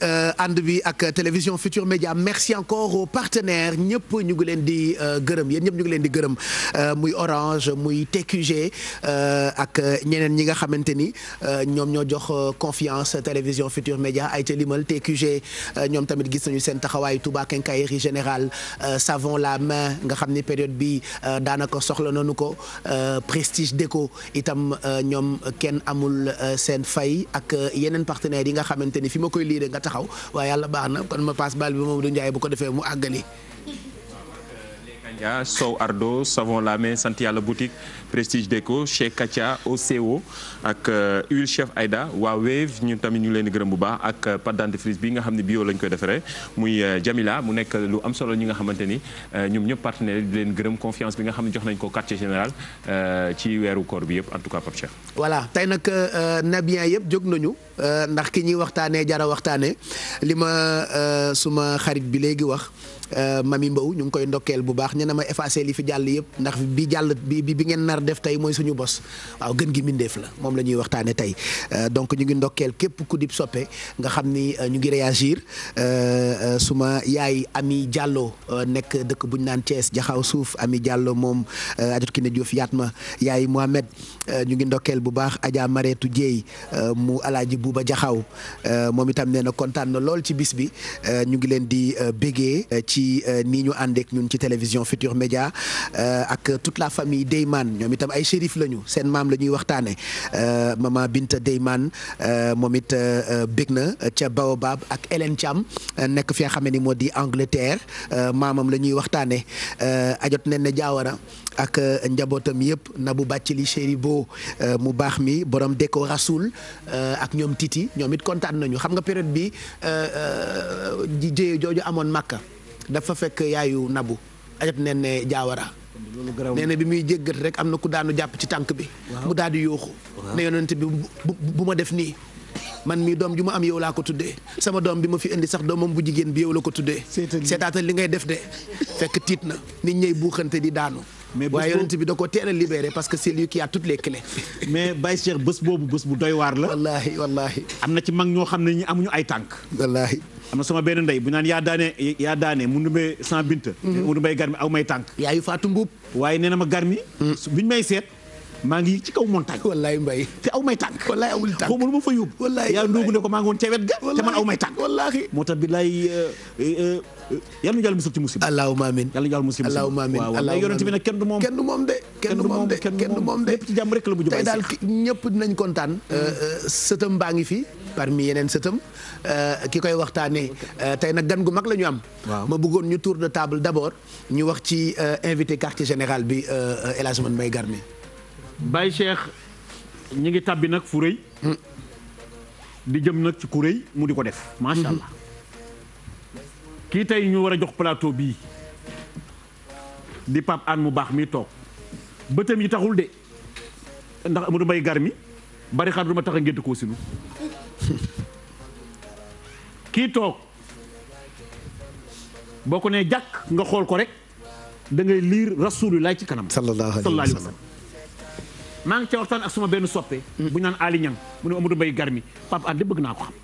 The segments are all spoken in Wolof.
Euh, ànd bi ak télévision Futur Média merci encore aux partenaires ñëpp ñu ngi leen di euh, gërëm yéen ñëpp ñu ngi leen di gërëm euh, muy Orange muy TQG ak ñeneen ñi nga xamante ni ñoom ñoo jox confiance télévision Futur Média ay ca limal TQG ñoom tamit gis nañu seen taxawaay Touba Quincaillerie général savon la main nga xam ni période bi daanaka soxla nañu ko Prestige Déco itam ñoom kenn amul seen fay ak yeneen partenaires yi nga xamante ni fi ma koy liire xaw waaye yàlla baax na kon ma passe balle bi moom du Ndiaye bu ko defee mu àggali. Sow Ardo savon la main sant yàlla boutique. Prestige Déco chez Katia OCO ak euh, huile chef Aïda waa Wave ñu tamit ñu leen gërëm bu baax ak euh, pâte dentifrice bi nga xam ne bio lañ koy defaree muy euh, Jamila mu nekk lu am solo ñi nga xamante ni ñoom ñëpp partenaire di leen gërëm confiance bi nga xam ne jox nañ ko quartier général ci weeru koor bi yëpp en tout cas Pape Cheikh. voilà tey nag nabiyen yëpp jóg nañu ndax ki ñuy waxtaanee jara waxtaanee li ma suma xarit bi léegi wax. ma mami Mbow ñu ngi koy ndokkeel bu baax ñu ma effacé li fi jàll yëpp yar def tey mooy suñu bos waaw gën gi mindeef la moom la ñuy waxtaane tey euh, donc ñu ngi ndokkeel képp ku dib soppe nga xam ni euh, ñu ngi réagir euh, suma yaay Ami jàlloo nekk dëkk bu ñu naan cees jaxaw suuf Ami Diallo moom ajot ki ne Diouf yaat ma yaay Mohamed ñu ngi ndokkeel bu baax Adja Mareetu Jéey mu alaaji Buuba Jaxaw moom itam nee kontaan lool ci bis bi ñu ngi leen di bégee ci nii ñu àndeek ñun ci télévision Futur Média ak toute la famille Deyman ñoom itam ay shérif lañu seen maam la ñuy waxtaanee euh, maman Binta Deyman euh, moom it euh, bég na ca Baobab ak Hélène Thiam nekk fi nga xam ne ni moo di Angleterre maamam la ñuy waxtaanee ajot nen ne jaawara ak njabootam yëpp Nabou Bathily chéri bo mu baax mi borom Déco Rasoul ak ñoom tiiti ñoom it kontaan nañu xam nga période bi ji jëye jooju amoon Makka dafa fekk yaayu Nabou ajot nen ne jaawara nee na bi muy jéggat rek am na ku daanu jàpp ci tànk bi mu daal di yooxu ne yonent bi bu ma def nii man mii doom ju ma am yow laa ko tuddee sama doom bi ma fi indi sax doomam bu jigéen bi yow la ko tuddee seetaatal li ngay def de fekk tiit na nit ñey buuxante di daanu waaye yonent bi da ko teel a parce que c'est lui qui a toutes les clés mais Baye Cheikh bés boobu bës bu doy waar la wallaahi wallaahi am na ci mag ñoo xam ne ñi amuñu ay tànk wallaahi am na sama benn ndey bu naan yaa daane yaa daane mu ndumbe sans binte mm-hmm. mu ndumbe garmi aw may tànk yaayu faatu mbuub waaye nee na ma garmi mm. biñ may seet maa ngi ci kaw montagne wallaay mbay te aw may tànk wallaay amul tànk xawma lu ma fa yóbbu wallaay yaa ndóogu ne ko maa ngi woon ca wet ga te man aw may tànk wallaahi moo tax billaay eh, eh, eh, yàlla ñu jàll musul ci musiba allahumma amin yàlla ñu jàll musul allahumma amin waaw yonent bi nag kenn du moom kenn du moom de kenn du moom de kenn du moom de lépp ci jàmm rek la bu jubay tey daal ñëpp dinañ kontaan mm. euh, euh, sëtam baa ngi fii parmi yeneen sëtam euh, ki koy waxtaanee euh, tey nag gan gu mag la ñu am. ma bëggoon ñu tour de table d' abord ñu wax ci euh, invité quartier général bi El Hadj Ousmane Garmi. Baye Cheikh ñi ngi tàbbi nag fu rëy. Hmm. di jëm nag ci ku rëy mu di ko def. macha hmm. allah kii tey ñu war a jox plateau bii di Pape Hann mu baax mii toog bëtam yi taxul de ndax Amadou Mbaye Garmi bari xaar du ma tax a ngént koo sinu kii toog boo ko nee jàkk nga xool ko rek da ngay liir rasulullah ci kanam. sallallahu alayhi wa sallam maa ngi ca waxtaan ak suma benn soppee bu ñaan naan Ali Niang mu ne Amadou Mbaye Garmi Pape Ade bëgg naa ko xam.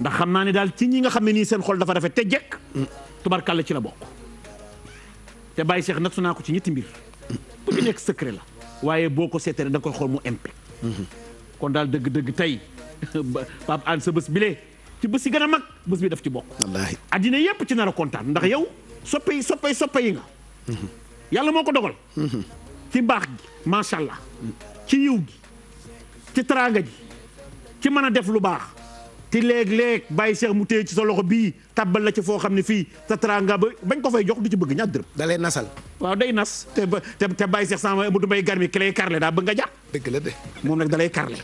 ndax xam naa ne daal ci ñi nga xam ne nii seen xool dafa rafet te jekk. tubarkalla ci la bokk. te Baye Cheikh nattu naa ko ci ñetti mbir. bu ci nekk secret la. waaye boo ko seetee da nga koy xool mu impec. Mm-hmm. kon daal dëgg-dëgg tey. Pape Hann sa bës bi bile ci bës yi gën a mag bés bi def ci bokk. wallaahi addina yëpp ci nar a kontaan ndax yow soppe yi soppe yi soppe yi nga. yàlla moo ko dogal. ci baax gi macha allah ci yiw gi ci teraanga ji ci mën a def lu baax ti léeg-léeg bàyyi seex mu téye ci sa loxo bii tàbbal la ci foo xam ne fii sa teraanga ba bañ ko fay jox du ci bëgg ñaar dërëm. da nasal. waaw day nas te te te bàyyi seex sama mutu bay garmi ki lay karle daa bëgg nga jàpp. dëgg la de moom nag da lay karle.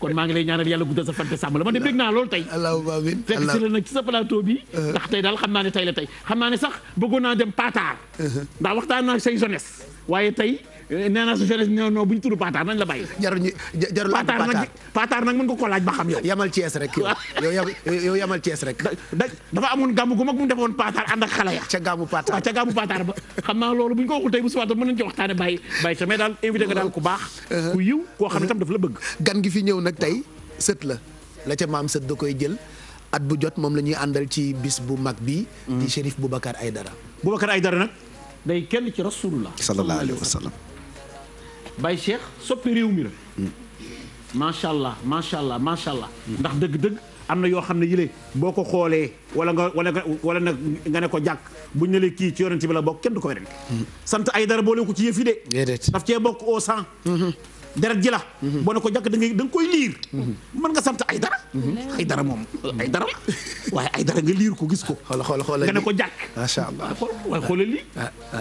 kon maa ngi lay ñaanal yàlla guddal sa fante sàmm la man de bég naa loolu tey allahumma amiin fekk si la nag ci sa plateau bi euh. ndax tey daal xam naa ne tey la tey xam naa ne sax bëggoon naa dem Pataar euh. ndax waxtaan naa say jeunesse waaye tey eh, nee naa su jeunesse non non bu ñu tudd Pataar nañ la bàyyi. jarul ñu jarul Pataar nag Pataar nag mën nga koo laaj ba xam yow. yamal Thiès rek yow yow yamal Thiès rek. dafa amoon gàmmu gu mag bu mu defoon Pataar ànd ak xale ya. ca gàmmu Pataar waaw ca gàmmu ba xam naa loolu bu ñu ko waxul tey bu subaatoon mën nañu ci waxtaane bàyyi bàyyi ca mais daal invité nga daal ku baax. Uh-huh. ku yiw koo xam ne tam daf la bëgg. Uh-huh. gan gi fi ñëw nag tey sët la la ca maam sët da koy jël at bu jot moom la ñuy àndal ci bis bu mag bi mm-hmm. di Chérif Boubacar Aïdara Boubacar Aïdara nag day kenn ci rasulullah sallallahu alayhi wa sallam Baye Cheikh soppi réew mi la macha allah macha allah macha allah ndax dëgg-dëgg am na yoo xam ne yile boo ko xoolee wala nga wala nga wala nag nga ne ko jàkk buñ ne la kii ci yonent bi la bokk kenn du ko werante mm. sant ay dara boole ko ci yëf yi de daf cee bokk au sang mm-hmm. deret jila la mhm. boo ne ko jàkk da ngay koy liir mhm. mën nga sant ay dara mhm. ay dara moom ay dara waaye ay dara nga liir ko gis ko xool xool xool nga ne ko jàkk macha allah ah, waaye xoolal lii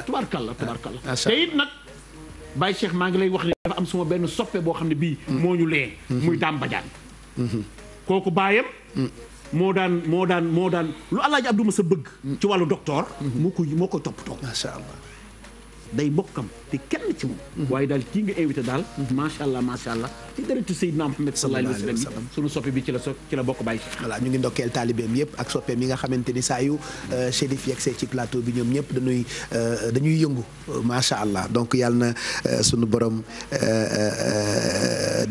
tubaarkàlla ah, ah. tubaarkàlla te it nag Baye Cheikh maa ngi lay wax ne dafa am suma benn soppee boo xam ne bii moo ñu lee muy daam bajaan kooku baayam moo daan moo daan moo daan lu alaaji Abdou ma sa bëgg ci wàllu docteur moo ko moo ko toppatoo macha allah day bokkam respecté kenn ci moom waaye daal kii nga invité daal macha allah macha allah ci dëretu Seydina Muhammad sallallahu alayhi wa sallam sunu soppe bi ci la bokk bàyyi voilà ñu ngi ndokkeel taalibeem yëpp ak soppeem yi nga xamante ni saa yu euh, chérif yegsee ci plateau bi ñoom ñëpp euh, dañuy yëngu macha allah donc yàlla na euh, sunu borom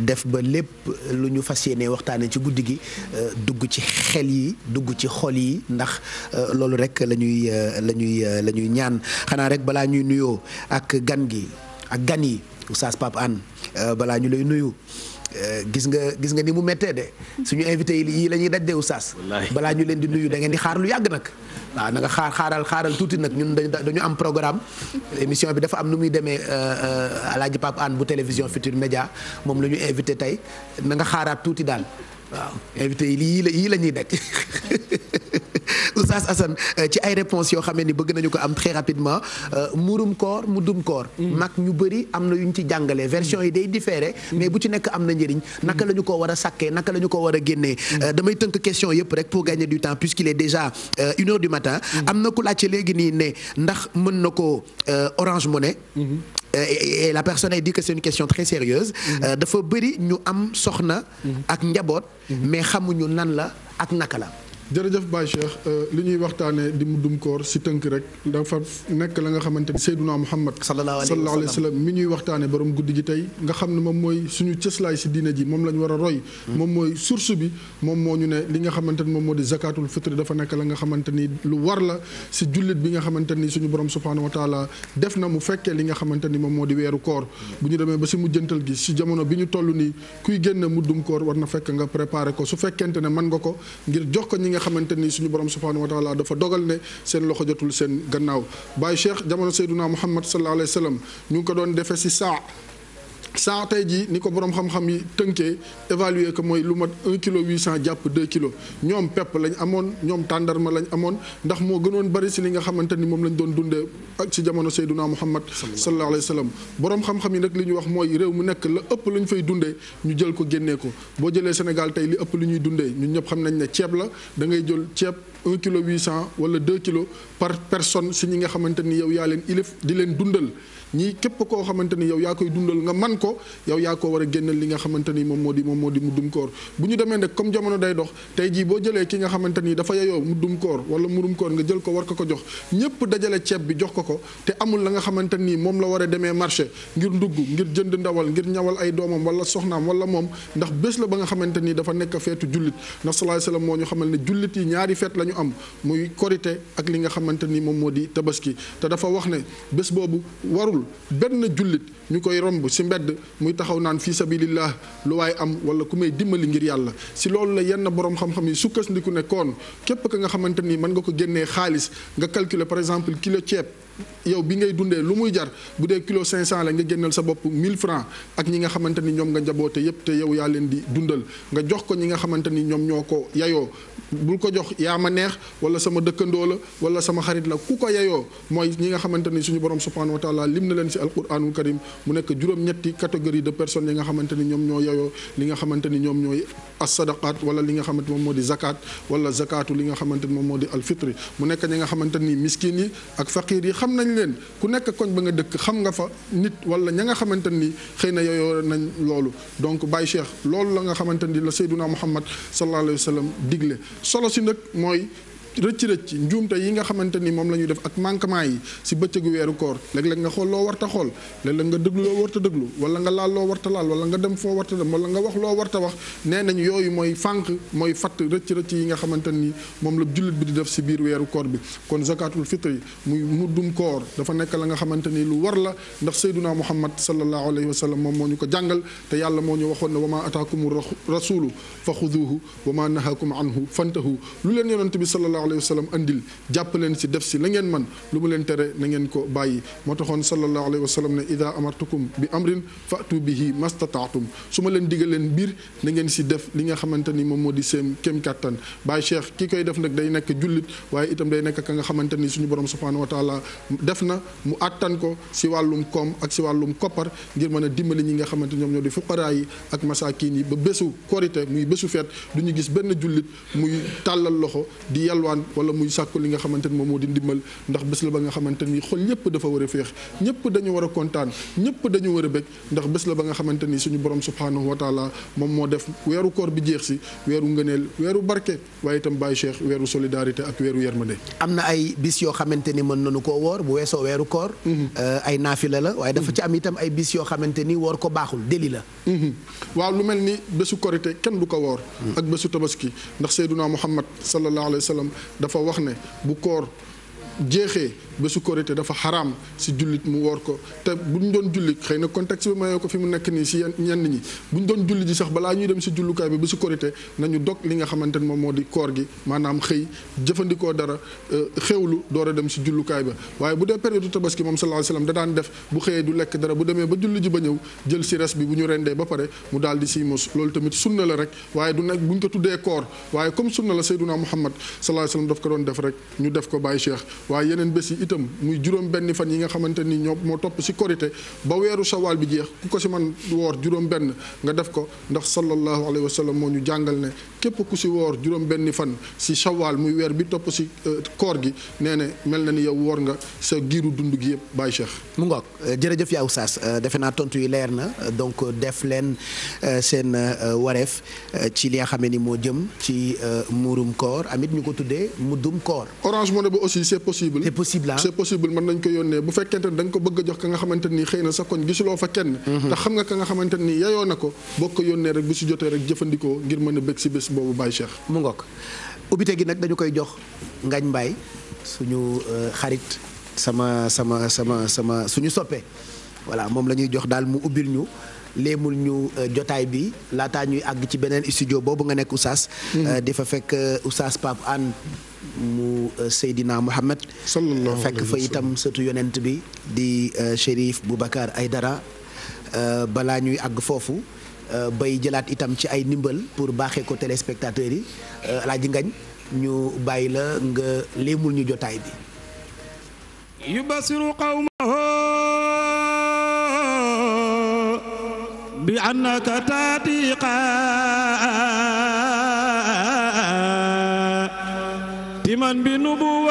def ba lépp lu ñu fas yéenee waxtaanee ci guddi gi dugg ci xel yi dugg ci xol yi ndax loolu rek la ñuy la ñuy la ñuy ñaan xanaa rek balaa ñuy nuyoo ak gan njabootam gi ak gan yi oustaz Pape Anne euh, balaa ñu lay nuyu euh, gis nga gis nga ni mu méttee de suñu invité yi la ñuy daj de oustaz balaa ñu leen di nuyu dangeen di xaar lu yàgg nag waaw na nga xaar xaaral xaaral tuuti nag ñun dañu am programme émission bi dafa am nu muy demee euh, alaaji Pape Anne bu télévision Futur Média moom la ñu invité tey na nga xaaraat tuuti daal waaw invité yi yii daj Oustaz Assane euh, ci ay réponses yoo xam ne ni bëgg nañu ko am très rapidement euh, murum koor mu dum koor mm. mag ñu bëri am na yu ñu ci jàngalee version yi day différé mm. mais bu ci nekk am na njëriñ mm. naka la ko war a sàkkee naka la ñu ko war a génnee euh, damay tënk question yëpp rek pour gagner du temps puisqu'il est déjà une heure du matin am na ku laajte léegi nii ne ndax mën na ko Orange Money mm-hmm. et la personne a dit que c'est une question très sérieuse mm-hmm. dafa bëri ñu am soxna mm-hmm. ak njaboot mais xamuñu nan la ak naka la jërëjëf Baye Cheikh euh, li ñuy waxtaanee di muddum koor si tënk rek dafa nekk la nga xamante ni Seyduna Muhammad sallallahu alayhi wa sallam mi ñuy waxtaanee borom guddi gi tey nga xam ne moom mooy suñu cëslaay si diina ji moom la ñu war a roy hmm. moom mooy source bi moom moo ñu ne li nga xamante ni moom moo di zakatul fitri dafa nekk la nga xamante ni lu war la si jullit bi nga xamante ni suñu borom subhanahu wa taala def na mu fekkee li nga xamante ni moom moo di weeru koor hmm. bu ñu demee ba si mujjantal gi si jamono bi ñu toll nii kuy génn mu koor war na fekk nga préparé ko su fekkente ne mën nga ko ngir nga xamante ni suñu borom subhanahu wa taala dafa dogal ne seen loxo jotul seen gannaaw Baye Cheikh jamono Seydina Muhammad sallallahu alayhi wa sallam ñu ngi ko doon defe si saa saa tey jii ni ko borom xam-xam yi tënkee évaluer ko mooy lu mat 1 kilo cent jàpp 2 kilos ñoom pepp lañ amoon ñoom tàndarma lañ amoon ndax moo gënoon bari si li nga xamante ni moom lañ doon dundee ak ci jamono Seyduna Muhammad sallallahu alayhi wa sallam borom xam-xam yi nag li ñu wax mooy réew mu nekk la ëpp lañu fay dundee ñu jël ko génnee ko boo jëlee Sénégal tey li ëpp lu ñuy dundee ñun ñëpp xam nañ ne ceeb la da ngay jël ceeb. un kilo huit cent wala deux kilos par personne si ñi nga xamante ni yow yaa leen ilif di leen dundal ñii képp koo xamante ni yow yaa koy dundal nga man ko yow yaa ko war a génneel li nga xamante ni moom moo di moom moo di muddum koor bu ñu demee nag comme jamono day dox tey jii boo jëlee ki nga xamante ni dafa yeyoo muddum koor wala nga jël ko war ko ko jox ñëpp dajale ceeb bi jox ko ko te amul la nga xamante ni moom la war a demee marché ngir ndugg ngir jënd ndawal ngir ñawal ay doomam wala soxnaam wala moom ndax bés la ba nga xamante ni dafa nekk feetu jullit ndax sallallahu alayhi moo ñu xamal ne jullit yi ñaari feet lañu am muy korite ak li nga xamante ni moom moo di tabaski te dafa wax ne bés boobu warul benn jullit ñu koy romb si mbedd muy taxaw naan fii sabilillah lu waaye am wala ku may dimbali ngir yàlla si loolu la yenn borom xam-xam yi sukkandiku ne koon képp ka nga xamante ni mën nga ko génnee xaalis nga calculer par exemple kilo ceeb yow bi ngay dundee lu muy jar bu dee kilo 500 la nga génneel sa bopp 1000 francs ak ñi nga xamante ni ñoom nga njaboote yépp te yow yaa leen di dundal nga jox ñi nga xamante ni ñoom ñoo ko yayoo bul ko jox yaa ma neex wala sama dëkkandoo la wala sama xarit la ku ko yayoo mooy ñi nga xamante ni suñu borom subhanahu wa taala lim na leen si alquranul karim mu nekk juróom-ñetti catégorie de personnes yi nga xamante ni ñoom ñoo yeyoo li nga xamante ni ñoom ñooy asadaqaat wala li nga xamante moom moo di zakat wala zakatu li nga xamante ni moom moo di alfitri mu nekk ñi nga xamante ni miskin yi ak faqir yi xam nañ leen ku nekk koñ ba nga dëkk xam nga fa nit wala ña nga xamante ni xëy na yeyoo nañ loolu donc Baye Cheikh loolu la nga xamante ni la Seyduna Muhammad sallallahu alayhi wa sallam digle solo si nag mooy rëcc-rëcc njuumte yi nga xamante ni moom la ñuy def ak manquement yi si bëccëgu weeru koor léeg-léeg nga xool loo warta xool léeg-léeg nga déglu loo warta déglu wala nga laal loo warta laal wala nga dem foo warta dem wala nga wax loo warta wax nee nañ yooyu mooy fànq mooy fatt rëcc-rëcc yi nga xamante ni moom la jullit bi di def si biir weeru koor bi kon zakatul fitri muy muddum koor dafa nekk la nga xamante ni lu war la ndax sayduna muhammad sallallahu alayhi wa sallam moom moo ñu ko jàngal te moo ñu waxoon ne ma ataakum rasulu fa xuduhu wa ma nahakum anhu fantahu alayhi wa sallam leen si def si la ngeen man lu mu leen tere na ngeen ko bàyyi moo taxoon sallallahu alayhi wa sallam ne ida amartukum bi amrin fatu bihi su ma leen digal leen mbir na ngeen si def li nga xamante ni moom moo di seen kéem kattan Baye Cheikh ki koy def nag day nekk jullit waaye itam day nekk ka nga xamante ni suñu borom subhanahu wa taala def na mu àttan ko si wàllum koom ak si wàllum koppar ngir mën a dimbali ñi nga xamante ñoom ñoo di fuqaraa yi ak masaakiin yi ba bésu korite muy bésu fet du ñu gis benn jullit muy tàllal loxo di yalwaan ñaan wala muy sàkku li nga xamante ni moom moo di ndimbal ndax bés la ba nga xamante xol yëpp dafa war a féex ñëpp dañu war a kontaan ñëpp dañu war a bég la ba nga xamante ni suñu borom subhaanahu wa taala moom moo def weeru koor bi jeex si weeru ngëneel weeru barke waaye itam Baye Cheikh weeru solidarité ak weeru yërmande am na ay bis yoo xamante ni mën nañu koo woor bu weesoo weeru koor mhm. euh, ay naafila la waaye dafa mhm. ci am itam ay bis yoo xamante ni woor ko baaxul la mhm. waaw lu mel ni bésu korité kenn du ko woor ak bésu tabaski ndax sayduna muhammad dafa wax ne bu koor jeexee bésu korité dafa xaraam si jullit mu woor ko te bu ñu doon julli xëy na contexte bi mayoo ko fi mu nekk nii si ñenn ñi bu ñu doon julli ji sax balaa ñuy dem si jullukaay bi bésu korité nañu dog li nga xamante ne moom moo di koor gi maanaam xëy jëfandikoo dara euh, xewlu door dem si jullukaay ba waaye bu dee période tabaski moom sallallahu alayhi da daan def bu xëyee du lekk dara bu demee ba julli ji ba ñëw jël si res bi bu ñu rendee ba pare mu daal di siy mos loolu tamit sunna la rek waaye du nekk bu ñu ko tuddee koor waaye comme sunna la sayyiduna Muhammad sallallahu alayhi wasallam daf ko doon def rek ñu def ko bàyyi cheikh waaye itam muy juróom benn fan yi nga xamante ni ñoo moo topp si korité ba weeru sawaal bi jeex ku ko si man woor juróom benn nga def ko ndax sallallahu alayhi wa sallam moo ñu jàngal ne képp ku si woor juróom benn fan si sawaal muy weer bi topp si euh, koor gi nee ne mel na ni yow woor nga sa giiru dund gi yëpp bàyyi cheikh mu ngoog euh, jërëjëf yaa oustaz euh, defe naa tontu yi leer na donc def leen seen wareef ci li nga xamee ni moo jëm ci muurum koor amit ñu ko tuddee muddum koor orange money aussi c'est possible c'est ah. possible mën nañ ko yónnee bu fekkente ne da nga ko bëgg a jox ka nga xamante nii xëy na sa koñ gisuloo fa kenn mhm. te xam nga ka nga xamante nii yayoo na ko boo ko yónnee rek bu si jotee rek jëfandikoo ngir mën a bég si bés boobu Baye Cheikh mu ngook ubbite gi nag dañu koy jox ngañ mbaay suñu euh, xarit sama sama sama sama suñu soppee voilà moom la ñuy jox daal mu ubbil ñu léemul ñu euh, jotaay bi laataa ñuy àgg ci beneen studio boobu nga nekk Oustaz. Mhm. Euh, di fa fekk Oustaz Pape Anne mu euh, Seydina Muhammad euh, fekk fa itam sëtu yonent bi di bu euh, Chérif ay Aydara balaa ñuy àgg foofu bay jëlaat itam ci ay ndimbal pour baaxee ko téléspectateurs yi alaaji ngañ ñu bàyyi la nga léemul ñu jotaay bi yubasiru qawmahu bi annaka taatiqa man bi nubu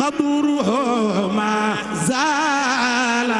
قبره ما زال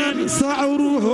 الجنان سعروه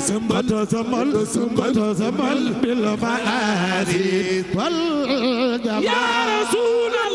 وتزمل وتزمل بالمآسي والجمال يا رسول الله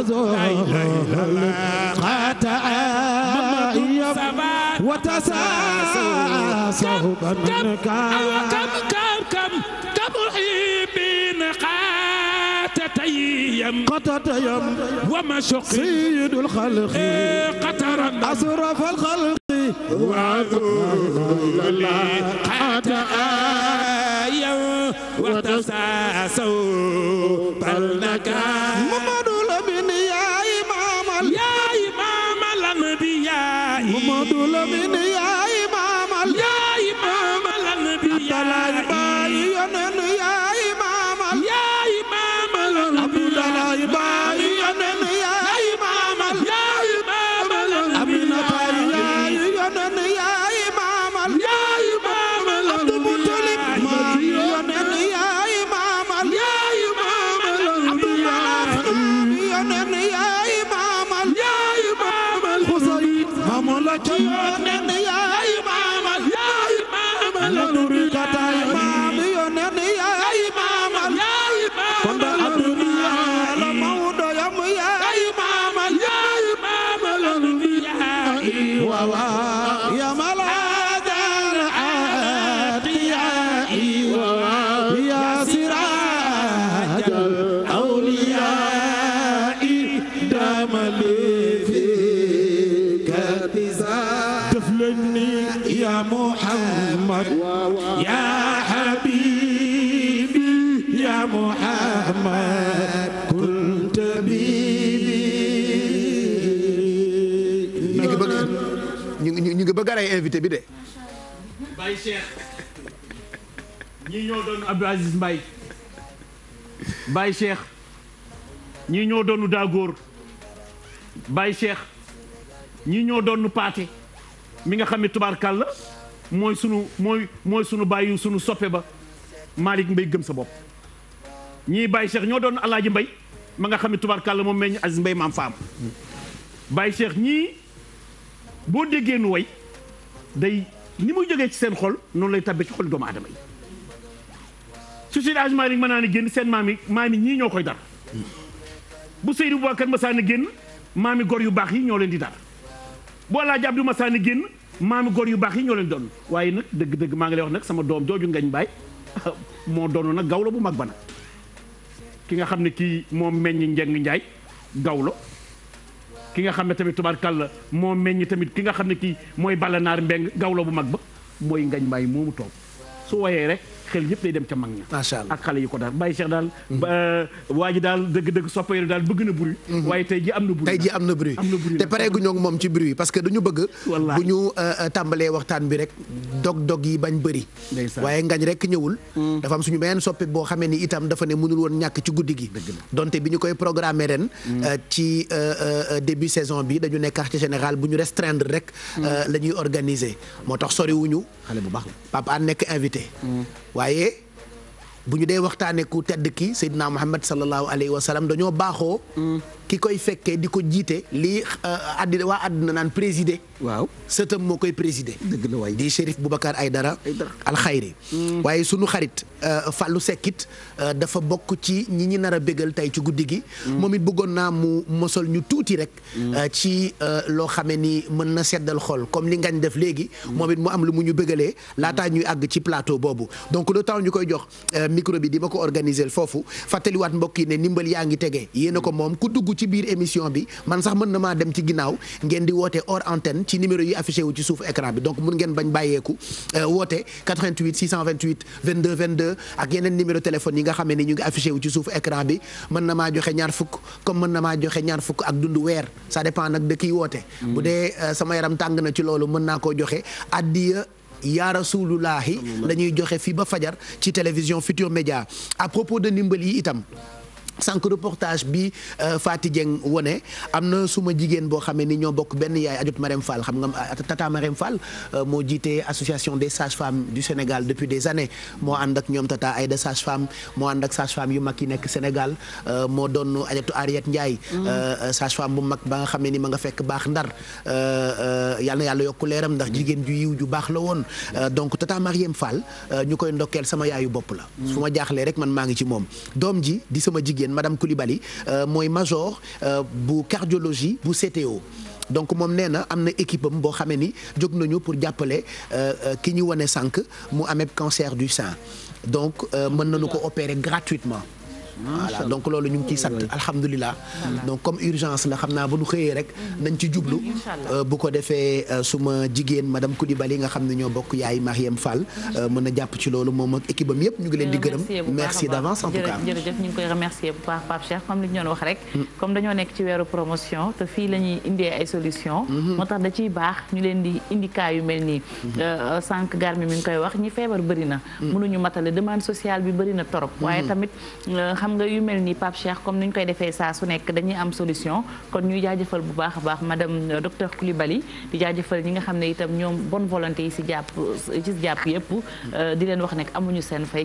وتساسه من كم كم كم كمحبين قاتتيم قتتيم ومشق سيد الخلق قترا أسرف الخلق وعذور الله قاتأيم وتساسوا بل نكام Abdou Aziz Mbaye Baye Cheikh ñii ñoo doonu daagóor Baye Cheikh ñii ñoo doonu paate mi nga xam ne tubaarkàl la mooy sunu mooy mooy sunu bàyyi sunu soppe ba Malick Mbaye gëm sa bopp ñii Baye Cheikh ñoo doon Alaaji Mbaye ma nga xam ne tubaarkàl la moom meññ Aziz Mbaye maam faam Baye Cheikh ñii boo déggee nu way day ni muy jógee ci seen xol noonu lay tabbee ci xol doomu aadama yi su si daaj Malick naa ne génn seen maam yi maam yi ñii ñoo koy dar bu Seydou Boubacar Massaane génn maami gor yu baax yi ñoo leen di dar boo laa laaj Abdou Massaane génn maami gor yu baax yi ñoo leen doon waaye nag dëgg-dëgg maa ngi lay wax nag sama doom jooju ngañ baay moo doonoon nag gawlo bu mag ba nag ki nga xam ne kii moo meññ njeng njaay gawlo ki nga xam ne tamit tubaarkàlla moo meññ tamit ki nga xam ne kii mooy naar mbeng gawlo bu mag ba mooy ngañ baay moomu toog su woyee rek xel yëpp day dem ca mag ña ak xale yi ko daal daal euh, waa ji daal dëgg mhm. tey ji am na bruit tey na bruit te pare gu ñoo ngi moom ci bruit parce que dañu bëgg bu ñu euh, euh, tàmbalee waxtaan bi rek dog dog yi bañ bëri waaye ngañ rek ñëwul mm. dafa am suñu beneen soppe boo xamee ni itam dafa ne mënul woon ñàkk ci guddi gi donte bi ñu koy programmer ren mm. ci début saison bi dañu nekk ci général bu ñu restreindre rek mm. la ñuy organiser moo tax soriwuñu xale bu baax nekk invité waaye bu ñu dee waxtaanee ku tedd ki Seydina Muhammad sallallahu alayhi wa sallam dañoo baaxoo. ki koy fekkee di ko jiite lii euh, àddina waa àddina naan présider. waaw sëtam moo koy présider. dëgg la waay di Chérif Boubacar ay Aïdara alxayri. Mm. waaye sunu xarit euh, Fallou Sekkit euh, dafa bokk ci ñi ñi nar a bégal tey ci guddi gi. Mm. moom it bëggoon naa mu mosol ñu tuuti rek. Mm. ci loo xamee ni mën na seddal xol comme li ngañ def léegi. moom it mu am lu mu ñu bégalee. laataa ñuy àgg ci plateau boobu donc le temps ñu koy jox micro di ma ko organiser foofu fàttaliwaat mbokk yi ne ndimbal yaa ngi tege yéen ko moom ku dugg ci biir émission bi man sax mën na maa dem ci ginnaaw ngeen di woote hors antenne ci numéro yi affiché wu ci suuf écran bi donc mun ngeen bañ bàyyeeku euh, woote 88 628 22 22 ak yeneen numéro téléphone yi nga xam ne ñu ngi affiché wu ci suuf écran bi mën na maa joxe ñaar fukk comme mën na maa joxe ñaar fukk ak dund weer ça dépend nag de kiy woote. Hmm. bu dee euh, sama yaram tàng na ci loolu mën naa koo joxe addiya yaa rasulullahi la ñuy joxe fii ba fajar ci télévision Futur Média à de ndimbal yi itam. sànq reportage bi euh, Fati Dieng wone am na suma jigéen boo xamee ni ñoo bokk benn yaay ajut Marème Fall xam nga euh, tata Marème Fall euh, moo jiitee association des sages du Sénégal depuis des années moo ànd ak ñoom tata ay de moo ànd ak sages yu mag yi nekk Sénégal moo doon ajatu Ariette Ndiaye mm-hmm. sage-femme bu mag ba nga xamee ni ma nga fekk baax ndar yal na yàlla yokku leeram ndax jigéen ju yiw ju baax la woon donc tata Marème Fall ñu koy ndokkeel sama yaayu bopp la fu mm-hmm. ma jaaxlee rek man maa ngi ci moom doom leen madame Coulibaly euh, mooy major euh, bu cardiologie bu CTO. donc moom nee na am na équipe boo xamee ni jóg nañu pour jàppale euh, ki ñu wane sànq mu amee cancer du sein donc mën nañu ko opérer gratuitement. voilà donc loolu ñu ngi ciy sant alhamdulilah donc comme urgence la xam naa ba nu xëyee rek mm. nañ ci jublu mm, euh, bu ko defee euh, ma jigéen madame Koulibaly nga xam ne ñoo bokk yaay Mariam Fall mm. euh, mën a jàpp ci loolu moom ak équipe yëpp ñu ngi leen di gërëm merci d'avance en tout cas jërëjëf ñu ngi koy remercier bu baax Pape Cheikh dañoo nekk ci weeru promotion te fii la ñuy indee ay solution mm-hmm. moo tax da ciy baax ñu leen di indi cas yu mel nii mm-hmm. sànq gar mi mi ngi koy wax ñi feebar bëri na mënuñu matale demande sociale bi bëri na torop mm-hmm. waaye xam nga yu mel ni Pape Cheikh comme ni ñu koy defee saa su nekk dañuy am solution kon ñuy jaajëfal bu a euh, xam ne euh,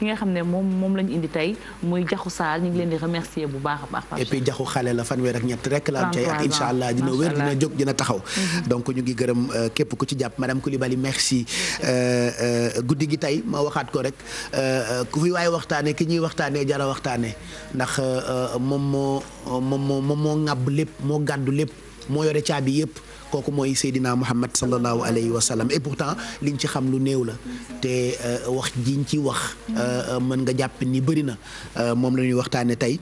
ki nga xam ne moom moom lañu indi tey muy jaxu saal ñu ngi leen di remercier bu baax a baax Pape Cheikh et puis jaxu la fanweer ak ñett rek la am tey ak incha allah dina wér mm-hmm. euh, jàpp madame Coulibaly merci guddi gi tey ma waxaat ko rek ku fi waay waxtaane ki ñuy waxtaane jara waxtaanee ndax euh, euh, euh, moom moo moom moo moom lépp moo gàddu lépp moo yore caabi yëpp kooku mooy Seydina Muhammad sallallahu alayhi wa sallam et pourtant liñ ci xam lu néew la te euh, wax jiñ ci wax euh, euh, mën nga jàpp ni bëri na moom la ñuy waxtaane tey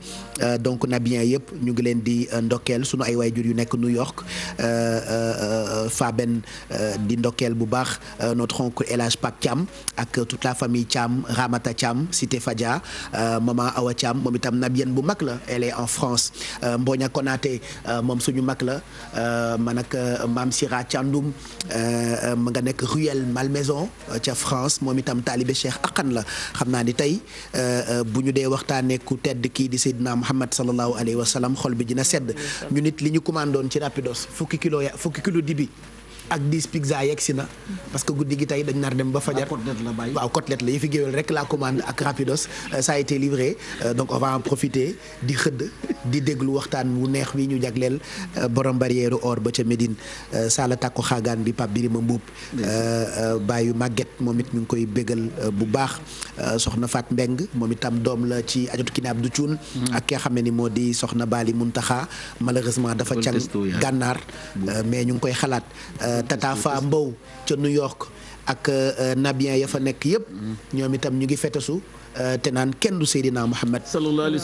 donc nabiyen yëpp ñu ngi leen di ndokkeel suñu ay jur yu nekk New York Faben di ndokkeel bu baax notre oncle El Hadj Pape ak toute la famille Thiam Ramata Thiam Cité Fadia maman Awa Thiam moom itam nabiyen bu mag la elle en France Mboña Konaté moom suñu mag la maam Sira Thiandoum euh, ma nga nekk ruelle Malmaison euh, ca France moom itam taalibe Cheikh Akan la xam naa ni tey euh, bu ñu dee waxtaanee ku tedd kii di Seydina Muhammad sallallahu alayhi wa sallam xol bi dina sedd ñu nit li ñu commandoon ci Rapidos fukki kilo ya fukki kilo dibi ak 10 pizza yegg si na parce que guddi gi tey dañ naar dem ba fajar waaw côtelette la yi fi géwél rek la commande ak rapidos euh, ça été livré euh, donc on va en profiter di xëdd di déglu waxtaan wu neex wi ñu jagleel euh, borom barrière or ba ca Médine sala tàkku xaagaan bi Pape Birima Mbuub bàyyu màgget moom it ñu ngi koy bégal bu baax soxna faat Mbeng moom itam doom la ci ajot kinaab du cuun mm-hmm. ak ki nga xam ni moo di soxna Bali Muntaxa malheureusement dafa càng gànnaar mais ñu ngi koy xalaat Euh, Tata Fa Mbow ca New York ak euh, nabien ya fa nekk yëpp ñoom itam ñu ngi fetasu euh, te naan kenn du Seydina Muhammad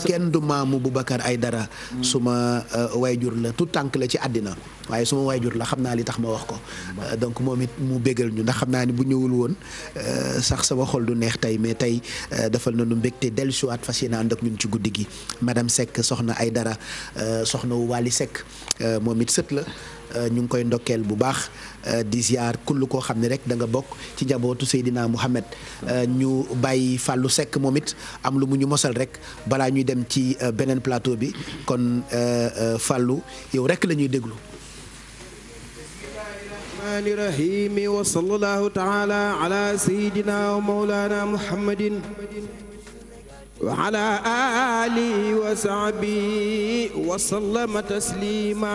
kenn du maamu Boubacar Aydara waay waayjur la tout tànk la ci àddina waaye suma jur la xam naa li tax ma wax ko donc moom it mu bégal ñu ndax xam naa ni bu ñëwul woon sax sama xol du neex tey mais tey defal na nu mbégte dellusiwaat fas yéene ànd ak ñun ci guddi gi madame Seck soxna Aydara soxna Wali Seck moom it sët la Euh, ñu ngi koy ndokkeel bu baax euh, di ziar kull koo xam ni rek danga bokk ci njabootu Seydina Mouhamed euh, ñu bàyyi fàllu sekk moom it am lu mu ñu mosal rek balaa ñuy dem ci beneen plateau bi kon Fallou yow rek lañuy déglu rahmaani rahim wa sallallahu taala ala wa mawlana muhammadin وعلى آله وصحبه وسلم تسليما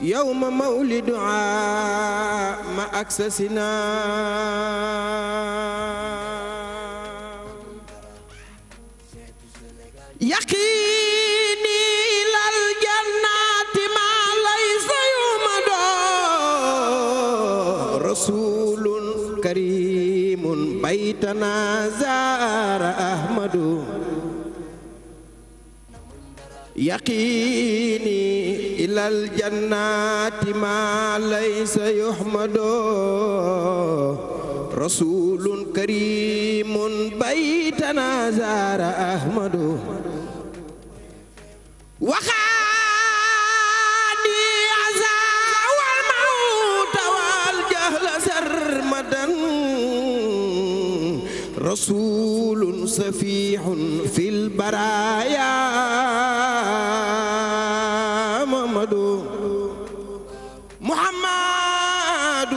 يوم مولد ما أكسسنا يقيني للجنة ما ليس يوم رسول ليتنا زار أحمد يقيني إلى الجنات ما ليس يحمد رسول كريم بيتنا زار أحمد وخا رسول سفيح في البرايا محمد محمد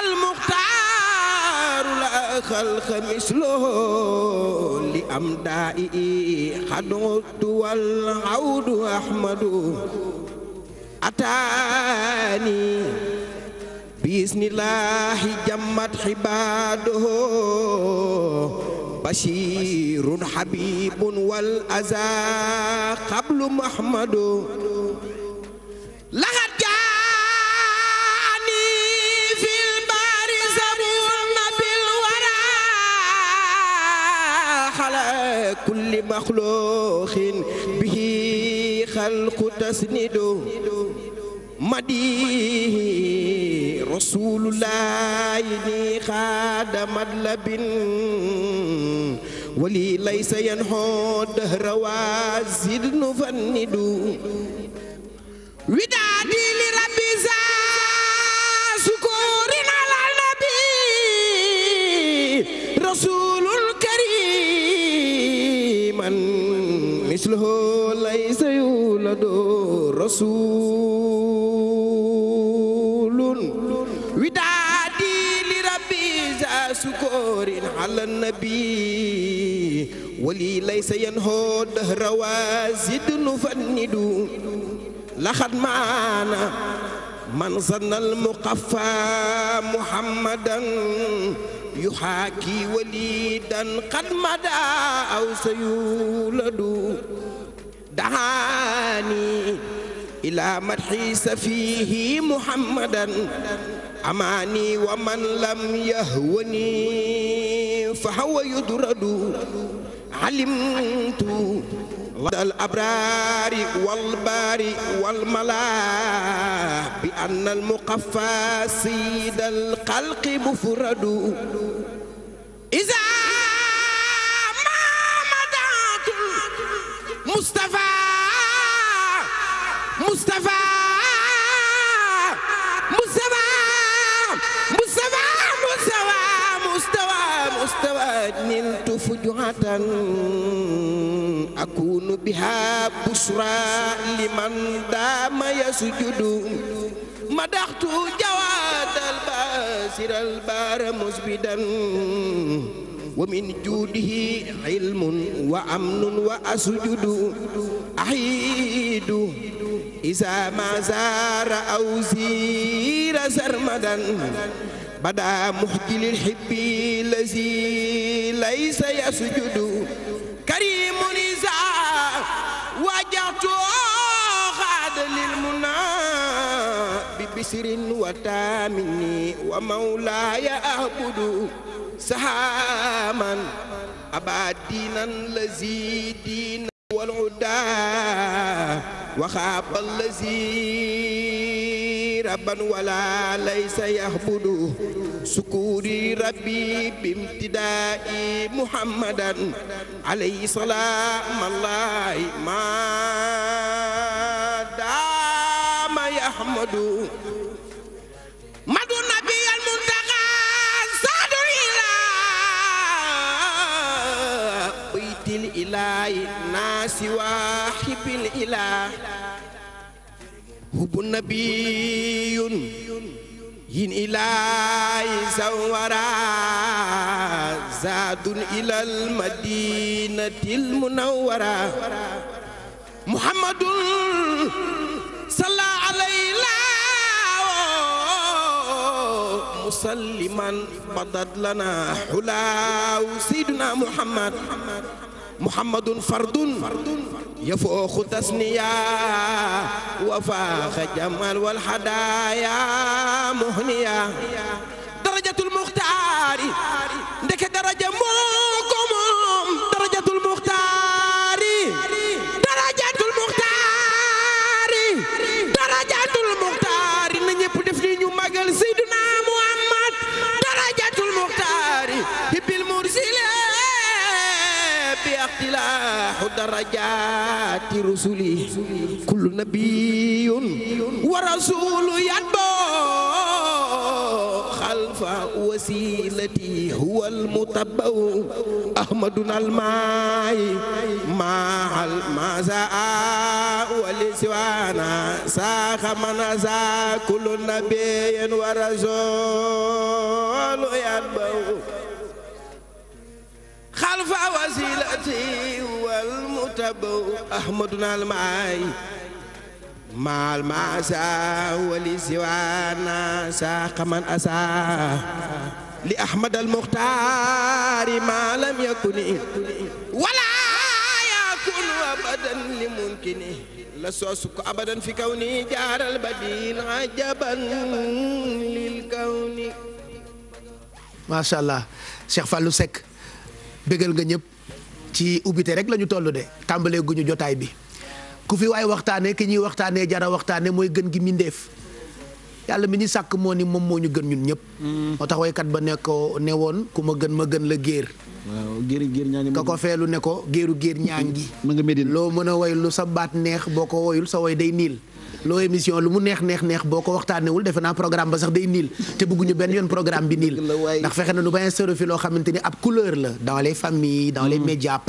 المختار لا خلق مثله لأمدائي خدوت والعود أحمد أتاني bismillahi jammat xibaado bashirun habibun wal aza qablu muhammadu laxat jaani fil bari sabuna bil wara xala kulli maxluqin bihi xalqu tasnidu madihi rasulullahi ni xaada madlabin wali laysa yanxoo dahra waazid nu fannidu widaadi li rabbi saa sukoorin ala nabi rasulul kariman misluhu laysa yuladu rasul سكور على النبي ولي ليس ينهو دهر وازد نفند لقد معانا من ظن المقفى محمدا يحاكي وليدا قد مدى أو سيولد دعاني إلى مدح سفيه محمدا amaani wa man lam yahwani fa hawa yudradu alimtu al abraari wal baari wal malaa bi anna al muqaffa sayyid al xalqi mufradu iza ma madatul mustafa mustafa نلت فجعة أكون بها بشرى لمن دام يسجد مدحت جواد الباسر البار مسبدا ومن جوده علم وأمن وأسجد أحيد إذا ما زار أو زير سرمدا بدا محجل الحب الذي ليس يسجد كريم إذا وجهت غاد للمنى ببسر وتامني ومولاي أعبد سهاما أبا دينا الذي دين والعدا وخاب الذي ربا ولا ليس يعبد سكوري ربي بامتداء محمدا عليه سلام الله ما دام يحمد مد النبي المنتقى سعد الى بيت الاله ناس واحب الاله هب نبي ين إلهي زورا زاد إلى المدينة المنورة محمد صلى عليه مسلما بدت لنا حلاو سيدنا محمد محمد فرد يفوق تسنيا وفاخ جمال والحدايا مهنيا درجة المختار ndeke daraja moo ko moom darajatul muxtaari darajatul muxtaari darajatul muxtaari na ñëpp def ni ñu magal Seydina Muhammad darajatul muxtaari ibil mursile tilaaxu darajaati rusuli kullu nabiyun wa rasulu yatbo xalfa wasilati huwa almutabaw ahmadun almaayi maal masaa wali siwaana saaxa mana saa kullu nabiyin wa rasulu yatbo alfa wasilati wal mutabu ahmaduna al maay maal ma asa wali siwana sa xaman asa li ahmad al muxtaari ma lam yakuni wala yakun abadan li mumkini la soosu ko abadan fi kawni jaaral badin ajaban lil kawni macha allah Cheikh Fallou Seck bégal nga ñëpp ci ubbite rek la ñu toll de tàmbalee guñu jotaay bi ku fi waay waxtaanee ki ñuy waxtaanee jara waxtaanee mooy gën gi mindeef yàlla mi ni sàkk moo ni moom moo ñu gën ñun ñëpp. Mm. moo tax waykat ba ne ko ne woon ku ma gën ma gën la géer. waaw géeri géer ñaañ ka ko feelu ne ko géeru géer ñaañ gi. ma nga Medina loo mën a woy lu sa baat neex boo ko woyul sa woy day niil. loo émission lu mu neex neex neex boo ko waxtaanewul defe naa programme ba sax day niil te bëgguñu benn yoon programme bi niil ndax fexe na nu ba instauré fi loo xamante ni ab couleur la dans les familles dans les mm. médias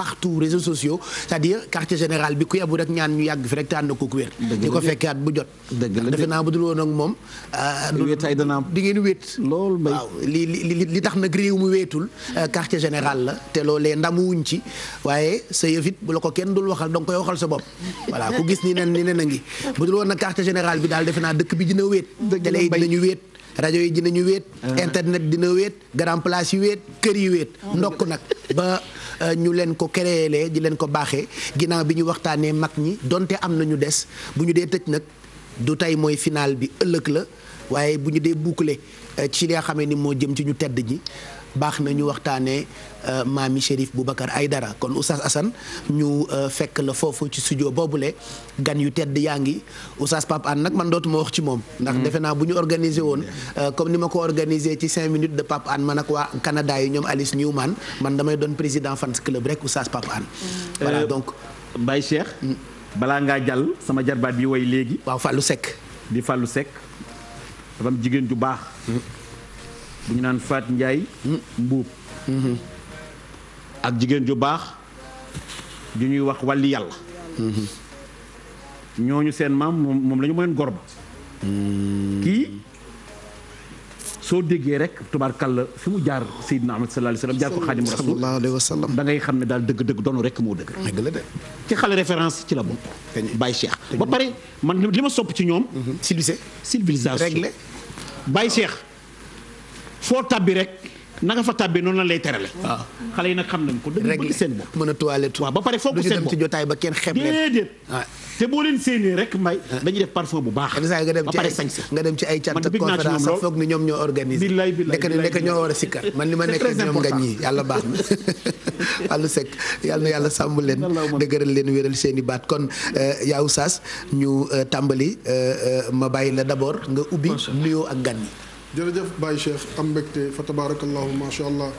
euh, lool mbay waaw li tax nag réew mu wéetul euh, quartier général la te loolee ndamu ci waaye sa yëf bu la ko kenn dul waxal danga koy waxal sa bopp voilà ku gis ni nen ni nen a ngi bu woon nag quartier général bi daal defe naa dëkk bi dina wéet. télé yi dinañu wéet rajo yi dinañu wéet. Ah. internet dina wéet grand place yi wéet kër yi wéet. Ah. ndokk nag ba euh, ñu leen ko créelee ji leen ko baaxee ginnaaw bi ñu waxtaanee mag ñi donte am na ñu des bu ñu dee tëj nag du tey mooy final bi ëllëg la waaye bu ñu dee boucler euh, ci li nga xamee ni moo jëm ci ñu tedd ñi. baax na ñu waxtaanee euh, maami Chérif Boubacar dara kon Oustaz Assane ñu euh, fekk la foofu ci studio boobule gan yu tedd yaa ngi Oustaz Pape Hann nag man dootuma wax ci moom. ndax hmm. defe naa bu ñu organiser woon euh, comme ni ma ko organiser ci cinq minutes de Pape Hann man ak waa Canada yi ñoom Alice Newman man damay doon président fans club rek Oustaz Pape Hann. Hmm. voilà donc Baye Cheikh. Hmm. balaa ngaa jàll sama jarbaat bi woy léegi. waaw Fallou sekk di Fallou Seck dafa am jigéen ju baax. bu ñu naan Faat Njaay hmm, mbuub mm-hmm. ak jigéen ju baax ju ñuy wax wàlli yàlla mm-hmm. ñu seen maam moom moom la ñu moyoon gor ba mm-hmm. kii soo déggee rek tubaarkàlla fi mu jaar Seydina Ahmad sallallahu alayhi wa sallam jaar ko Xaadimu Rasuul sallallahu wa sallam da ngay xam ne daal dëgg-dëgg doonu rek moo dëgg. dëgg la de ci xale référence ci la bokk. Baye Cheikh ba pare man li ma sopp ci ñoom. civilisé civilisation réglé Baye Cheikh. foo tabbi rek na nga fa tabbi noonu la lay terale. waaw ah. ah. xale yi nag xam nañ ko. dañu bëgg seen bopp mën a toilette. waaw ba pare foog seen bopp du ñu dem ci jotaay ba kenn xeeb rek déedéet. Ah. te boo leen séenee rek may dañuy def parfum bu baax. ba pare sañ nga dem ci ay cant ak conférence sax foog ni ñoom ñoo organiser. billaay billaay nekk nekk ñoo war a sikkar man li ma nekk ñoom nga ñii yàlla baax na. wàllu sekk yàlla na yàlla sàmm leen dëgëral leen wéral seen i baat kon euh, yaa Oustaz ñu euh, tàmbali euh, ma bàyyi la d'abord nga ubbi nuyoo ak gan yi. jërëjëf Baye Cheikh am mbégte fa tabaarakallaahu macha allah.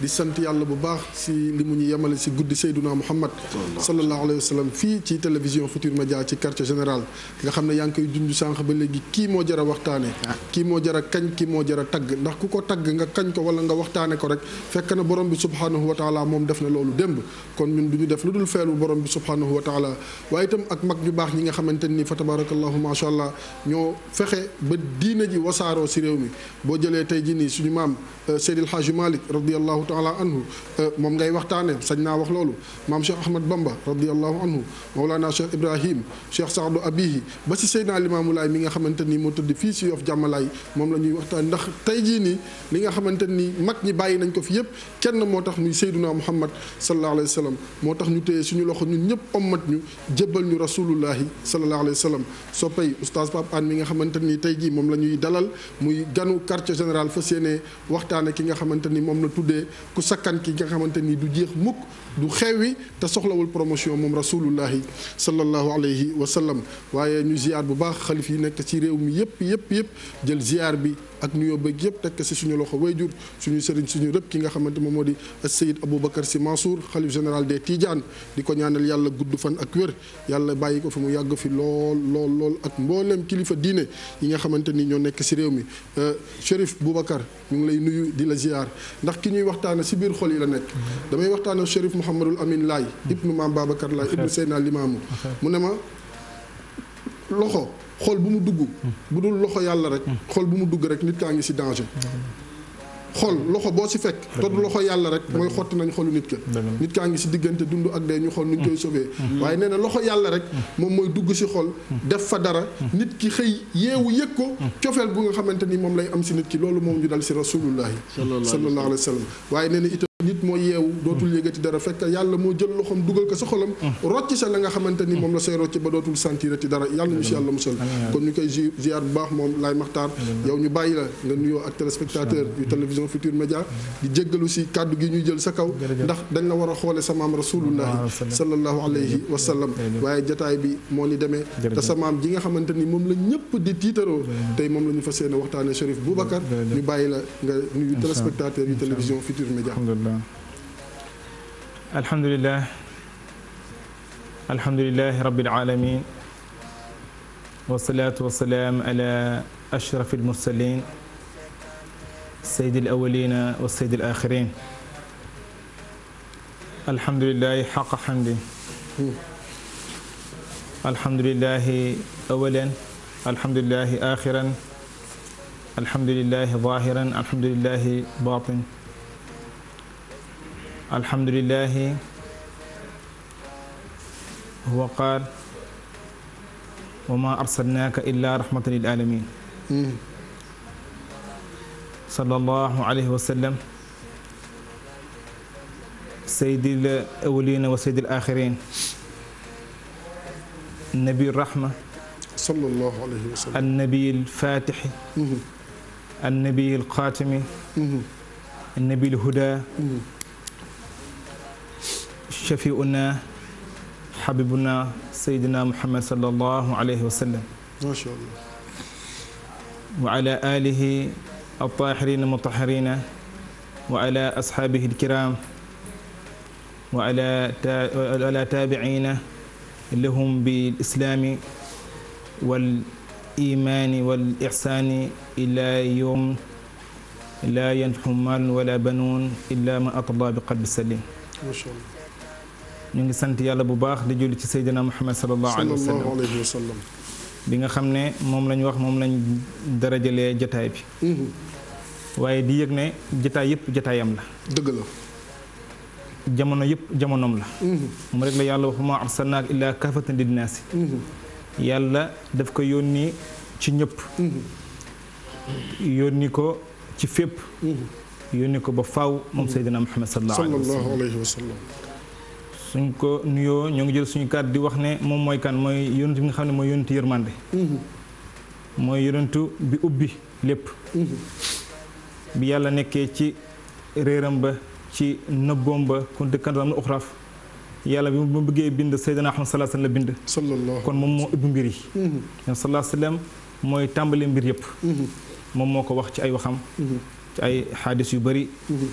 di sant yàlla bu baax si li mu ñu yemale si guddi Seydouna Muhammad sallallahu alayhi wa sallam fii ci télévision Futur Média ci quartier général nga xam ne yaa ngi koy junj sànq ba léegi kii moo jar a waxtaane ah. kii moo jar a kañ kii moo jar a tagg ndax ku ko tagg nga kañ ko wala nga waxtaane ko rek fekk na borom bi subhanahu wa taala moom def na loolu démb kon ñun du ñu def lu dul feelu borom bi subhanahu wa taala waaye itam ak mag ñu baax ñi nga xamante ni fa tabarakallahu macha allah ñoo fexe ba diine ji wasaaroo si réew mi boo jëlee tey ji nii suñu maam euh, Seydil Hadji Malick radiyallahu taala anhu euh, moom ngay waxtaane sañ naa wax loolu maam Cheikh Ahmad Bamba radiallahu anhu maolana Cheikh Ibrahim Cheikh Saadu Abihi ba si Seydina Limaamu Laay mi nga xamante ni moo tëdd fii si Yoff jàmmalaay moom la ñuy waxtaan ndax tey jii nii li nga xamante ni mag ñi bàyyi nañ ko fi yëpp kenn moo tax muy Seydina Muhammad sallallahu alayhi wa sallam moo tax ñu téye suñu loxo ñun ñëpp ommat ñu jébbal ñu rasulullahi sallallahu alayhi wa sallam soppay oustaz Pape Hann mi nga xamante ni tey jii moom la ñuy dalal muy ganu quartier général fas yéene waxtaane ki nga xamante ni moom la tuddee ku sakkan ki nga xamante ni du jeex mukk du xewwi te soxlawul promotion moom rasulullahi sallallahu alayhi wa sallam waaye ñu ziar bu baax xalif yi nekk ci réew mi yëpp yëpp yëpp jël ziar bi ak nuyoo bëgg yëpp tekk si suñu loxo wayjur suñu sëriñ suñu rëpp ki nga xamante moom moo di Seyid Aboubacar Sy Mansour xalif général de Tidiane di ko ñaanal yàlla gudd fan ak wér yàlla bàyyi ko fi mu yàgg fi lool lool lool ak mboolem kilifa diine yi nga xamante ni ñoo nekk si réew mi bu euh, Boubacar ñu ngi lay nuyu di la ziar ndax ki ñuy waxtaana si biir xol yi la nekk damay waxtaana Chérif Mouhamadul Amin Laay ibnu maam Babacar Laay ibnu Seyna Limaamu mu ne ma loxo xool bu mu dugg. bu dul loxo yàlla rek. xol bu mu dugg rek nit kaa ngi si danger. xool loxo boo si fekk te loxo yàlla rek mooy xotti nañ xolu nit ka nit kaa ngi si diggante dund ak dee ñu xool nuñ koy mm. sauver mm. waaye nee na loxo yàlla rek mm. moom mooy dugg si xol def fa dara nit ki xëy yeewu yëg ko cofeel bu nga xamante ni moom lay am si nit ki loolu moom ñu dal si rasulullahi sallallahu alayhi wa sallam waaye nee nit moo yeewu dootul hmm. yëgati dara fekk yàlla moo jël loxoom dugal ko sa xolam hmm. rocc sa la nga xamante ni hmm. moom la say rocc ba dootul sentirati dara yàlla ñu si yàlla musal ñu koy ziar bu baax moom laay maxtaar yow ñu bàyyi la nga nuyoo ak téléspectateur yu di si kàddu gi ñu jël sa kaw ndax dañ la war a xoole sa maam rasulullahi sallallahu alayhi wa sallam waaye jataay bi moo ni demee te sa maam ji nga xamante ni moom la ñëpp di tiitaroo tey moom la ñu fas yéene waxtaane Chérif Boubacar ñu bàyyi la nga nuyu téléspectateur yu télévision Futur Média alhamdulilah alhamdulilah rabbil alamin wasalaatu wasalaam ala ashraf almursalin sayid alawalina wa sayid alaxirin alhamdulilahi xaqa xamdin alhamdulilahi awalan alhamdulilahi axiran alhamdulilahi zahiran alhamdulilahi batin الحمد لله هو قال وما أرسلناك إلا رحمة للعالمين صلى الله عليه وسلم سيد الأولين وسيد الآخرين نبي الرحمة صلى الله عليه وسلم النبي الفاتح النبي القاتم النبي الهدى shafiuna xabibuna saydina muhammad salallahu alayhi wa sallam wa ala alihi altahirina mutahirina wa ala asxaabihi alkiram wa ala taabicina lahum bilislaami walimaani walixsaani ila yowm laa yanfahu maalun wala banuun illa man atalla bi qalbi salim ñu ngi sant yàlla bu baax di julli ci seydina muhammad sallallahu alayhi wa sallam bi nga xam ne moom lañ wax moom lañ darajalee jataay bi mhm. waaye di yëg ne jataay yëpp jataayam la dëgg la jamono yëpp jamonoom la mhm. moom rek la yàlla wax ma arsalnaak illaa kaafatan linnaasi mhm. yàlla daf ko yónni ci ñëpp yónni ko ci fépp yónni ko ba faaw moom seydina muhammad sallallahu alayhi wa sallam suñ ko nuyoo ñoo ngi jël suñu kàddu di wax ne moom mooy kan mooy yonent bi nga xam ne mooy yonentu yërmande mhm. mooy bi ubbi lépp mhm. bi yàlla nekkee ci réeram ba ci nëbboom ba kon dëkkantaam na uxraaf yàlla bi mu bëggee bind Seydina Ahmad sallallahu alayhi wa sallam la bind kon moom moo ubbi mbir yi mhm. mooy tàmbale mbir yëpp moom moo ko wax ci ay waxam ci ay xaadis yu bari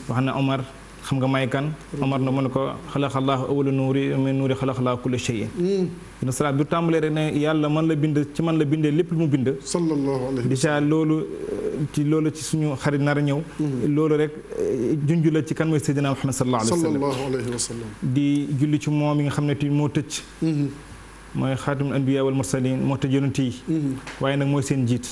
wax na Omar xam nga may kan Omar na mu ne ko xalaqallaahu awwala nuuri min nuuri xalaqallaahu kulla shay'in hmm. na salaat bu tàmbalee rek ne yàlla man la bind ci man la bindee lépp lu mu bind sallallahu alayhi déjà loolu ci loolu ci suñu xarit nar a ñëw hmm. loolu rek eh, junju la ci kan mooy Seydina Muhammad sallallahu alayhi wa sallam di julli ci moom mi nga xam ne ti moo tëj hmm. mooy xaatimul anbiyaa wal mursalin moo tëj yonent yi waaye nag mooy seen jiit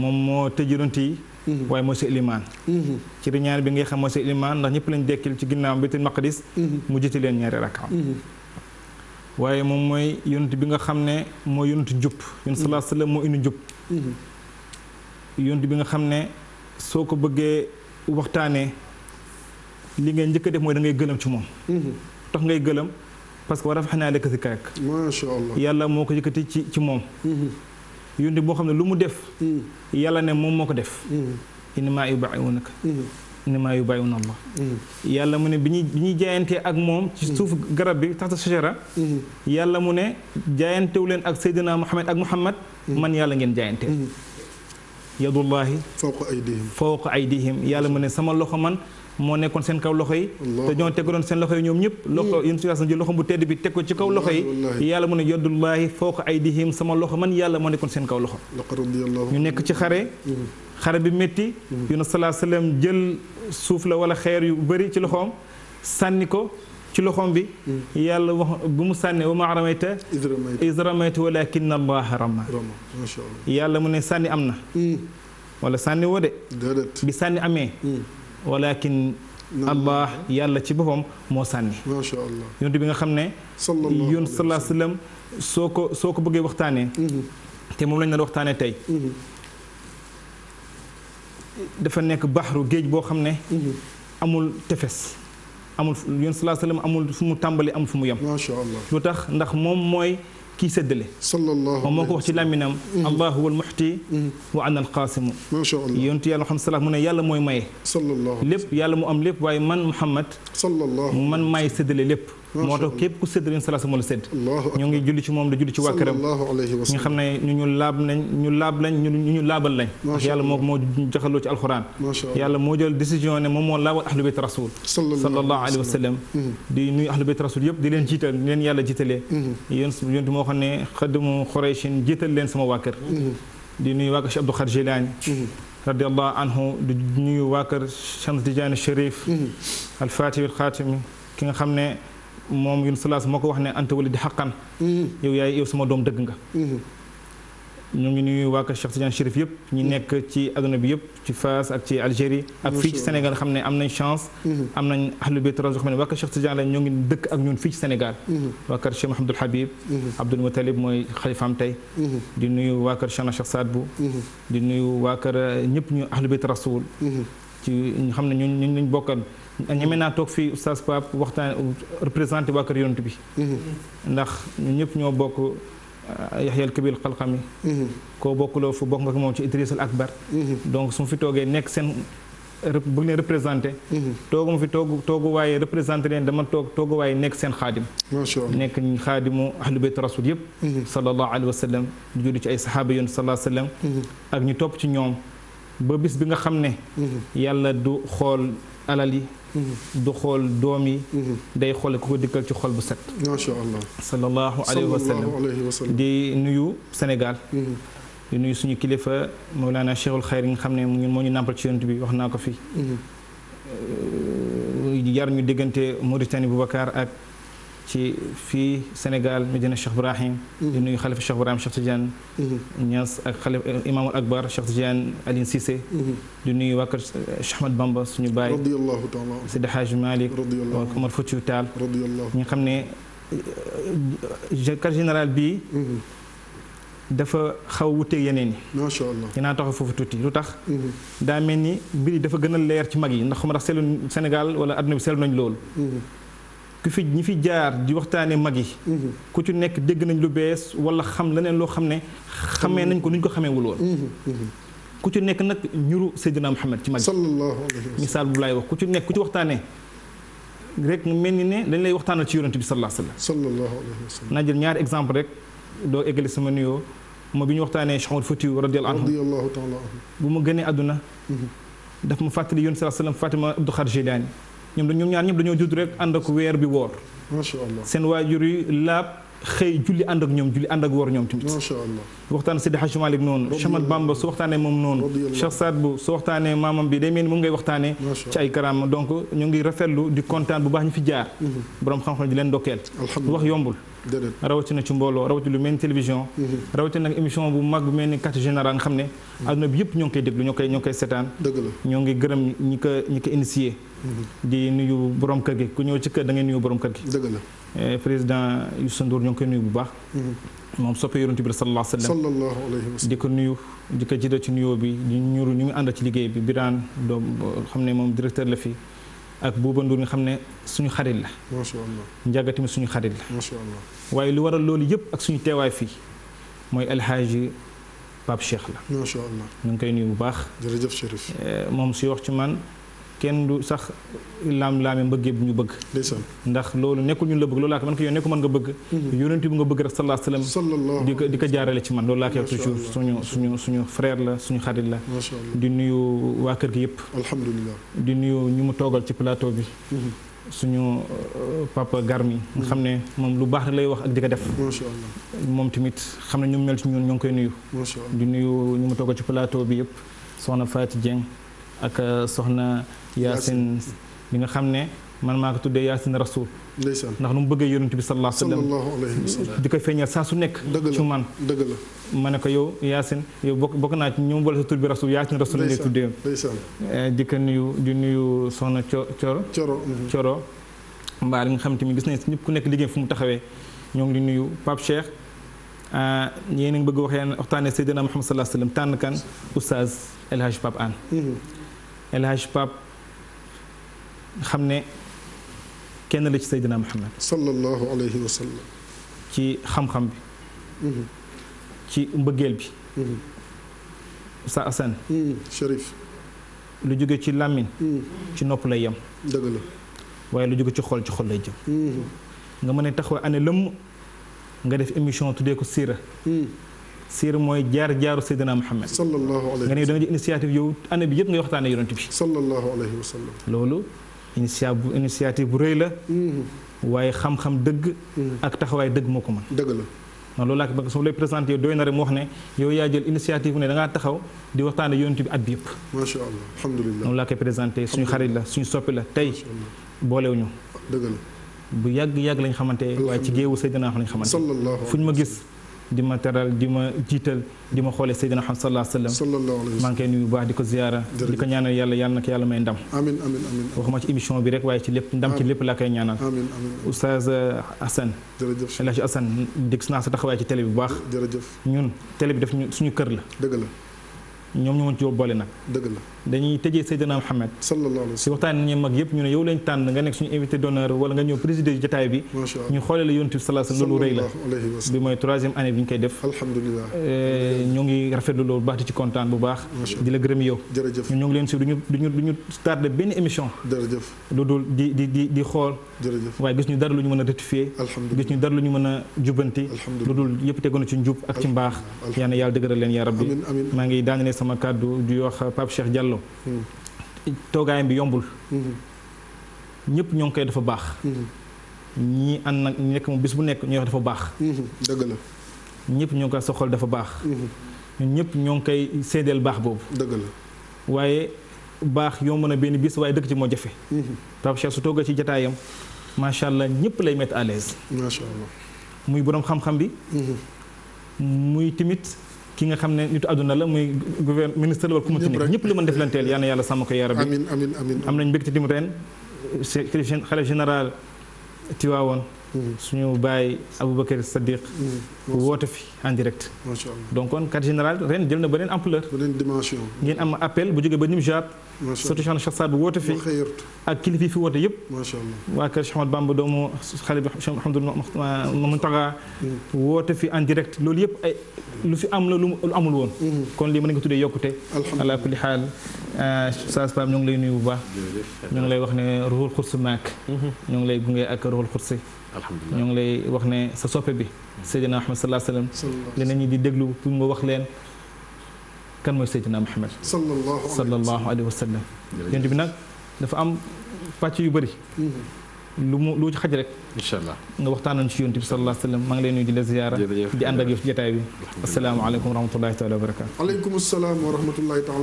moom moo tëj yonent yi Mm-hmm. waaye mooy sa ilimaan mm-hmm. ci riñaan bi ngay xam mooy sa ilimaan ndax ñëpp lañ dekkil ci ginnaaw baytul maqdis mm-hmm. mu jiti leen ñaari rakka waaye moom mooy yonent bi nga xam ne moo yonent jub yonent salaa moo indi jub bi nga xam ne soo ko bëggee waxtaanee li ngay njëkk def mooy da ngay gëlëm ci moom tax ngay gëlëm parce que war a fa xanaa lekk si karek yàlla moo ko yëkkati ci ci moom yonent boo xam ne lu mu def hmm. yàlla ne moom moo ko def yu na hmm. innamaa yubaayi'unaka hmm. innamaa yubaayi'una allah yàlla mu ne bi ñuy ñuy jaayantee ak moom ci suuf garab bi taxta sajara yàlla mu ne jaayantewu leen ak Seydina Muhammad ak Muhammad man yàlla ngeen jaayantee yadullahi fawqa aydihim yàlla mu ne sama loxo man moo nekkoon seen kaw loxo yi te ñoo teggoon seen loxo yi ñoom ñëpp loxo hmm. yén su jël loxo bu tedd bi teg ko ci kaw loxo yi yàlla mu ne yadullaahi fawqa aydihim sama loxo man yàlla moo nekkoon seen kaw loxo ñu nekk ci xare hmm. xare bi métti yu na salaa salaam jël suuf la wala xeer yu bëri ci loxoom sànni ko ci loxoom bi hmm. yàlla wax bu mu sànne wa maa ramayta iz ramayta walakin allah rama yàlla mu ne sànni am na wala sànni woo de bi sànni amee walakin allah yàlla ci boppam moo sànni macha allah bi nga xam ne yoon salaa sallam soo ko soo ko bëggee waxtaanee mm-hmm. te moom lañ nar waxtaanee tey mm-hmm. dafa nekk baxru géej boo xam ne mm-hmm. amul tefes amul yon salaa sallam amul fu mu tàmbali am fu mu yem macha lu tax ndax moom mooy kii séddale sallallahu moom moo ko wax ci làmminam mm-hmm. mm-hmm. allah huwa almuxti wa ana alqaasimu ma sha allah yontu yàlla xam salaam mu ne yàlla mooy maye sallallahu lépp yàlla mu am lépp waaye man muhammad sallallahu man maay séddale lépp moo tax képp ku sédd leen salaasa moo la sédd ñoo ngi julli ci moom da julli ci waa këram xam ne ñu ñu laab lañ ñu ñu laabal lañ moo moo jaxaloo moo jël décision ne moom moo laabal ahlu bayt rasul sallallahu alayhi wa sallam mm-hmm. di nuyu ahlu bayt rasul yëpp di leen jiital leen yàlla jiitalee mm-hmm. yéen yontu moo xam ne xadimu xoreysin jiital leen sama waa mm-hmm. di nuyu waa kër Cheikh Abdou al Fatih al Khatim ki nga xam ne moom yun salaas moo ko wax ne anta wali di xaqan mm-hmm. yow yaay yow sama doom dëgg nga mm-hmm. ñu ngi nuy waa Cheikh Tidiane Chérif yëpp ñi mm-hmm. nekk ci adduna bi yëpp ci Fass ak ci Algérie ak fii ci Sénégal xam ne am nañ chance am nañ ahlu bayt yoo xam ne waa Cheikh Tidiane la dëkk ak ñun fii ci Sénégal waa kër Cheikh Mahamadul Habib Abdoul mooy xalifaam tey di nuy waa kër Cheikh Saad Bou di nuyu waa kër ñëpp ñu ahlu bayt rasoul xam ne ñun ñun bokkan ñeme naa toog fii oustaz Pape waxtaan représenté waa kër bi mhm. ndax ñu ñëpp ñoo bokk ah, yaxyal kabil xalxami mhm. koo bokkuloo fu bokk nga ko moom ci Idris al Akbar mhm. donc su ma fi toogee nekk seen bëgg leen représenté toogu ma fi toogu toogu waaye représenté leen dama toog toogu waaye nekk seen xaadim nekk xaadimu ahlu bayt rasul yëpp sallallahu alayhi wa sallam ñu julli ci ay sahaaba yoon sallallahu sallam ak ñu topp ci ñoom ba bis bi nga xam ne mm-hmm. yàlla du xool alal yi mm-hmm. du xool doom yi mm-hmm. day xoole ku ko dikkal ci xol bu set macha allah sallallahu alayhi wa sallam nuyu Sénégal di nuyu suñu kilifa Mawlana Cheikhul Xayr yi nga xam ne moo ñu nàmpal ci yonent bi wax naa ko fi euh, yar ñu diggante Mauritanie Boubacar ak ci fii Sénégal Medina Cheikh Ibrahim mhm. du nuyu xalifa Cheikh Ibrahim Cheikh Tidiane mhm. Niass ak xalif eh, imaamul akbar Cheikh Tidiane Aline Cissé mhm. di nuyu waa kër eh, Bamba suñu baay radiyallahu ta'ala Seydi Hadj Malick ak Omar Foutiyou Tall ñi xam ne eh, quartier général bi dafa xaw wuteeg yeneen yi macha allah foofu tuuti lu tax daa mel ni mbir yi dafa gën a leer ci mag yi ndax xam ndax seetlu Sénégal wala adduna bi seetlu nañ loolu ku fi ñi fi jaar di waxtaanee mag yi. Mhm. ku ci nekk dégg nañ lu bees wala xam leneen loo xam ne. xamee mhm. nañ ko nuñ ko xamee woon. Mhm. ku ci nekk nag ñuru Seydina Muhammad ci mag yi. sallallahu alayhi wa sallam misaal bu laay wax ku ci nekk ku ci waxtaanee. rek mel ni ne dañ lay waxtaanal ci yonent bi sallallahu alayhi wa sallam. sallallahu alayhi naa jël ñaari exemple rek doo eggale sama nuyoo moo bi ñu waxtaanee Cheikh Omar Foutiyou radiyallahu anhu bu ma gënee àdduna. daf ma fàttali yonent sallallahu alayhi wa sallam Fatima ñoom ñoom ñaar ñëpp dañoo judd rek ànd ak weer bi woor. macha allah seen waajur yi laab xëy julli ànd ak ñoom julli ànd ak woor ñoom tamit. macha allah waxtaan Seydi Hadji noonu. Cheikh Ahmad Bamba su waxtaanee moom noonu. Cheikh Saad Bou su waxtaanee maamam bi day mel ni ngay waxtaanee. ci ay karaama donc ñu ngi rafetlu di kontaan bu baax ñu fi jaar. Mhm. borom xam-xam di leen ndokkeel. wax yombul. rawatina ci mbooloo rawatina lu mel ni télévision mhm. rawatina nag émission bu mag mel ni carte générale nga xam ne mhm. adduna bi yëpp ñoo ngi koy déglu ñoo koy ñoo koy seetaan ñoo ngi gërëm ñi ko ñi ko initié mhm. di nuyu borom kër gi ku ñëw ci kër da ngay nuyu borom kër gi dëgg la eh, président Youssou Ndour ñoo ngi koy nuyu bu baax moom soppe yonent bi sallallahu alayhi wa sallam di ko nuyu di ko jiital ci nuyoo bi ñu ñuru ñu mu ànd ci liggéey bi Birane doom xam ne moom directeur la fi ak Bouba Ndour nga xam ne suñu xarit la. macha allah njàgga tamit suñu xarit la. macha allah waaye lu waral loolu yëpp ak suñu teewaay fii mooy alxaaji Pape Cheikh la. macha allah ñu ngi koy nuyu bu baax. jërëjëf Chérif. Eh, moom suy wax ci man kenn du sax laam-laame mbëgg bu ñu bëgg. ndax loolu nekkul ñu la bëgg loolu laa ko man ko yow nekku mën nga bëgg. Mhm. yonent bi nga bëgg rek sallallahu alayhi wa sallam. di ko di ko jaarale ci man loolu laa koy wax suñu suñu suñu frère la suñu xarit la. di nuyu waa kër gi yëpp. alhamdulilah di nuyu ñu mu toogal ci plateau bi. Mhm. suñu euh, papa garmi nga xam ne moom lu baax lay wax ak di ko def moom tamit xam ne ñu mel ci ñun ñoo ngi koy nuyu di nuyu ñu mu toog ci plateau bi yëpp soxna Fatou Dieng ak euh, soxna Yacine bi nga xam ne man maa ko tuddee yaasin rasul ndeysaan ndax nu mu bëggee yonent bi sallallahu alayhi di ko feeñal saa su nekk ci man dëgg la ma ne ko yow yaasin yow bokk bokk naa ci ñoom boole sa tur bi rasul yaasin rasul la tuddee eh, di ko nuyu di nuyu soxna coro coro mhm. coro mbaa li nga xam tamit gis nañ ñëpp ku nekk liggéey fu mu taxawee ñoo ngi di nuyu Pape Cheikh eh, yéen a ngi bëgg waxee waxtaane Seydina Muhammad sallallahu alayhi wa sallam tànn kan oustaz El Hadj Pape Hann mhm. El xam ne kenn la ci Seydina Muhammad sallallahu alayhi wa sallam ci xam-xam bi mhm. ci mbëggeel bi mhm. sa Assane mhm. Chérif lu jóge ci làmmiñ ci nopp lay yem dëgg la waaye lu jóge ci xool ci xool lay jëm nga mën a taxaw année lëmm nga def émission tuddee ko siira siira mooy jaar jaaru Seydina Muhammad sallallahu alayhi wa sallam nga ne da nga jël initiative yow année bi yëpp ngay waxtaanee yonent bi sallallahu alayhi wa sallam loolu initiative bu rëy la. Mm-hmm. waaye xam-xam dëgg. Mm-hmm. ak taxawaay dëgg moo ko mën. dëgg la. man loolu laa bëgg su ma lay présenté yow doy na rek mu wax ne yow yaa jël initiative ne da ngaa taxaw di waxtaane yonent bi at bi yëpp. macha allah alhamdulilah noonu laa koy présenté suñu xarit la suñu soppi la tey boolewuñu. dëgg la bu yàgg yàgg lañ xamante waaye ci géewu Seydina lañ xamante. fu ñu ma gis. di ma teral di ma jiital di ma xoolee Seydina Muhammad sallallahu alayhi wa sallam maa ngi koy nuyu bu baax di ko ziyaara di ko ñaanal yàlla yàlla na ko yàlla may ndam amiin amiin amiin waxuma ci émission bi rek waaye ci lépp ndam ci lépp laa koy ñaanal amiin amiin Oustaz euh, Assane jërëjëf El Hadj Assane naa sa taxawaay ci télé bi bu baax jërëjëf ñun télé bi daf ñu suñu kër la dëgg la ñoom ñoo ci boole nag dëgg la dañuy tëjee Seydina Mouhamed si waxtaan ñi mag yëpp ñu ne yow lañ tànn nga nekk suñu invité d'honneur wala nga ñëw présider jotaay bi ñu xoolee la yonent bi mooy troisième année bi ñu koy def eh, ñu ngi rafetlu loolu baax di ci kontaan bu baax di la gërëm ñu ngi leen si duñu duñu duñu benn émission dara lu ñu mën a rectifier gis ñu dara lu ñu mën a jubbanti lu dul yëpp tegu ci njub ak ci mbaax yal na yàlla dëgëral leen yaa rabbi maa ngi daanalee Diallo toogaayam bi yombul ñëpp ñoo ngi koy dafa baax ñii ànd nag ñu nekk moom bis bu nekk ñuy wax dafa baax dëgg la ñëpp ñoo ngi koy soxal dafa baax ñun ñëpp ñoo ngi koy seedeel baax boobu dëgg la waaye baax yomb na benn bis waaye dëkk ci moo jafe Pape Cheikh su toogee ci jataayam macha allah ñëpp lay mettre à l'aise muy boroom xam-xam bi muy timit ki nga xam ne nitu àdduna la muy gouverneur ministre la wala ku mu ci nekk ñëpp li mën def lanteel yal na yàlla sàmm ko yaa rabbi amiin amiin amiin am nañ mbégte tamit ren chef xale général Tiwaawoon suñu baay Aboubacar Sadiq mm. woote fi en direct donc kon carte générale ren jël na beneen ampleur beneen dimension ngeen am appel bu jógee ba Nimjaat surtout Cheikh Cheikh Saad bu woote fi ak kilifa fi woote yëpp waa kër Cheikh Ahmad Bamba doomu mm. lu fi la lu amul woon mm. kon lii mën nga tuddee yokkute ala kulli xaal euh, Oustaz Pape ñu ngi lay nuyu bu baax ñu lay wax ne ruhul xursi maak mm-hmm. ñu lay gunge ak ruhul xursi alhamdulilah ñu ngi wax ne sa soppe bi Seydina Muhammad sallallahu alayhi wa sallam li nañu di déglu pour nga wax leen kan mooy Seydina Muhammad sallallahu alayhi wa sallam yonent bi nag dafa am pàcc yu bëri mm-hmm. lu mu lu ci xaj incha allah nga waxtaanoon ci yonent bi sallallahu alayhi maa ngi lay nuyu di la ziyaara di ànd ak yow ci jotaay bi asalaamaaleykum wa rahmatulahi taala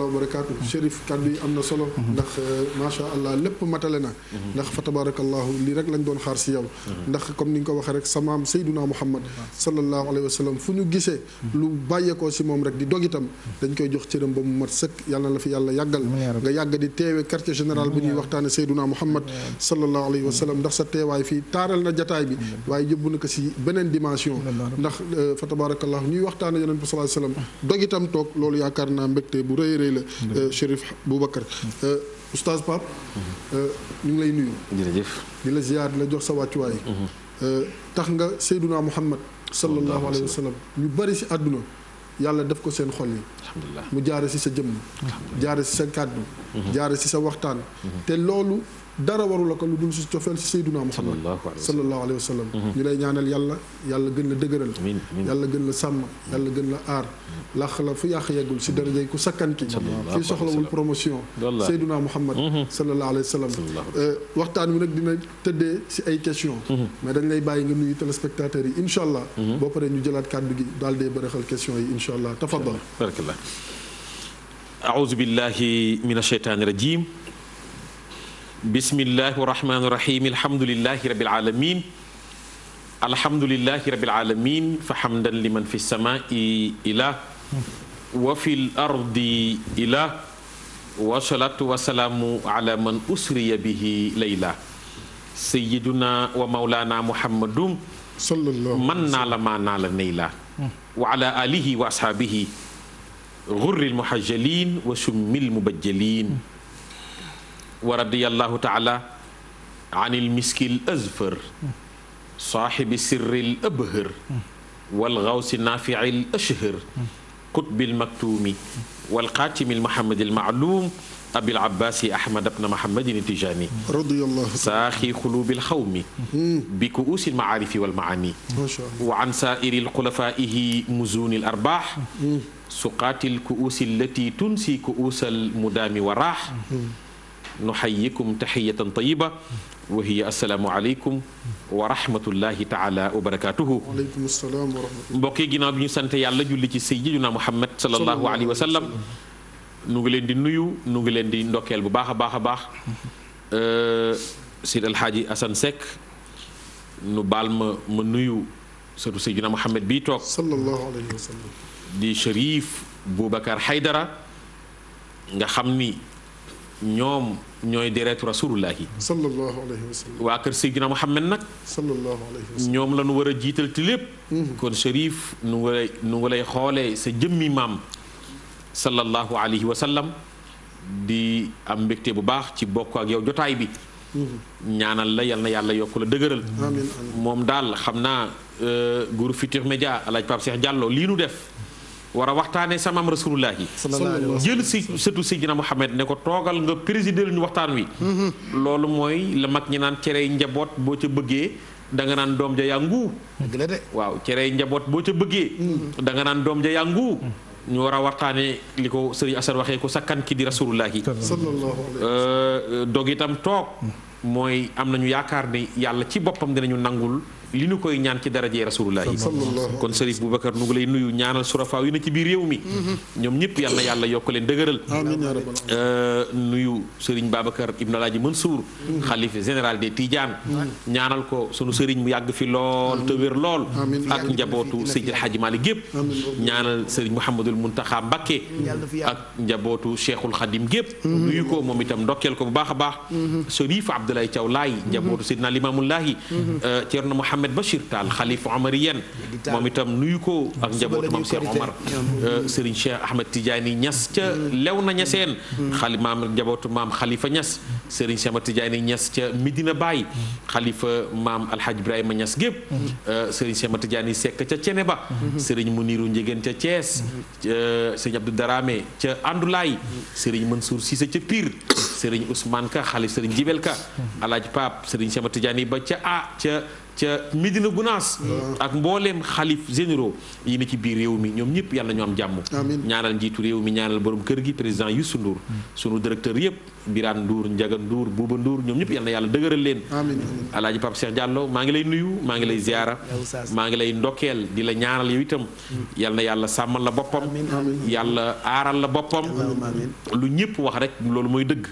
wa mhm. na solo mhm. ndax euh, macha allah lépp matale na mhm. ndax fa tabarakallahu lii rek lañ doon xaar si yow ndax comme ni nga ko waxee sa samaam sayduna muhammad sallallahu alayhi wa sallam fu di dog itam dañ koy jox cëram na la fi yàlla yàggal nga yàgg di teewe quartier général bu ñuy waxtaane sayduna muhammad sallallahu wa sallam ndax sa teewaay fii taaral na jataay bi waaye yóbbu na ko si beneen dimension ndax euh, fa tabarakallah ñuy waxtaane yonent bi sallallahu alayhi wasallam dog itam toog loolu yaakaar naa mbégte bu rëy rëy la euh, Chérif Boubacar euh, oustaz Pape mhm. ñu ngi lay nuyu jërëjëf di la ziyaar di la jox sa wàccuwaay mhm. tax nga Seyduna Muhammad sallallahu alayhi wa sallam ñu bari si àdduna yàlla def ko seen xol yi mu jaare si sa jëmm jaare si sa kàddu mhm. jaare si sa waxtaan te loolu dara waru la ko lu dul si cofeel si Seydunaa Muhammad sallallahu alayhi wa sallam mhm. ñu lay ñaanal yàlla yàlla gën la dëgëral yàlla gën la sàmm yàlla gën la aar làq la fu yàq yeggul si darajey ku sakkanki fii soxlawul promotion Seydunaa Muhammad mhm. sallallahu alayhi wa sallam euh, waxtaan wi nag dina tëddee si ay question mhm. mais dañ lay bàyyi nga nuyu téléspectateurs yi incha allah boo paree ñu jëlaat kàddu gi daal dee bërëxal question yi incha allah tafadal barakallah bismillahi rahmaani rahim alhamdulilahi rabil alamin alhamdulilahi rabil alamin fa hamdan liman fi samaai ilah wa fi l ardi ilah wa salaatu wa salaamu ala man usriya bihi layla sayiduna wa maulana muhammadum man naa la maa naa la neyla wa ala alihi wa ashaabihi gurri lmuhajjalin wa summi lmubajjalin wa radiyallahu taala an il miskil azfar saaxibi sirril abhër wal gawsi naafiil ashhër qutbil maktuumi wal xaatimil muhammadil maaluum abil abbaasi ahmad abna muhammadin tijaani radiyallahu saaxi xuluubil xawmi hmm. bi ku uusil macaarifi wal macaani wa an saairil xulafaa'ihi muzuunil arbaax hmm. suqaatil ku uusi allati tunsi ku uusal mudaami waraax hmm. nuxayikum taxiyatan tayiba wa hiya assalaamu aleykum wa rahmatullahi taala wa barakatuhu waaleykum salaam wa rahmatulah mbokk yi ginnaaw bi ñu sant yàlla julli ci sayyidina muhammad sallallahu alayhi wa sallam nu ngi leen di nuyu nu ngi leen di ndokkeel bu baax a baax a baax euh, Seydi Alxaaji Assane Seck nu baal ma ma nuyu sëtu Seydina Muhammad bii toog sallallahu alayhi wa sallam di Chérif Boubacar Haydara nga xam ni ñoom ñooy deretu rasulullahi sallallahu waa kër Seydina Muhammad nag sallallahu alayhi wa ñoom la nu war a jiital ci lépp mm-hmm. kon Chérif nu nga lay nu nga xoolee sa jëmmi maam sallallahu alayhi wa sallam di am mbégte bu baax ci bokk ak yow jotaay bi mm-hmm. ñaanal la yal na yàlla yokk la dëgëral moom daal xam naa euh, groupe Futurs Médias alaaj Pape Cheikh Diallo lii nu def war a waxtaanee sa maam rasulullah yi jël si surtout Seydina Muhammad ne ko toogal nga présider ñu waxtaan wi mm-hmm. loolu mooy la mag ñi naan cere njaboot boo ca bëggee da nga naan doom ja yàngu waaw cerey njaboot boo ca bëggee mm-hmm. da nga naan doom ja yàngu ñu war a waxtaanee li ko sëriñ Assane waxee ko sakkan ki di rasulullah yi euh, euh, dog itam toog mm. mooy am nañu yaakaar ne yàlla ci boppam dinañu nangul li ñu koy ñaan ci darajee rasulullah yi kon sërif Boubacar nu ngi lay nuyu ñaanal surafaaw yi na ci biir réew mi ñoom ñëpp yal na yàlla yokk leen dëgëral euh, nuyu sëriñ Babacar Ibn Alaaji Mansour général des Tidiane ñaanal ko sunu sëriñ mu yàgg fi lool te wér lool ak njabootu Seydi El Hadji Malick gépp ñaanal sëriñ Mouhamadul Muntaxa Mbakke ak njabootu Cheikhul Xadim gépp nuyu ko moom itam ndokkeel Abdoulaye Thiaw Laay njabootu Sidna Limaamulaahi Ceerno mhm. euh, Mouhamed Bachir Taal xalifa Omariyen moom itam nuyu ko ak njabootu maam Cheikh Omar euh, Serigne Ahmed Tidiane Niass ca mm. lew na Niasseen xali mm. mm. maam njabootu maam xalifa Niass Serigne Cheikh Ahmed Tidiane Niass ca Medina Baye xalifa maam Alhaji Ibrahima Niass gépp euh, Serigne Cheikh Ahmed Tidiane Seck ca Ceneba Serigne Muniru Njegeen ca Thiès Serigne Abdou Darame ca Andoulaye Serigne Mansour Cissé ca Pire Serigne Ousmane Ka xali Serigne Jibel Ka alaaj Pape Serigne Cheikh Tidiane ba ca a ca ca Medina Gunaas ah. ak mbooleem xalif généraux yi ni ci biir réew mi ñoom ñëpp yàlla ñoo am jàmm ñaanal njiitu réew mi ñaanal borom kër gi président yu Ndour hmm. sunu directeur yëpp Birane nduur Ndiaga Ndour Bouba Ndour ñoom ñëpp yal yàlla dëgëral leen alaaji Pape Cheikh Diallo maa ngi lay nuyu maa ngi lay ziara maa ngi lay ndokkeel di la ñaanal yow itam mm. yal na yàlla sàmmal la boppam yàlla aaral la boppam lu ñëpp wax rek loolu mooy dëgg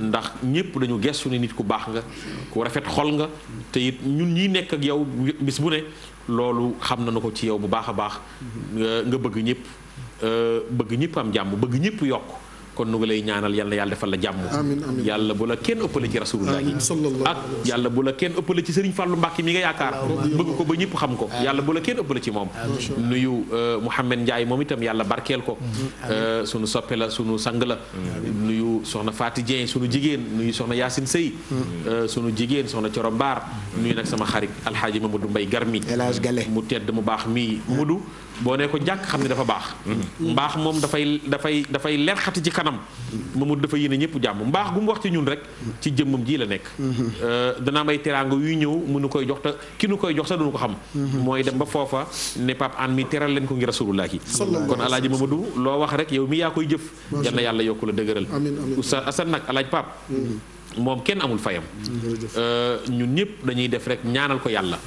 ndax ñëpp dañu gestu ne nit ku baax nga ku rafet xol nga te it ñun ñiy nekk ak yow bis bu ne loolu xam na nu ko ci yow bu baax a baax mm-hmm. nga bëgg ñëpp euh, bëgg ñëpp am jàmm bëgg ñëpp yokk kon nu ngi lay ñaanal yal na yàlla defal la jàmm yàlla bu la kenn ëppale ci rasulullah yi ak yàlla bu la kenn ëppale ci sëriñ Fàllu Mbàkke mi nga yaakaar bëgg ko ba ñëpp xam ko yàlla bu la kenn ëppale ci moom nuyu euh, Mouhamed Ndiaye moom itam yàlla barkeel ko euh, sunu soppe la sunu sang la nuyu soxna Fatou Dieng sunu jigéen nuyu soxna Yacine Sey euh, sunu jigéen soxna Coro Mbaar nuyu nag sama xarit alxaaji Mamadou Mbay Garmi mu tedd mu baax mi mudu boo ne ko jàkk xam ne dafa baax mbaax moom dafay dafay dafay leer xati ci kanam Mamadou dafa yéene ñëpp jàmm mbaax gu mu wax ci ñun rek ci jëmm jii la nekk euh, dana am ay teraanga yuy ñëw mu nu koy jox te ki nu koy jox sax duñu ko xam mooy dem ba foofa ne Pape Hann mi teral leen ko ngir rasulullah yi kon alaaji Mamadou loo wax rek yow mi yaa koy jëf yal yàlla yokku la dëgëral oustaz Assane nag alaaj Pape mm-hmm. moom kenn amul fayam. Euh, ñun ñëpp dañuy def rek ñaanal ko yàlla.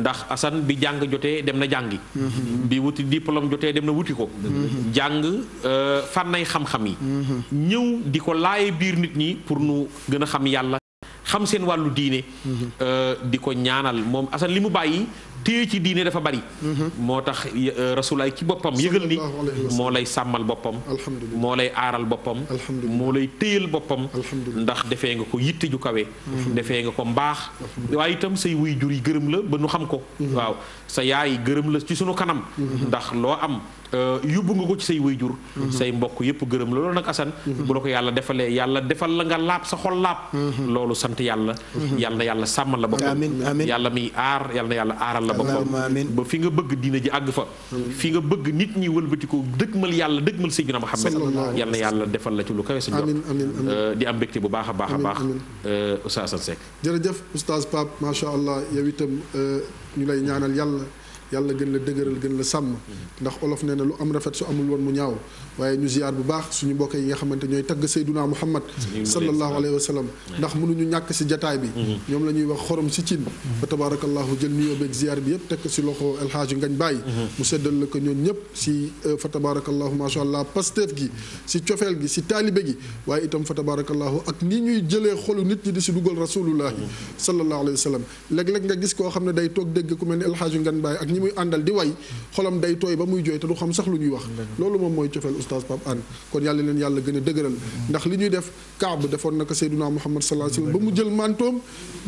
ndax Assane bi jàng jotee dem na jàngi. Mhm. bi wuti diplôme jotee dem na wuti ko. Mhm. jàng euh, fànnay xam-xam yi. Mhm. ñëw di ko laaye biir nit ñi pour nu gën a xam yàlla xam seen wàllu diine. Euh, di ko ñaanal moom Assane li mu bàyyi. téye ci diine dafa bari mhm. moo tax euh, rasulaay ci boppam yëgal ni moo lay sàmmal boppam moo lay aaral boppam moo lay téyal boppam ndax defee nga ko yitte ju kawe defee nga ko mbaax waaye itam say wuy jur yi gërëm la ba nu xam ko mhm. waaw sa yaay gërëm la ci sunu kanam ndax loo am euh, yóbbu nga ko ci say wayjur say mbokk yëpp gërëm la loolu nag Assane bu la ko yàlla defalee yàlla defal la nga laab sa xol laab loolu sant yàlla yàlla yàlla sàmmal la ba boppam yàlla muy aar yàlla yàlla aaral la ba boppam ba fi nga bëgg diina ji àgg fa fi nga bëgg nit ñi walbatiku wëlbatikoo mal yàlla dëgmal xam ne yàlla na yàlla defal la ci lu kawe sa njort euh, di am mbégte bu baax a baax a baax euh, Oustaz Assane Seck jërëjëf ñu lay ñaanal yàlla yàlla gën la dëgëral gën la sàmm ndax olof nee na lu am rafet su amul woon mu ñaaw waaye ñu ziar bu baax suñu mbokk yi nga xamante ñooy tagg Seyduna Muhammad sallallahu alayhi wa ndax mënuñu ñàkk si jataay bi mm-hmm. ñoom la ñuy wax xorom si cin fa tabarakallahu jël nuyoo beeg ziar bi yëpp tekk si loxo El Hadji Ngagne mm-hmm. mu seddal la ko ñoom ñëpp si euh, fa tabarakallahu masha allah pastef gi si cofeel gi si taalibe gi waaye itam fa tabarakallahu ak ni ñuy jëlee xolu nit ñi di si dugal rasulullahi mm-hmm. sallallahu alayhi wa sallam léeg ne day toog dégg ku lu ñuy oustaz Pape Hann kon yàlla leen yàlla gën a dëgëral ndax li ñuy def kaab defoon na ko Muhammad sallallahu ba mu jël mantoom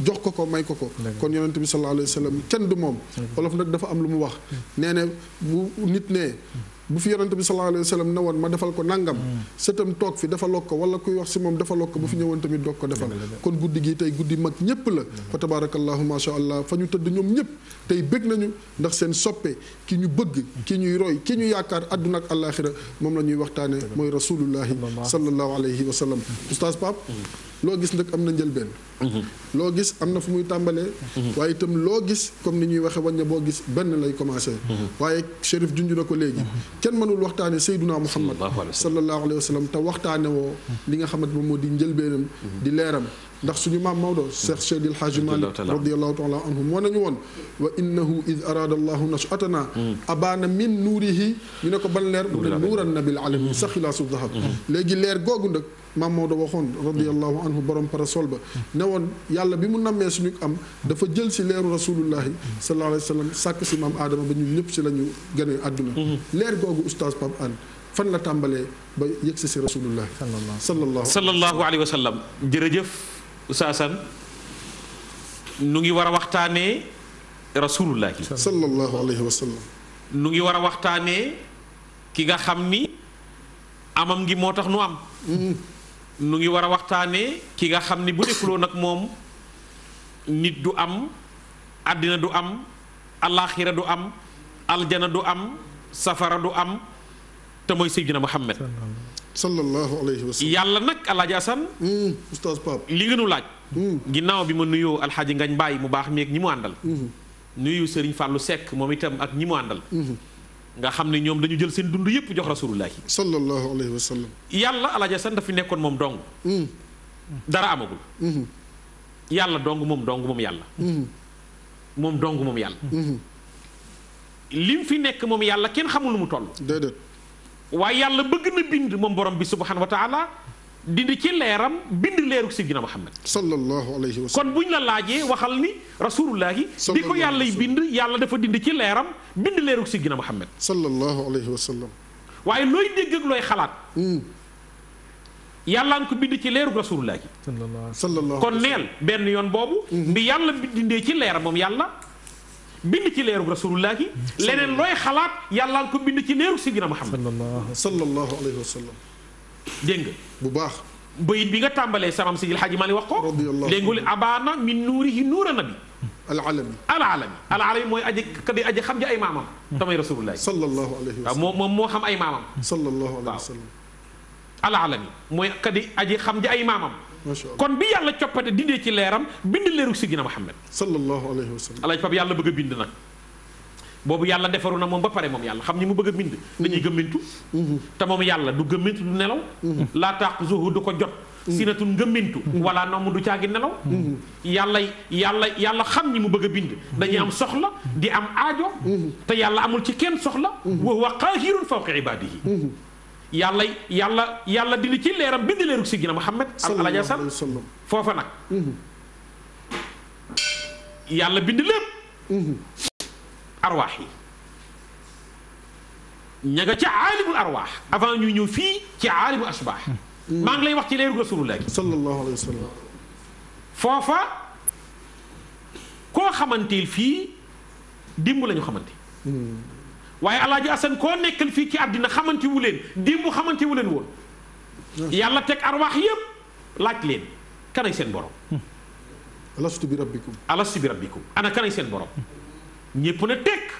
jox ko ko may ko ko kon yonente bi sallallahu alayhi wa sallam kenn du moom wolof nag dafa am lu mu wax hmm. nee ne bu nit ne bu fi yonent bi sallallahu alayhi wa sallam ma defal ko nangam hmm. sëtam toog fi defaloo ko wala kuy wax si moom defaloo ko bu fi ñëwoon tamit doog ko defal kon guddi gi tey guddi mag ñëpp la hmm. fa tabarakallahu ma sha allah fa ñu tëdd ñoom ñëpp tey bëgg nañu ndax seen soppe ki ñu bëgg ki ñuy roy ki ñu yaakaar àdduna ak àllaaxira moom la ñuy waxtaane mooy rasulullahi sallallahu alayhi wa sallam oustaz Pape hmm. loo gis nag am na njëlbeen. loo gis am na fu muy tàmbalee. waaye itam loo gis comme ni ñuy waxee wañ boo gis benn lay commencé. waaye Chérif junj na ko léegi. kenn mënul waxtaane Seyduna Muhammad sallallahu alayhi wa sallam te waxtaane woo. li nga xamante moom moo di njëlbeenam. di leeram ndax suñu maam Maodo Cheikh Seydi El Hadji Malick radiallahu taala anhu moo nañu woon wa innahu id araada allahu nashatana abaana min nuurihi ñu ne ko ban leer mu ne nuuran nabil alamin saxilaasu dahab mm-hmm. léegi leer googu nag maam Maodo waxoon radiallahu anhu borom parasol ba ne woon yàlla bi mu nammee suñu am dafa jël si leeru rasulullahi sallallahu alayhi wa sallam sàkk si maam aadama ba ñun ñëpp si la ñu gënee àdduna mhm. leer googu oustaz Pape Hann fan la tàmbalee ba yëg si si rasulullah sallallahu sallallahu alayhi wa sallam jërëjëf Oustazane nu ngi war a waxtaanee rasulullahi sallallahu alayhi wa sallam nu ngi war a waxtaanee ki nga xam ni amam ngi moo tax nu am mhm. nu ngi war a waxtaanee ki nga xam ni bu defuloo nag moom nit du am àddina du am alaaxira du am aljana du am safara du am te mooy Seydina Muhammad sallallahu alayhi wa sallam yàlla nag alaaji Asan hmm, oustaz Pape li nga laaj hmm. ginnaaw bi ma nuyoo alxaaji Ngañ Mbaay mu baax mi ak ñi mu àndal hmm. nuyu Sëriñ Fàllu Sekk moom itam ak ñi mu àndal nga xam ne ñoom dañu jël seen dund yëpp jox rasulullahi sallallahu alayhi wa yàlla alaja san dafa nekkoon moom dong hmm. dara amagul hmm. yàlla dong moom dong moom yàlla hmm. moom dong moom yàlla lim fi nekk moom yàlla kenn xamul lu mu toll déedéet waaye yàlla bëgg na bind moom borom bi subhanahu wa dindi ci leeram bind leeru Seydina Muhammad sallallahu alayhi wa sallam kon buñ la laajee waxal ni rasulullahi bi ko yàlla bind yàlla dafa dind ci leeram bind leeru Seydina Muhammad sallallahu alayhi wa sallam waaye looy dégg ak looy xalaat hmm. yàlla nga ko bind ci leerug rasulullah gi kon neel benn yoon boobu hmm. bi yàlla bindee ci leer moom yàlla bind ci leerug rasulullah gi hmm. leneen looy xalaat yàlla nga ko bind ci leerug sidina muhammad sallallahu alayhi wa sallam dégg nga bu baax bayit bi nga tàmbalee samam Sidil Hadji Malick wax ko léengul abaana min nuurihi nuura nabi alalami ala ala mooy aji ka di aji xam ji ay maamam tamay rasulullah sallallahu alayhi wa sallam waaw moom moo xam ay maamam sallallahu alayhi ala sallam alalami mooy ka di aji xam ji ay maamam kon bi yàlla coppate dindee ci leeram bind leeru si gina Muhammad sallallahu alayhi wa sallam alaaj pap yàlla bëgg a bind nag boobu yàlla defaru na moom ba pare moom yàlla xam ñi mu bëgg a bind dañuy gëmmintu te moom yàlla du gëmmintu du nelaw laa taaq zuhu du ko jot sinatun ngëmmintu wala noom du caagi nelaw yàlla yàlla yàlla xam ñi mu bëgg a bind dañuy am soxla di am aajo yàlla amul ci kenn soxla wa huwa qaahirun fawqa yàlla yàlla yàlla dina ci leeram bind leerug si gina Muhammad alalaja san foofa nag yàlla bind lépp arwaax yi ña nga ca aalimul arwaax avant ñëw fii ci aalimul asbaax maa ngi lay wax ci leeru rasulullah sallallahu alayhi wa sallam foofa koo xamanteel fii dimb lañu xamante waaye alaaji asan koo nekkal fii ci àddina xamante leen dimb xamante wu leen woon yàlla teg arwaax yépp laaj leen kanay seen borom bi rabbikum alastu bi ana kanay seen borom ñépp ne tekk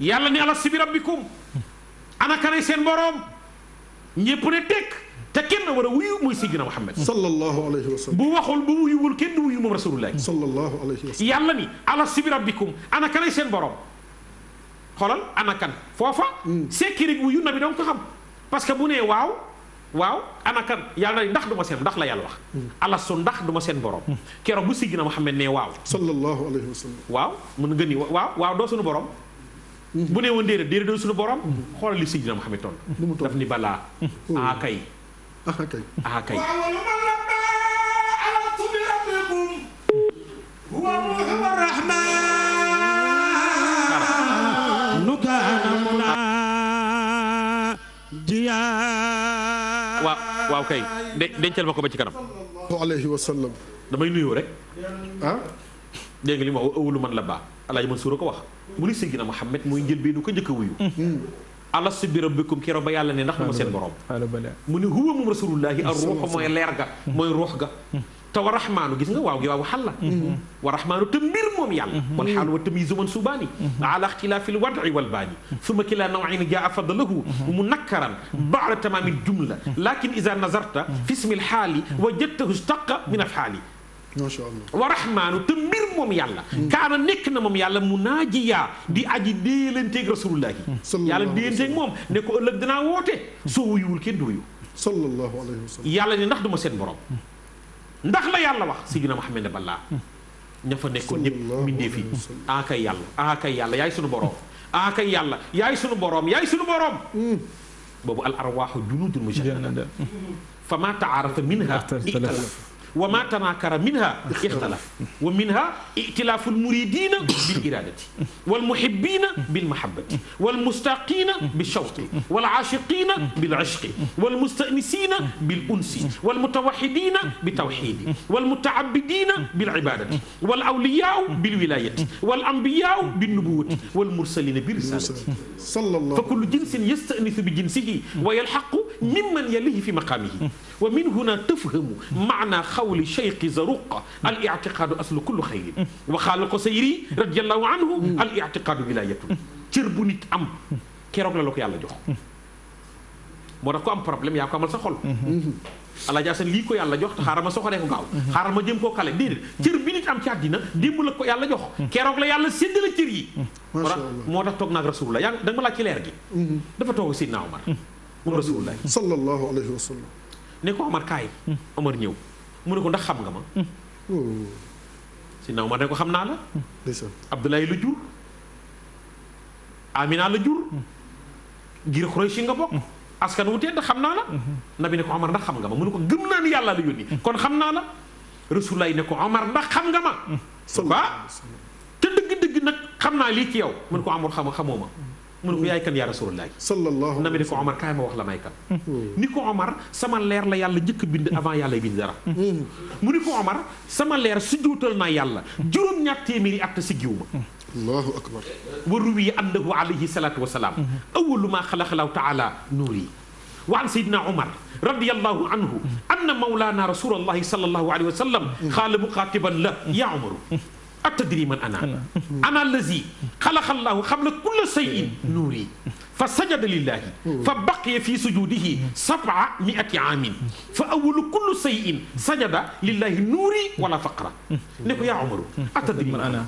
yàlla ne alas bi rabbikum ana kanay seen boroom ñépp tek tekk te kenn war a wuyu muy Seydina Muhammad sallallahu alayhi wa sallam bu waxul bu wuyuwul kenn wuyu moom rasulullahi sallallahu alayhi wa sallam yàlla ni alas bi rabbikum ana kanay seen boroom xoolal ana foofa mm. sekki rek wuyu nabi danga ko xam parce que bu ne waaw waaw ana kan yàlla na ndax du ma seen ndax la yàlla wax hmm. alastu ndax du seen borom hmm. keroog bu siggi Muhammad ne waaw sallallahu alayhi wa sallam waaw mun nga ni waaw doo suñu borom hmm. bu ne woon déedéet déedéet doo suñu borom xoolal li siggi na Muhammad toon daf ni balaa oh. ah kay ah kay nu kaana munaa jiyaa waaw kay de dencal ma ko ba ci kanam. alayhi wa sallam. damay nuyoo rek. ah. dégg nga li ma wax awwalu man la baa Alaaji Mansuur ko wax. mu ni Seydina Muhammad mooy njëlbeenu ko jëkk a wuyu. Hmm. alastu bi rabbikum keroog ba yàlla ne ndax dama seen borom. mu ni huwa moom rasulullahi ar ruux mooy leer ga. mooy ruux ga. Hmm. te wa rahmaanu gis nga waaw gi waaw xal la mm-hmm. wa rahmaanu te mbir moom yàlla wal mm-hmm. xaal wa tamyiizu man subaani mm-hmm. ala ixtilaafi l wadi wal baani summa kilaa nawayni jaa fadlahu munakkaran baada tamaami jumla lakin ida nazarta fi ismi l xaali wajadtahu istaqa min afxaali macha allah wa rahmaanu te mbir moom yàlla kaana nekk na moom yàlla mu naajiyaa di aji déelanteeg rasulullahi yàlla déelanteeg moom ne ko ëllëg danaa woote soo wuyuwul kenn du wuyu sallallahu alayhi wa sallam yàlla ne ndax du ma seen borom ndax la yàlla wax Sidina Muhammad ne balaa ña fa nekkoon ñëpp mbindeef yi ah kay yàlla ah kay yàlla yaay sunu boroom ah kay yàlla yaay sunu boroom yaay sunu boroom mm. boobu al arwaaxu junuudul mujannada fa ma taarafa minha italaf wa ma tanakara minha ixtalaf wa minha itilaaful muridina bil iradati wal muhibbina bil mahabbati wal mustaqina bil shawqi wal aashiqina bil ishqi wal mustanisina bil unsi wal mutawahidina bi tawhidi wal mutaabidina bil ibadati wal awliyaa bil wilayati wal ambiyaa bin nubuwati wal mursalina bi risalati fa kullu jinsin yastanisu bi jinsihi wa yalhaqu mimman yalihi fi maqamihi wa min huna tafhamu maana قول شيخ زروق الاعتقاد أصل كل خير وقال قصيري رضي الله عنه الاعتقاد ولاية cër bu nit am keroog la la ko yàlla jox moo tax ko am problème yaa ko amal sa xol alaaji asan lii ko yàlla jox xaaral ma soxoree ko gaaw xaaral ma jëm koo kale déedéet cër bi nit am ci àddina démb ko yàlla jox keroog la yàlla sédd la cër yi moo tax toog naag rasulullah yaa da nga ma laaj ci leer gi dafa toog sidna omar moom rasulullah ne ko omar kaay omar ñëw mu ne ko ndax xam nga ma. Hmm. Hmm. Seydina Omar ne ko xam naa la. Hmm. ndeysaan Abdoulaye la jur. Amina la jur. ngir Xurayshi nga bokk. askan wu tedd xam naa la. nabi ne ko Omar ndax xam nga ma mu ne ko gëm naa ni yàlla la yónni. kon xam naa la. Rasulullah ne ko Omar ndax xam nga ma. sëñ te dëgg-dëgg nag xam naa lii ci yow. mu ne ko amul xam xamoo ma. mu ne ko yaay kan yaa rasulullah sallallahu na mi ne ko omar kaay ma wax la may kan hmm. ni ko omar sama leer la yàlla njëkk bind avant yàlla bind dara hmm. mu ni ko omar sama leer sujjóotal naa yàlla hmm. juróom-ñaar téeméeri at siggiwu ma allahu akbar wa ruwiya annahu alayhi salaatu wa salaam awalu maa xalaxalaahu taala nuur yi wa an sayidna omar radiallahu anhu anna mawlaana rasulallahi sallallahu alayhi wa sallam xaala muqaatiban la yaa omaru atadri man ana ana allazi xalaqa allahu qabla kulli shay'in nuuri fa sajada lillahi fa baqiya fi sujudihi sab'a mi'ati aamin fa awwalu kulli shay'in sajada lillahi nuuri wala faqra ne ko yaa Umaru atadri man ana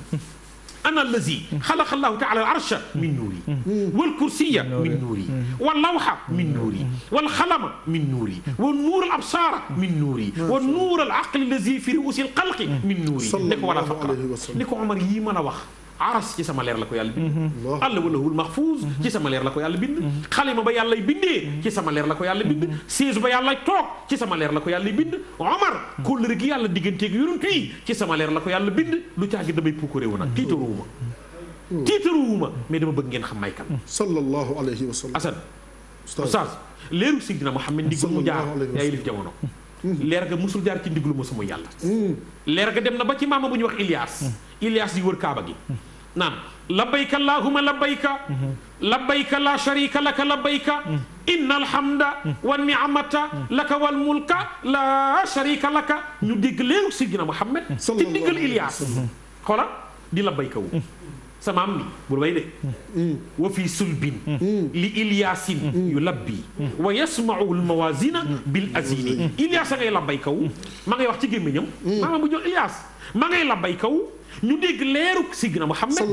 ana allazi xalaqa allahu taala al arsha min nuuri mm. Mm. wal kursiya min nuuri mm. wal lawxa min nuuri wal xalama min nuuri wa nuur al absaara min nuuri wa nuur al aqli allazi fi ruusi al xalqi min nuuri ni ko wala faqra ni ko Omar yii mën a wax aras ci sama leer la ko yàlla bind mhm. àlla walahul mahfuuz mhm. ci sama leer la ko yàlla bind mhm. xalima ba yàllay bindee ci sama leer la ko yàlla bind siège ba yàlla toog ci sama leer la ko yàlla bind omar kóllëre gi yàlla digganteeg yonent yi ci sama leer la ko yàlla bind lu caagi damay puukaré wu nag tiitaruwuma tiitaruwuma mais dama bëgg ngeen xam may kan sallallahu alayhi wa sallam asan oustaz leeru sidina Muhammad ndigul mu jaar yaa yilif jamono leer ga musul jaar ci ndiglu mosuma yàlla mm. leer ga dem na ba ci maama bu ñu wax Ilias mm. Ilias yi wër Kaaba gi mm. naan labbayka allahumma labbayka mm-hmm. labbayka la sharika laka labbayka inna alhamda wa ni'mata laka wal mulka la sharika laka ñu dégg léew sidina Muhammad ci ndiggal Ilias mm-hmm. di labbayka wu sa maam mi bul fi sulbin hmm. li ilyasin hmm. hmm. yu labbi wa yasmau lmawasina bil asini ilyas a ngay labbay wax ci gémmiñam maanaam bu ñëw ilyas ma ngay labbay kaw ñu dégg leeru Sidina Muhammad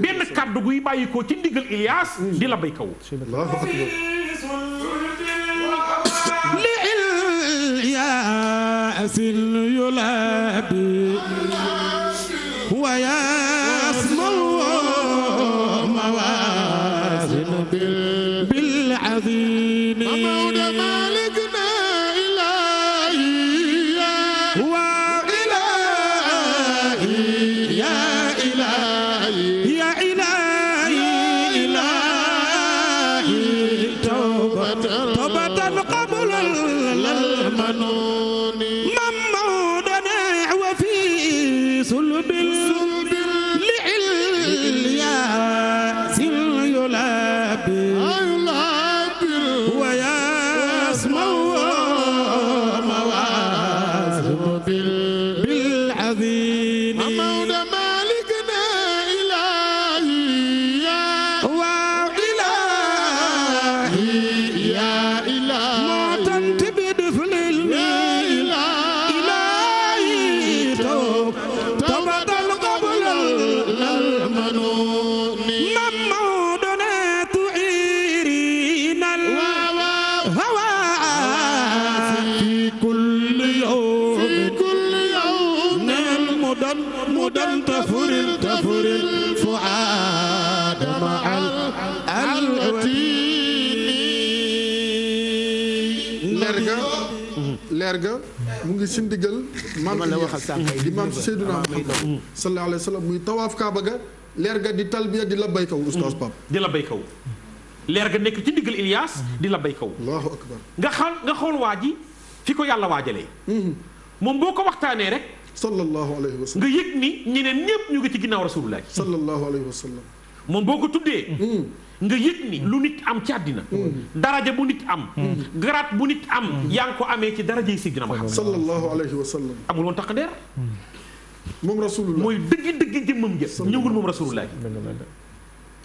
benn kàddu guy bàyyi ko ci ndigal ilyas di labbay kaw li ilyasin yu labbi ngi si ndigal maam di maam Seydina Muhammad sallallahu alayhi muy tawaaf kaaba ga leer ga di talbiya di la bay kaw oustaz Pape di la bay kaw leer ga nekk ci ndigal Ilias di la bay kaw allahu akbar nga xal nga xool waa ji fi ko yàlla waajalee mhm. moom boo ko waxtaanee rek sallallahu alayhi wa sallam nga yëg ni ñeneen ñëpp ñu ngi ci ginnaaw rasulullah sallallahu alayhi wa sallam moom boo ko tuddee mhm. nga yëg ni lu nit am ci àddina hmm. daraja bu nit am hmm. garaat bu nit am hmm. yaa ngi ko amee ci daraja yi Seydina Muhammad sallallahu alayhi wa sallam amul woon takk ndeer moom rasulullah mooy dëggi dëggi jëmmam ja ñëwul moom rasulullah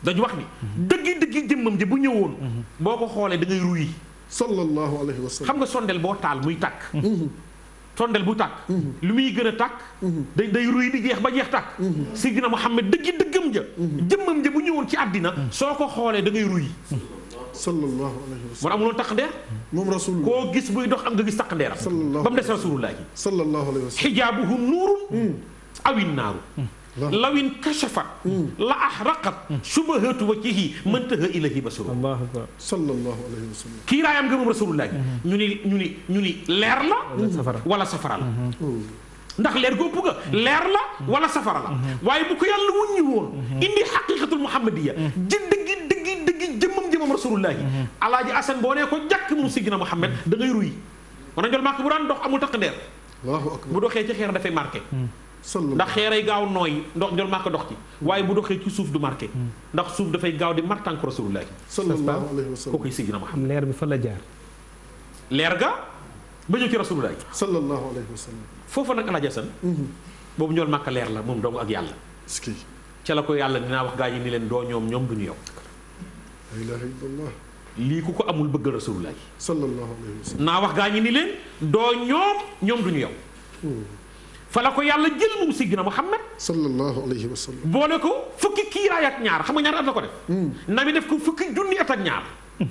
dañu wax ni dëggi dëggi jëmmam ja bu ñëwoon boo ko xoolee da ngay ruyi sallallahu alayhi wa sallam xam nga sondeel boo taal muy tàkk sondel bu tàkk mm-hmm. lu muy gën a tàkk mm-hmm. day day ruy di jeex ba jeex tàkk mm-hmm. Seydina Muhammad dëggi dëggam jë jëmmam ja bu ñëwoon ci àddina soo ko xoolee da ngay ruy sallallahu alayhi wa sallam amuloon taqandeer moom rasul koo gis buy dox am nga gis taqandeeram ba mu des rasulullah ji sallallahu alayhi wa sallam xijaabuhum nuurun mm. awin naaru mm. lawin kashafat hmm. la ahraqat hmm. subahatu wajhihi mantaha ilahi basaru sallallahu alayhi wa sallam kiiraayam nga moom rasulullahi hmm. ñu ni ñu ni ñu ni leer la wala safara la ndax leer gópp ga leer la wala safara la waaye bu ko yàlla wuññi woon indi xaqiqatul muhammadiya ji dëggi dëggi dëggi jëmmam jëmmam rasulullahi alaaji asan boo nee ko jàkk moom Seydina Muhammad da ngay ruy wana jol maak bu daan dox amul takk ndeer bu doxee ci xeer dafay marqué ndax xeeray gaaw nooy ndox njol maa ko dox ci waaye bu doxee ci suuf du marqué hmm. ndax suuf dafay gaaw di mar tànk rasulullah sallallahu alayhi wa sallam kookoy Seydina Muhammad leer bi fa la jaar leer ga ba ñëw ci rasulullah sallallahu alayhi wa sallam foofa nag alaaji Asan hmm. boobu njol màkk leer la moom dong ak yàlla ca la ko yàlla dinaa wax gaa yi ni leen doo ñoom ñoom du ñu yow lii ku ko amul bëgg rasulullah sallallahu alayhi wa sallam naa wax gaa ñi ni leen doo ñoom ñoom du ñu yow hmm. fa la ko yàlla jël moom Seydina Muhammad sallallahu alayhi wa sallam boole ko fukki kiiraay ak ñaar xam nga ñaar at la ko def hmm. na mi def ko fukki junni at ak ñaar hmm.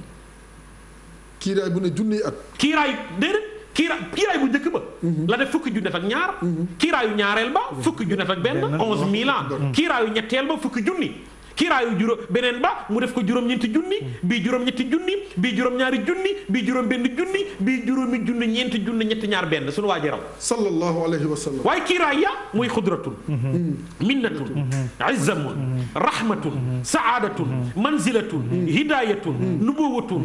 kiiraay bu ne junni at kiiraay déedéet kiiraay bu njëkk ba hmm. la def fukki junni at ak ñaar kiiraayu ñaareel ba fukki junni at ak benn onze mille ans kiiraayu ñetteel ba fukki junni kiiraayu juróom beneen ba mu def ko juróom-ñeenti junni bii juróom-ñetti junni bii juróom-ñaari junni bii juróom-benn junni bii juróomi junni ñeenti junni ñetti ñaar benn suñu waa ji raw sallallahu alayhi wa sallam waaye kiiraay ya muy xudratun minnatun izzamun rahmatun saadatun manzilatun hidayatun nubuwatun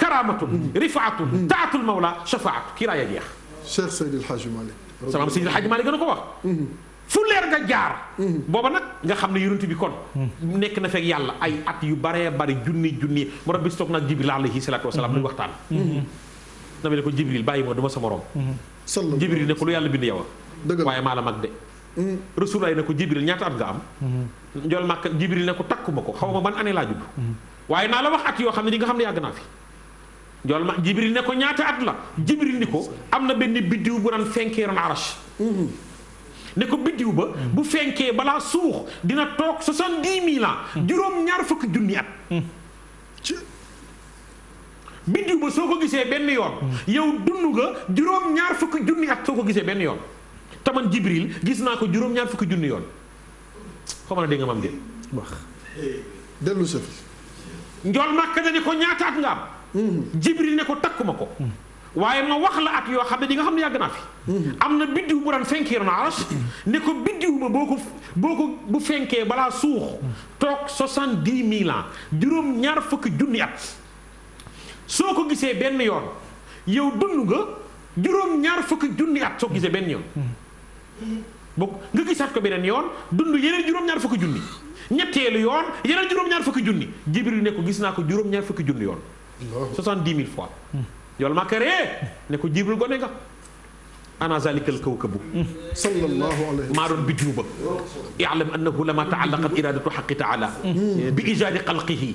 karamatun rifaatun taatul mawla shafaatu kiiraay ya jeex cheikh Seydil Hadji Malick salaam Seydil Hadji Malick gën a ko wax fu leer nga jaar. booba nag nga xam ne yonent bi kon. nekk na fekk yàlla ay at yu baree bari junni junni mu rab bis toog nag Jibril alayhi salaatu wasalaam luy mhm. waxtaan. Mhm. na ne ko Jibril bàyyi ma duma sa morom. Mhm. sallallahu Jibril ne ko lu yàlla bind yow a. waaye maa la mag de. Rasulaay ne ko Jibril ñaata at nga am. Njool Màkka Jibril ne ko takku ko xaw ma ban année laa judd. waaye naa la wax at yoo xam ne di nga xam ne yàgg naa fi. Njool ma Jibril ne ko ñaata at la Jibril ni ko am na benn biddiw bu naan fenkeeroon arash ne ko biddiw ba hmm. bu fenkee balaa suux dina toog soixante-dix mille hmm. juróom ñaar fukki junni at hmm. biddiw ba soo ko gisee benn yoon yow dund nga juróom ñaar fukki junni at soo ko gisee benn yoon taman jibril gis naa ko juróom ñaar fukki junni yoon xaw ma na dégg dellu sa fi njool màkk na ko ñaata at nga am jibril ne ko takkuma ko waaye ma wax la at yoo xam ne di nga xam ne yàgg naa fi. am na biddiw bu daan fenkee yoon ne ko biddiw ma boo ko boo ko bu fenkee balaa suux toog soixante dix mille ans juróom ñaar fukki junni at soo ko gisee benn yoon yow dund juróom ñaar fukki junni at soo ko benn yoon. boo nga gisaat ko beneen yoon dund yeneen juróom-ñaar fukki junni ñetteelu yoon yeneen juróom-ñaar fukki junni yu ne ko gis naa ko juróom-ñaar fukki junni yoon. soixante dix mille yool ma kere ne ko jibril gone nga ana zalikal kawkabu sallallahu alayhi maaroon bi juuba ilam annahu lama taallaqat iradatu xaqi taala bi ijaadi xalqihi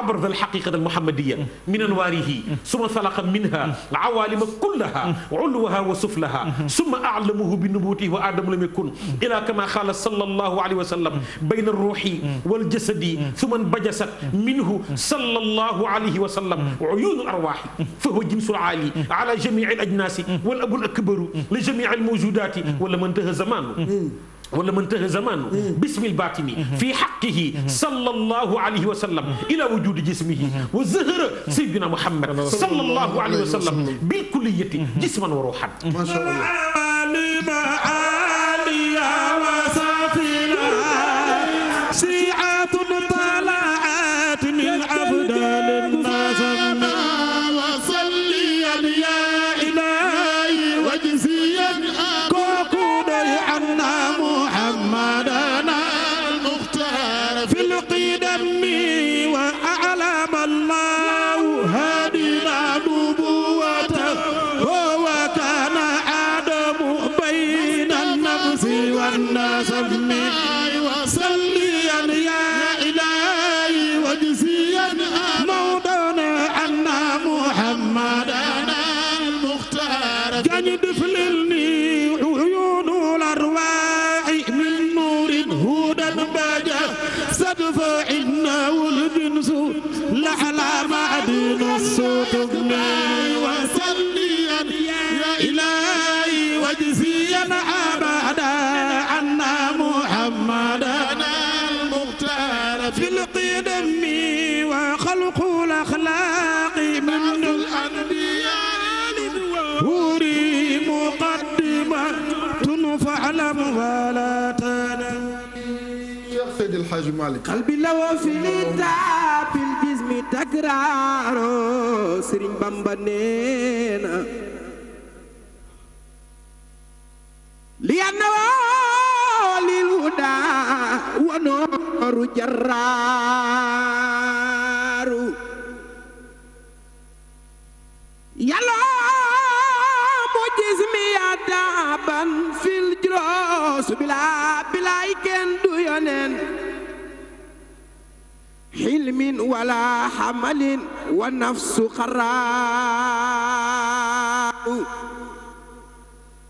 abrada alxaqiqat almuhammadiya min anwaarihi suma salaqa minha awalima kullaha uluwaha wa suflaha summa alamuhu bi nubuwatihi wa adamu lam yakun ila kama qaala sallallahu alayhi wa sallam bayna alruuxi waljasadi suma bajasat minhu sallallahu alayhi wa sallam uyuunu alarwaaxi fa huwa jinsu alaali ala jamii alajnaasi wal abul akbaru li jamii al mawjudaati mm. wala man taha zamaanu mm. mm. wala man taha zamaanu bismil baatini mm-hmm. fi xaqihi mm-hmm. sallallahu alayhi wa sallam mm-hmm. ila wujudi jismihi wa zahara sayyidina muhammad sallallahu alayhi wa sallam bil kulliyati jisman wa ruuxan aliya wa safila siatun لعلى معدن الصدق وسليا يا إلهي واجزيا أبدا عنا محمدا المختار في القدم وخلق الأخلاق من الأنبياء هوري مقدمة فاعلم ولا تنم يا سيدي الحاج مالك قلبي لو في mi takraaro Sëriñ Bamba nee na li anna woo lil huda wa nooru jarraaru yàlla سقم ولا حمل والنفس قراء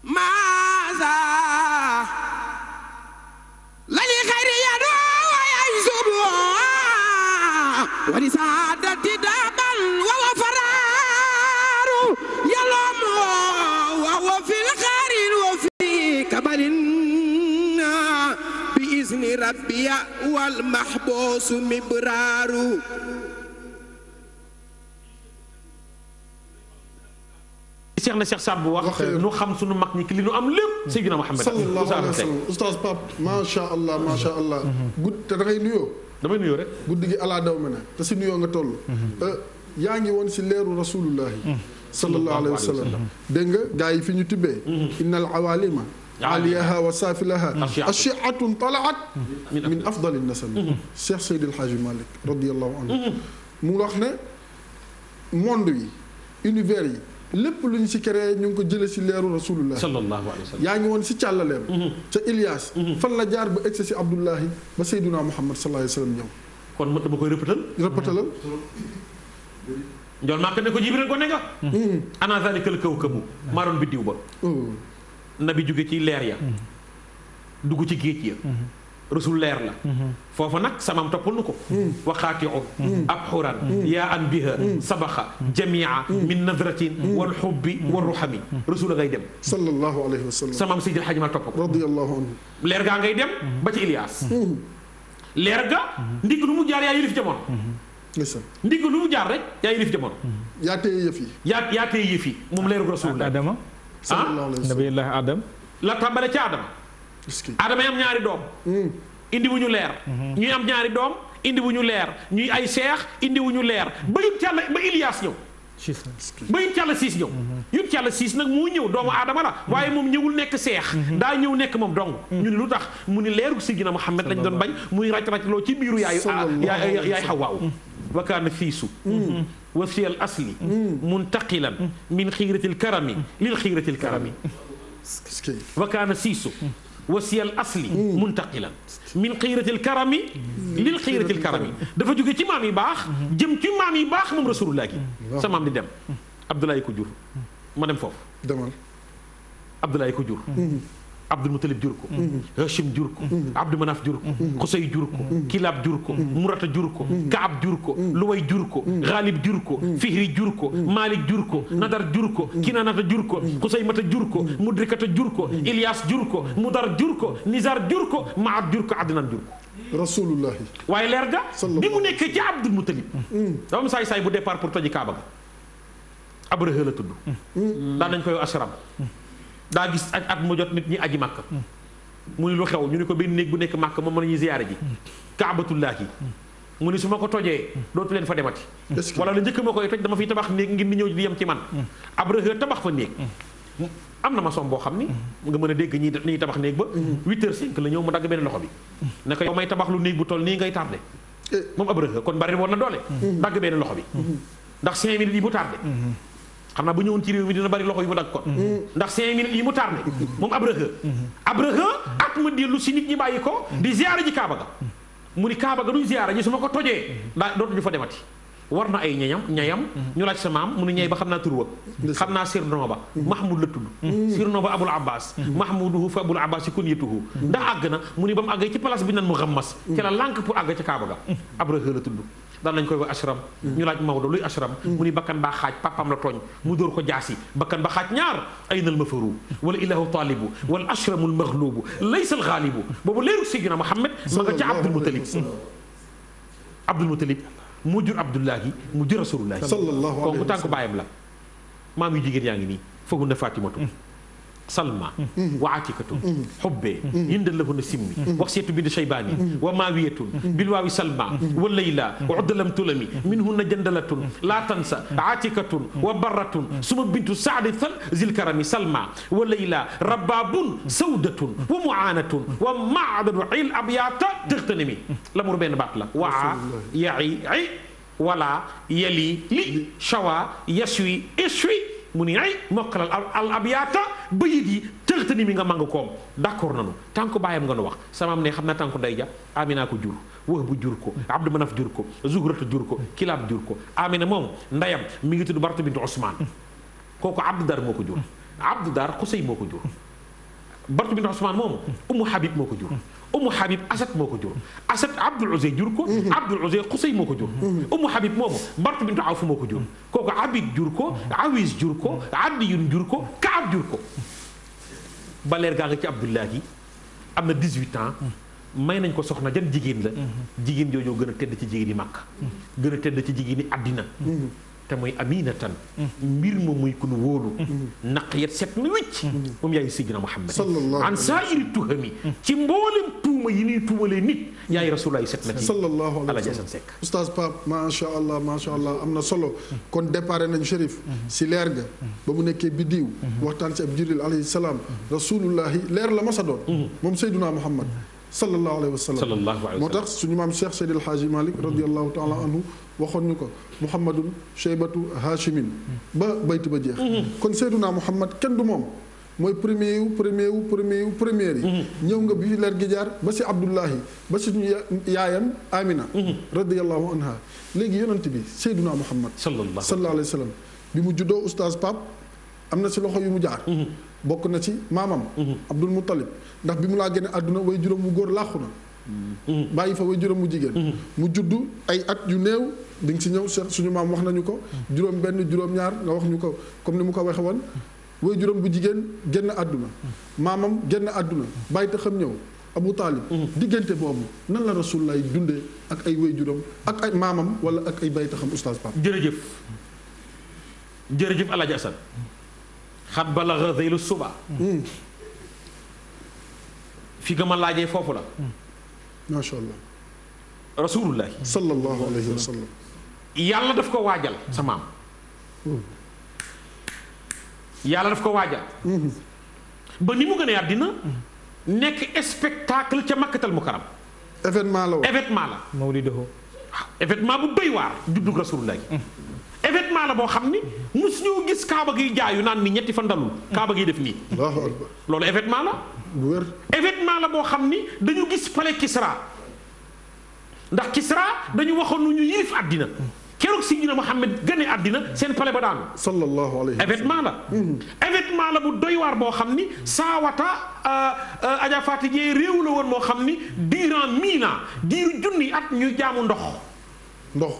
ماذا للخير يدعو ويجذب ولسعادة دار ربي na Cheikh Saad Bou wax nu xam sunu mag ñi ki li nu am lépp mm-hmm. Seydina Muhammad sallallahu alayhi wa sallam oustaz Pape macha allah macha mm-hmm. gudd te da ngay nuyoo damay nuyoo guddi gi alaa daw me te si nuyoo nga toll mm-hmm. eh, yaa ngi woon si leeru rasulullahi sallallahu alayhi wa gaa yi fi ñu tibbee innal awalima aliyaha wa saafilaha ashiatun talaat mm-hmm. min afdali nasabi mm-hmm. cheikh seydi alhaaji malik radiallahu anhu mm-hmm. mu wax ne monde yi univers yi lépp lu ñu si créé ñu ngi ko jëlee si leeru rasulullah sallallahu alayhi wa sallam yaa ngi woon si càllaleem ca Ilias fan la jaar ba egsi si abdullahi ba seyduna muhammad sallallahu alayhi wa sallam ñëw kon dama koy rëppatal rëppatalal njool maa ko ne ko jibril gone nga ana zalika al kawkabu maa doon biddiw ba oh. nabi jóge ci leer ya mhm. dugg ci géej ya mhm. rasul leer la mhm. foofa nag samam toppal nu ko waxaati o ab xuran yaa an biha sabaxa jamia min nadratin wal xubbi wal ruxami rasul a ngay dem sallallahu alayhi wa sallam samam sidil xajma topp ko radiyallahu anhu leer gaa ngay dem ba ci Ilias leer ga ndigg lu mu jaar yaa yilif jamono ndigg lu mu jaar rek yaa yilif jamono yaa téye yëf yi yaa yaa téye yëf yi moom leeru rasul ah nabiyullahi Adam. la tàmbale ci Adama. Adama yi am ñaari doom. Hmm. indi wu ñu leer. Mhm. ñuy am ñaari doom indi wu ñu leer ñuy ay seex indi wu ñu leer ba yut yàlla ba Ilias ñëw. ba yut yàlla siis ñëw. Mhm. yut yàlla siis nag moo ñëw doomu Adama la mhm. waaye moom ñëwul nekk seex. daa ñëw nekk moom dong. ñu ni lu tax mu ni leeru Sayyidina Muhammad lañ doon bañ muy raj raj loo ci biiru yaayu. yaay yaay xawaaw. wa kaana fiisu hmm. wasiyal asli muntaqilan min xiiratil karami lil xiiratil karami wa kaana siisu wasiyal asli muntaqilan min xiiratil karami lil xiiratil karami dafa jóge ci maam yi baax jëm ci maam yi baax moom rasulullah gi sa maam di dem Abdoulaye ko jur ma dem foofu demal Abdoulaye ko jur mm-hmm. Abdul Mutalib jur ko Hashim jur ko Abdou Manaf jur ko Xusay jur ko Kilab jur ko Murata jur ko Kaab jur ko Luway jur ko Ghalib jur ko Fihri jur ko Malik jur ko Nadar jur ko Kinanata jur ko Xusay Mata jur ko Mudrikata jur ko Ilyas jur ko Mudar jur ko Nizar jur ko Maab jur ko Adnan jur ko rasulullah waaye leer ga bi mu nekkee ci Abdul Mutalib dafa am saay saay bu départ pour toji Kaaba ga Abraha la tudd daan nañ koy asram daa gis ak at mu jot nit ñi aji màkk mu ni lu xew ñu ni ko benn néeg bu nekk màkk moom mën nañuy ziyaare ji kaabatullaahi mu ni su ma ko tojee dootu leen fa demati wala la njëkk ma koy toj dama fiy tabax néeg ngir ni ñëw bi yem ci man ab tabax fa néeg am na ma som boo xam ni nga mën a dégg ñi ñiy tabax néeg ba huit heures cinq la ñëw ma dagg benn loxo bi ne ko yow may tabax lu néeg bu toll nii ngay tardé eh. moom ab kon bari woon na doole mm-hmm. dagg benn loxo bi mm-hmm. ndax cinq minutes xam naa bu ñëwoon ci réew mi dina bari loxo yu mu dagg kon mm-hmm. Mm-hmm. ndax cinq minutes yi mu tardé mm-hmm. moom ab rëhë ab rëhë at ma dellu si nit ñi bàyyi ko di ziyaara ji kaaba ga mu ni kaaba ga duñ ziyaara ji su ma ko tojee daa dootuñu fa demati war na ay ñayam ñayam ñu laaj sa maam mu ne ñay ba xam naa tur wa xam naa sirno ba mahmoud la tudd sirno ba abul abbas mahmouduhu fa abul abbas yi kun yëtuhu ndax àgg na mu ni ba mu ci place bi nan mu xammas la lànk pour àgg ca la tudd daan lañ koy wax ashram mm-hmm. ñu laaj Maodo luy ashram mm-hmm. mu ni bakkan baa xaaj papam la tooñ mu dóor ko jaasi bakkan ba xaaj ñaar ay na nal mafaru wala ilahu taalibu wala ashramul maxlubu laysa al xaalibu boobu leeru Seydina Muhammad ma nga ca Abdul Mutalib Abdul Mutalib mu jur Abdullahi mu jur Rasulullahi kon ku tànk bàyyam la maam yu jigéen yaa ngi nii foofu na Fatimatu mm. salma mm. Mm. wa atikatun mm. hubbe yindallahu na simmi waxseetu bi di shaybaani wa maawiyatun bilwaawi salma wa layla wa uddalam tulami minhunna jandalatun laa tansa atikatun wa barratun suma bintu saadi thal zilkarami salma wa layla rababun sawdatun wa muanatun wa maadadu il abyata tëxtanami lamour benn baat la waa yai i wala yali li shawa yaswi iswi mu ni ay mokkalal al abiyaata bayit yi tëxta ni mi nga mang koom d'accord nanu tànk baayam nga nu wax samaam ne xam naa tànk ndey ja amina ko jur wax bu jur ko abdu manaf jur ko zuhratu jur ko kilaab jur ko amina moom ndeyam mi ngi tudd baratu bintu osmaan kooku abdu dar moo ko jur abdu dar xusey moo ko jur baratu bintu osmaan moom umu habib moo ko jur Umu Habib Asad moo ko jur Asad Abdul Uzay jur ko mm-hmm. Abdul Uzay Xusay moo ko jur mm-hmm. Umu Habib moomu Bartu bintu Awf moo ko jur kooku Abid jur ko mm-hmm. Awis jur ko Adiyun jur ko Kaab jur ko ba leer gaa nga ci Abdullahi am na 18 ans may nañ ko soxna jan jigéen la jigéen joojoo gën a tedd ci jigéen yi Makka gën a tedd ci jigéen yi àddina te mooy aminatan mbir ma muy ku nu wóolu naq yet set na wicc moom yaay sayyidina Muhammad an saa'iri tuhami ci mboolem tuuma yi ñuy tuumalee nit yaay rasulaay set na ci sallallahu alayhi wa sallam sekk oustaz Pape macha allah macha allah am na solo kon déparé nañ Chérif si leer ga ba mu nekkee biddiw waxtaan si ab jibril alayhi salaam rasulullahi leer la masa doon moom sayyidina Muhammad sallallahu alayhi wa sallam moo tax suñu maam Cheikh Seydil Hadji Malick radiallahu taala anhu waxoon ñu ko muhammadun cheybatu hachimin ba bayti ba jeex mhm. kon seydunaa muhammad kenn du moom mooy premier wu premier wu yi mhm. ñëw nga bi leer gi jaar ba si abdullahi ba si yaayam amina mhm. radiallahu anha léegi yonent bi seydunaa muhammad sallallahu alayhi wa sallam bi mu juddoo oustaz pap am na si loxo yu mu jaar bokk na ci maamam abdul muttalib ndax bi mu laa génne àdduna way juróom wu góor làqu na bàyyi fa way juróom wu jigéen mu judd ay at yu néew di ci si ñëw suñu maam wax nañu ko juróom benn juróom ñaar nga wax ñu ko comme ni mu ko waxee woon way juróom bu jigéen génn àdduna maamam génn àdduna bàyyi ta xam ñëw Abu Taalib mm. diggante boobu nan la rasulullah dundee ak ay way juróom ak ay maamam wala ak ay bàyyi ta xam oustaz Pape jërëjëf jërëjëf Alaaji xat balaga zeylu suba mm. fi nga ma laajee foofu la mm. macha allah rasulullah sallallahu alayhi wa yàlla daf ko waajal sa maam yàlla daf ko waajal ba ni mu gën a àddina nekk spectacle ca makkatal mukaram événement la woon événement la mawlidahu waaw ah, événement bu doy waar juddug rasulullah mm. événement la boo xam ni mus ñu gis kaaba gi jaayu naan ni ñetti fan dalul mm. kaaba gi def nii loolu événement la bu wér événement la boo xam ni dañu gis palais Kisra ndax Kisra dañu waxoon nu ñu yilif àddina keroog Sidina Muhammad gane àddina seen pale ba daanu. sallallahu alayhi wa sallam événement la. Mm-hmm. bu doy waar boo xam ni saawata euh, euh, Adja Fatou réew la woon moo xam ni durant mille ans diiru junni at ñu jaamu ndox. ndox.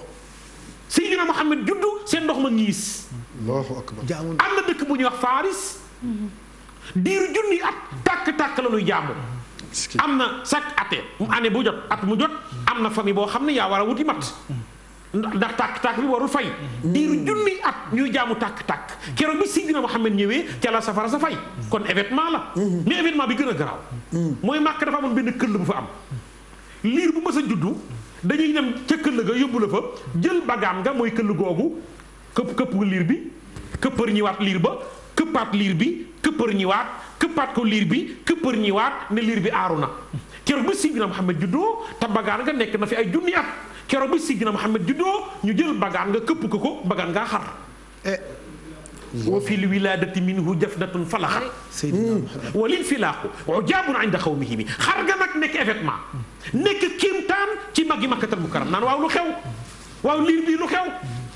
Sidina Muhammad juddu seen ndox ma ngiis. allahu akbar jaamu am na dëkk bu ñuy wax Faris. Mm-hmm. diiru junni at tàkk-tàkk la ñuy jaamu. am na chaque année année bu jot at mu jot am na famille boo xam ne yaa war a wuti mat. Mm-hmm. ndax tàkk-tàkk bi warul fay mm-hmm. diiru junni at ñuy jaamu tàkk-tàkk mm-hmm. keroog bi Seydina Muhammad ñëwee ca la safara sa fay mm-hmm. kon événement la mais événement bi gën a garaaw mooy màkk dafa amoon benn këll bu fa am liir bu mës a juddu dañuy dem ca këll ga yóbbu la fa jël bagaam nga mooy këll googu këpp këpp liir bi këppër ñiwaat liir ba këppaat liir bi këppër ñiwaat këppaat ko liir bi këppër ñiwaat ne liir bi aaru na keroog bi Seydina Muhammad juddoo te bagaan nga nekk na fi ay junni keroog bi Sidina Muhammad juddoo ñu jël bagaan nga këpp ko ko bagaan ngaa xar eh. wa fi lwiladati minhu jafnatun falaxa hmm. walil filaaqu ujaabun inda xawmihi bi xar nga nag nekk événement nekk kéemtaan ci magi makkatal mukaram naan waaw lu xew waaw liir bii lu xew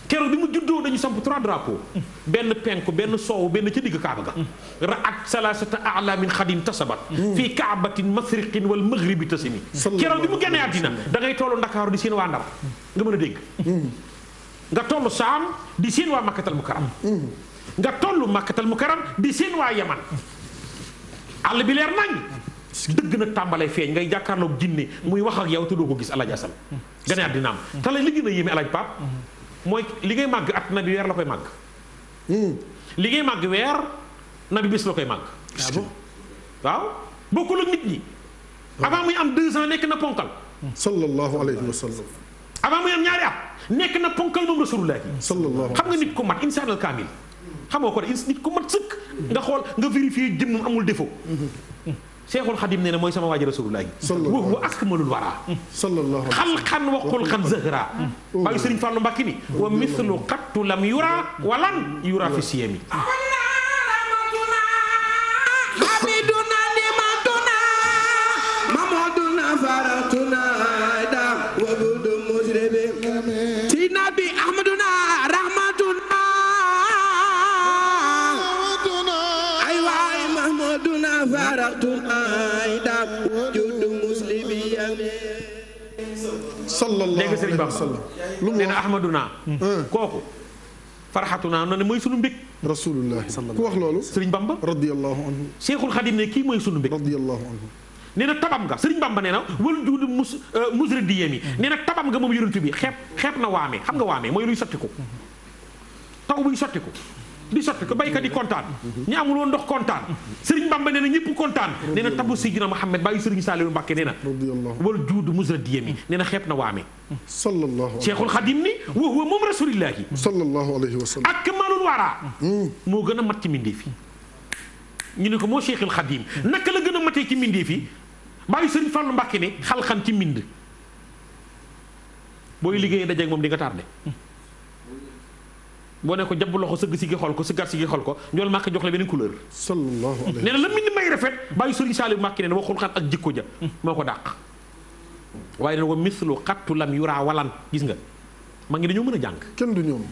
keroog bi mu juddoo dañu samp trois drapeaux benn penku benn soow benn ca digg kaaba ga raat salasata alamin xadim tasabat hmm. fii kaabatin masriqin wal maghribi tasimi keroog bi mu génnee àddina da ngay tollu ndakaaru di seen waa ndar nga mën a dégg hmm. nga tollu saam di seen waa makkatal mukaram hmm. nga tollu makkatal mukaram di seen waa yaman àll bi leer nañ dëgg na tàmbalee feeñ ngay jàkkaarloog jinne muy wax ak yow te ko gis alaaj asal ganee a mooy li ngay màgg at nabi weer la koy màgg. Hmm. li ngay màgg weer nabi bis la koy màgg. waaw bokkul ak nit ñi. avant am deux ans nekk na ponkal. sallallahu alayhi wa sallam. avant muy am ñaari at nekk na ponkal moom rasulullah yi. sallallahu xam nga nit ku mat insaan al kaamil. xamoo ko de nit ku mat sëkk. nga xool nga vérifier jëmmam amul defo Cheikhul Xadim nee na mooy sama waaji Rasulullah wa akmalul wara sallallahu xalqan wa xulqan zahra oh. baayu Sëriñ Fàllu Mbàkke ni oh. wa mithlu qattu lam yura walan yura fi siyami dégg nga sëriñ Bamba nee na ahmaduna hmm. Hmm. kooku farxatuna na ne mooy sunu mbég rasulullah ku wax loolu sëriñ Bamba radiyallahu anhu cheikhul xadim ne kii mooy sunu mbég radiyallahu anhu nee na tabam nga sëriñ Bamba nee na wal juudi mus euh, musri diyem yi hmm. nee na tabam nga moom yonent bi xeeb xeeb na waame xam nga waame mooy luy sottiku taw buy di sotti ko béykat yi kontaan ñi amul woon ndox kontaan Serigne Bamba nee na ñëpp kontaan nee na tabu Seydina Mouhamed bàyyi Serigne Saliou Mbacké nee na wal juudu musra diyami nee na xeeb na waame sallallahu Cheikhul Khadim ni wa huwa moom rasulillahi sallallahu alayhi wa sallam akmalul wara hmm. moo gën a mat ci mindee ne ko moo Cheikhul Khadim naka la gën a matee ci mindee fi bàyyi Serigne Fallou Mbacké ne xalxan ci mind booy liggéeyee dajeeg moom di nga tardé boo ne ko jàpp loxo sëgg si gi xool ko sëggaat si gi xool ko njool màkk jox la beneen couleur sallallahu alayhi nee na la mbind may rafet bàyyi sëriñ Saaliw màkki nee na waxul xan ak jikko ja moo ko dàq waaye nag wa mislu xattu lam yuraa walan gis nga ma ngi dañoo mën a jàng kenn du ñoom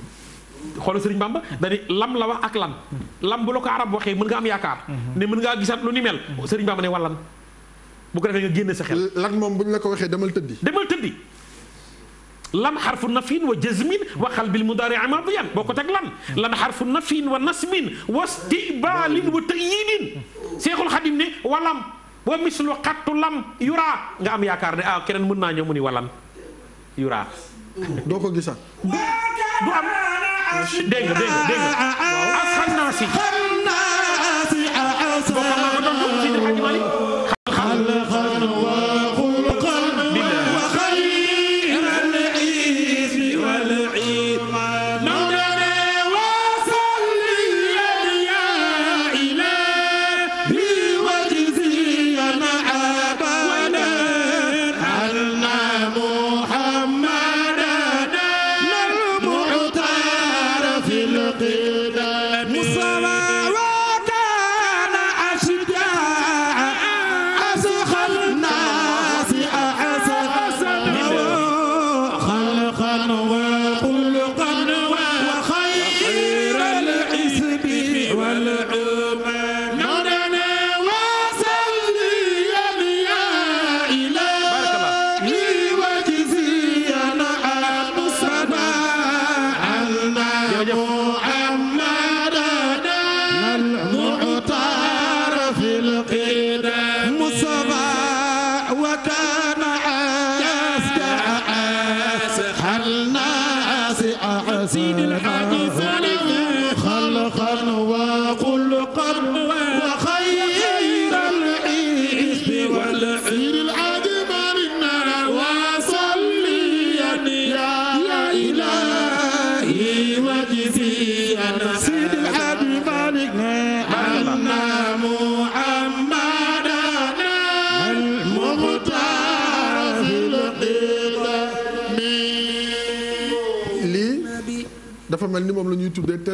xoolal sëriñ Bamba dani lam la wax ak lan lam bu la ko arab waxee mën nga am yaakaar mhm. ne mën ngaa gisaat lu ni mel mhm. sëriñ Bamba ne walan bu ko defee nga génne sa xel lan moom bu la ko waxee demal tëddi demal tëddi lan xarfu nafin wa jazmin wa xalbil mudaari madiyan boo ko teg lan lan xarfu nafin wa nasmin wa stibaalin wa tayyidin seexul xadim ne walam wa mislu xattu lam yuraa nga am yaakaar ne ah keneen mën naa ñëw mu ni walam yuraa doo ko gisaat du am dégg nga dégg nga dégg nga asxan naa si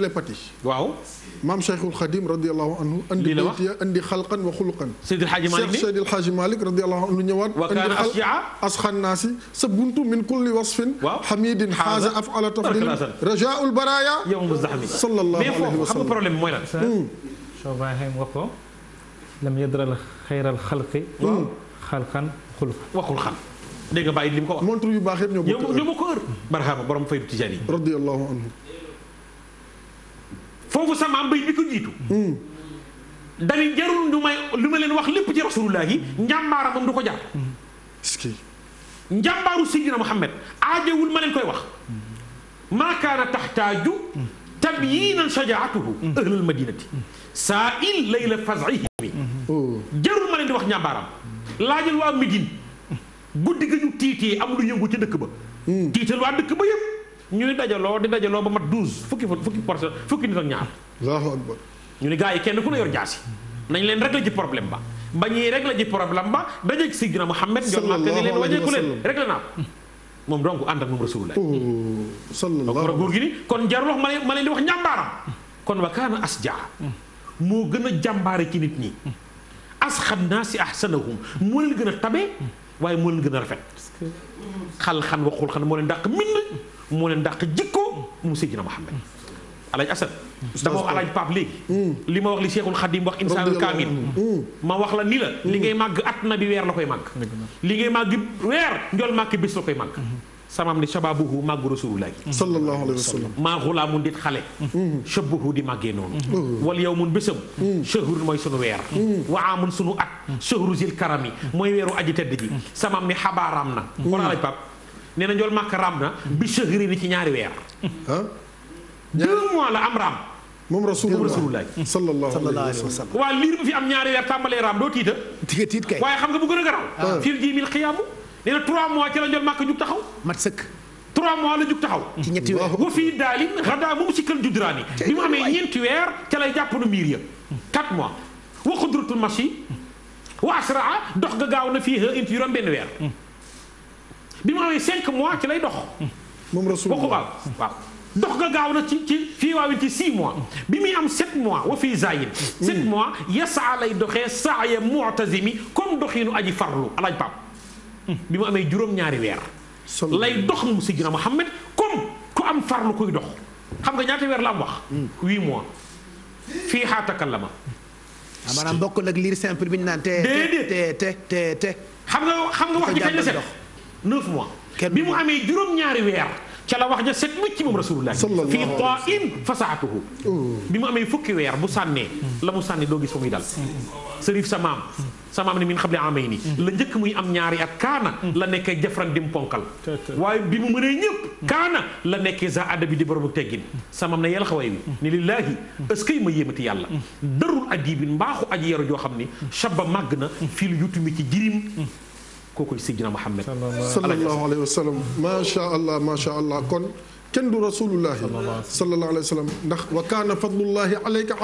télépathie. waaw maam Cheikhul Khadim radiyallahu anhu. lii la wax andi baytiya andi xalqan wa xuluqan. Seydil Hadji Malick Cheikh Seydil Hadji Malick radiyallahu anhu ñëwaat. wa kaana asyaa asxan naasi sa buntu min kulli wasfin. waaw xamidin xaaza afala tafdil rajaul baraya. yawmu zahmi sallallahu alayhi wa sallam mais foofu xam nga problème bi mooy lan. Hmm. soo baaxee wax ko lam yadral xayral xalqi. Hmm. waaw xalqan xuluqan wa xuluqan. dégg nga bàyyi li mu ko wax. montre yu baax yëpp ñoo ko ër. barxaama borom faydu tijaani radiyallahu anhu foofu sama am bay bi ko jiitu. Hmm. dañuy jarul ñu ma leen wax lépp ci rasulullah yi njàmbaaram moom du ko jàpp. Hmm. est njàmbaaru Sidina Muhammad aajewul ma leen koy wax. Hmm. maa kaana taxtaaju. tabyinan shajaatuhu ahlal madinati saa il layla fasihimi jarul ma leen di wax njàmbaaram. laajal waa Médine. guddi ga ñu tiitee am lu yëngu ci dëkk ba. tiital waa dëkk ba ñu ñuy dajaloo di dajaloo ba mat douze fukki fukki personne fukki nit ak ñaar. ñu ni gars yi kenn ku ne yor jaasi. nañ leen régler ci problème ba ba ñuy régler ci problème ba dajeeg Sidina Muhammad. sallallahu alayhi wa sallam leen wàññeeku leen régler naa ko. moom donc ànd ak moom rasulullah. Oh, gi kon jarul wax ma leen ma leen di wax njàmbaaram. kon wa kaana asja. moo gën a jàmbaare ci nit ñi. asxan naasi ahsanahum moo leen gën a tabe waaye moo leen gën a rafet. xal xan waxul xan moo leen dàq mbind. moo leen dàq jikko mu Seydina Muhammad alaaj Assane mm. dama wax mm. alaaj Pape léegi mm. li ma wax li Cheikhul Khadim wax insaanul kaamil ma wax la ni la li ngay màgg at na bi weer la koy màgg li ngay màgg weer njool màgg bis la koy màgg mm-hmm. samaam ni shababuhu màggu rasulullah mm-hmm. sallallahu alayhi wa sallam maa xulaamun dit xale mm-hmm. shabuhu di màggee noonu wal yow mun bésam shahrun mooy sunu weer wa aamun sunu at shahru zil karami mooy weeru aji tedd ji samaam ni xabaaraam na kon alaaj Pape nee na njool màkk raam na bi sëxëri ni ci ñaari weer deux mois la am raam moom rasulullah sallallahu alayhi wa sallam waaw liir bu fi am ñaari weer tàmbalee raam doo tiita waaye xam nga bu gën a garaw fil jii mil xiyaamu nee na trois mois ci la njool màkk jug taxaw mat la jug taxaw ci ñetti weer wa fii daalin xadaa moom si kën judraani bi mu amee ñeenti weer ca lay jàppanu miir ya quatre mois wa xudratul machi wa asraa dox nga gaaw na fii ha inti juróom benn weer bi mu amee 5 mois ci lay dox. moom rasulullah bokkul waaw. dox nga gaaw na ci ci fii waawin ci 6 mois bi muy am 7 mois wa fii zayin 7 mm. mois yasaa lay doxee saa ya mu'tazimi comme doxinu aji farlu alaaj pap mm. bi mu amee juróom-ñaari weer. lay dox mu Sidina Muhammad comme ku am farlu kuy dox xam nga ñaata weer la am wax. 8 mm. mois fii xaa takallama. ah maanaam bokkul ak liir simple bi ñu naan te te te te te. xam nga xam nga wax ji kañ la set. neuf mois. bi mu amee juróom-ñaari weer. ca la wax ja set wicc moom rasulullah fii tain fa saatuhu bi mu amee fukki weer bu sànnee la mu sànni doo gis fa muy dal sërif sa maam sa maam ne min xam le amay ni la njëkk muy am ñaari at kaana la nekkee jafran di mu ponkal waaye bi mu mënee ñëpp kaana la nekkee za adda bi di borobu teggin sa maam ne yàlla xaway wi ni lillaahi est-ce que ma yéemati yàlla darul adibin mbaaxu aji yaru joo xam ne shabba màgg na fii lu yutumi kookoy Seydina Muhammad sallallahu alayhi wa sallam macha allah macha allah kon kenn du rasulullahi sallallahu alayhi wa sallam ndax wa kaana fadlullahi alayka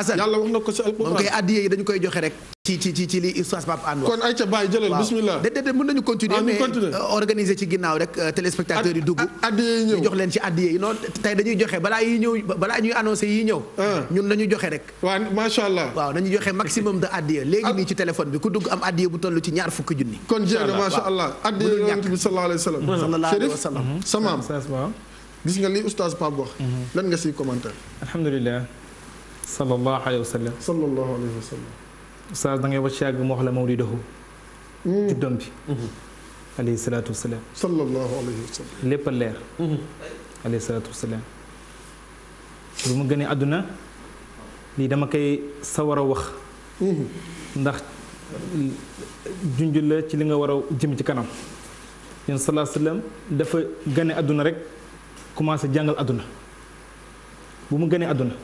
azima yàlla wax na ko si alquran dañ koy addiyee yi dañu koy joxe rek ci ci ci li oustaz Pape ànd kon ayca bàyyi jëlal bismillah déedéet déedéet mën nañu continuer ah, mais euh, organiser ci ginnaaw rek euh, téléspectateurs yi dugg ñu yi noonu tey dañuy joxe balaa yi ñëw balaa ñuy annoncé yi ñëw ah. ñun nañu joxe rek waaw macha allah waaw nañu joxe maximum de addiye léegi nii ci téléphone bi ku dugg am addiye bu toll ci ñaar fukki junni kon jeex na macha allah addiye yonent bi sallallahu alayhi mm-hmm. gis nga li oustaz Pape wax mm-hmm. lan commentaire alhamdulilah oustaz da ngay wàcc yàgg mu wax la mawlidahu juddam hmm. bi hmm. alayhi salaatu wasalaam sallallahu alayhi wa sallam lépp a leer hmm. alayhi mu gënee àdduna lii dama koy sa war a wax ndax junj la ci li nga war a jëm ci kanam yéen salaa sallam dafa gane àdduna rek commencé jàngal àdduna bu mu gënee àdduna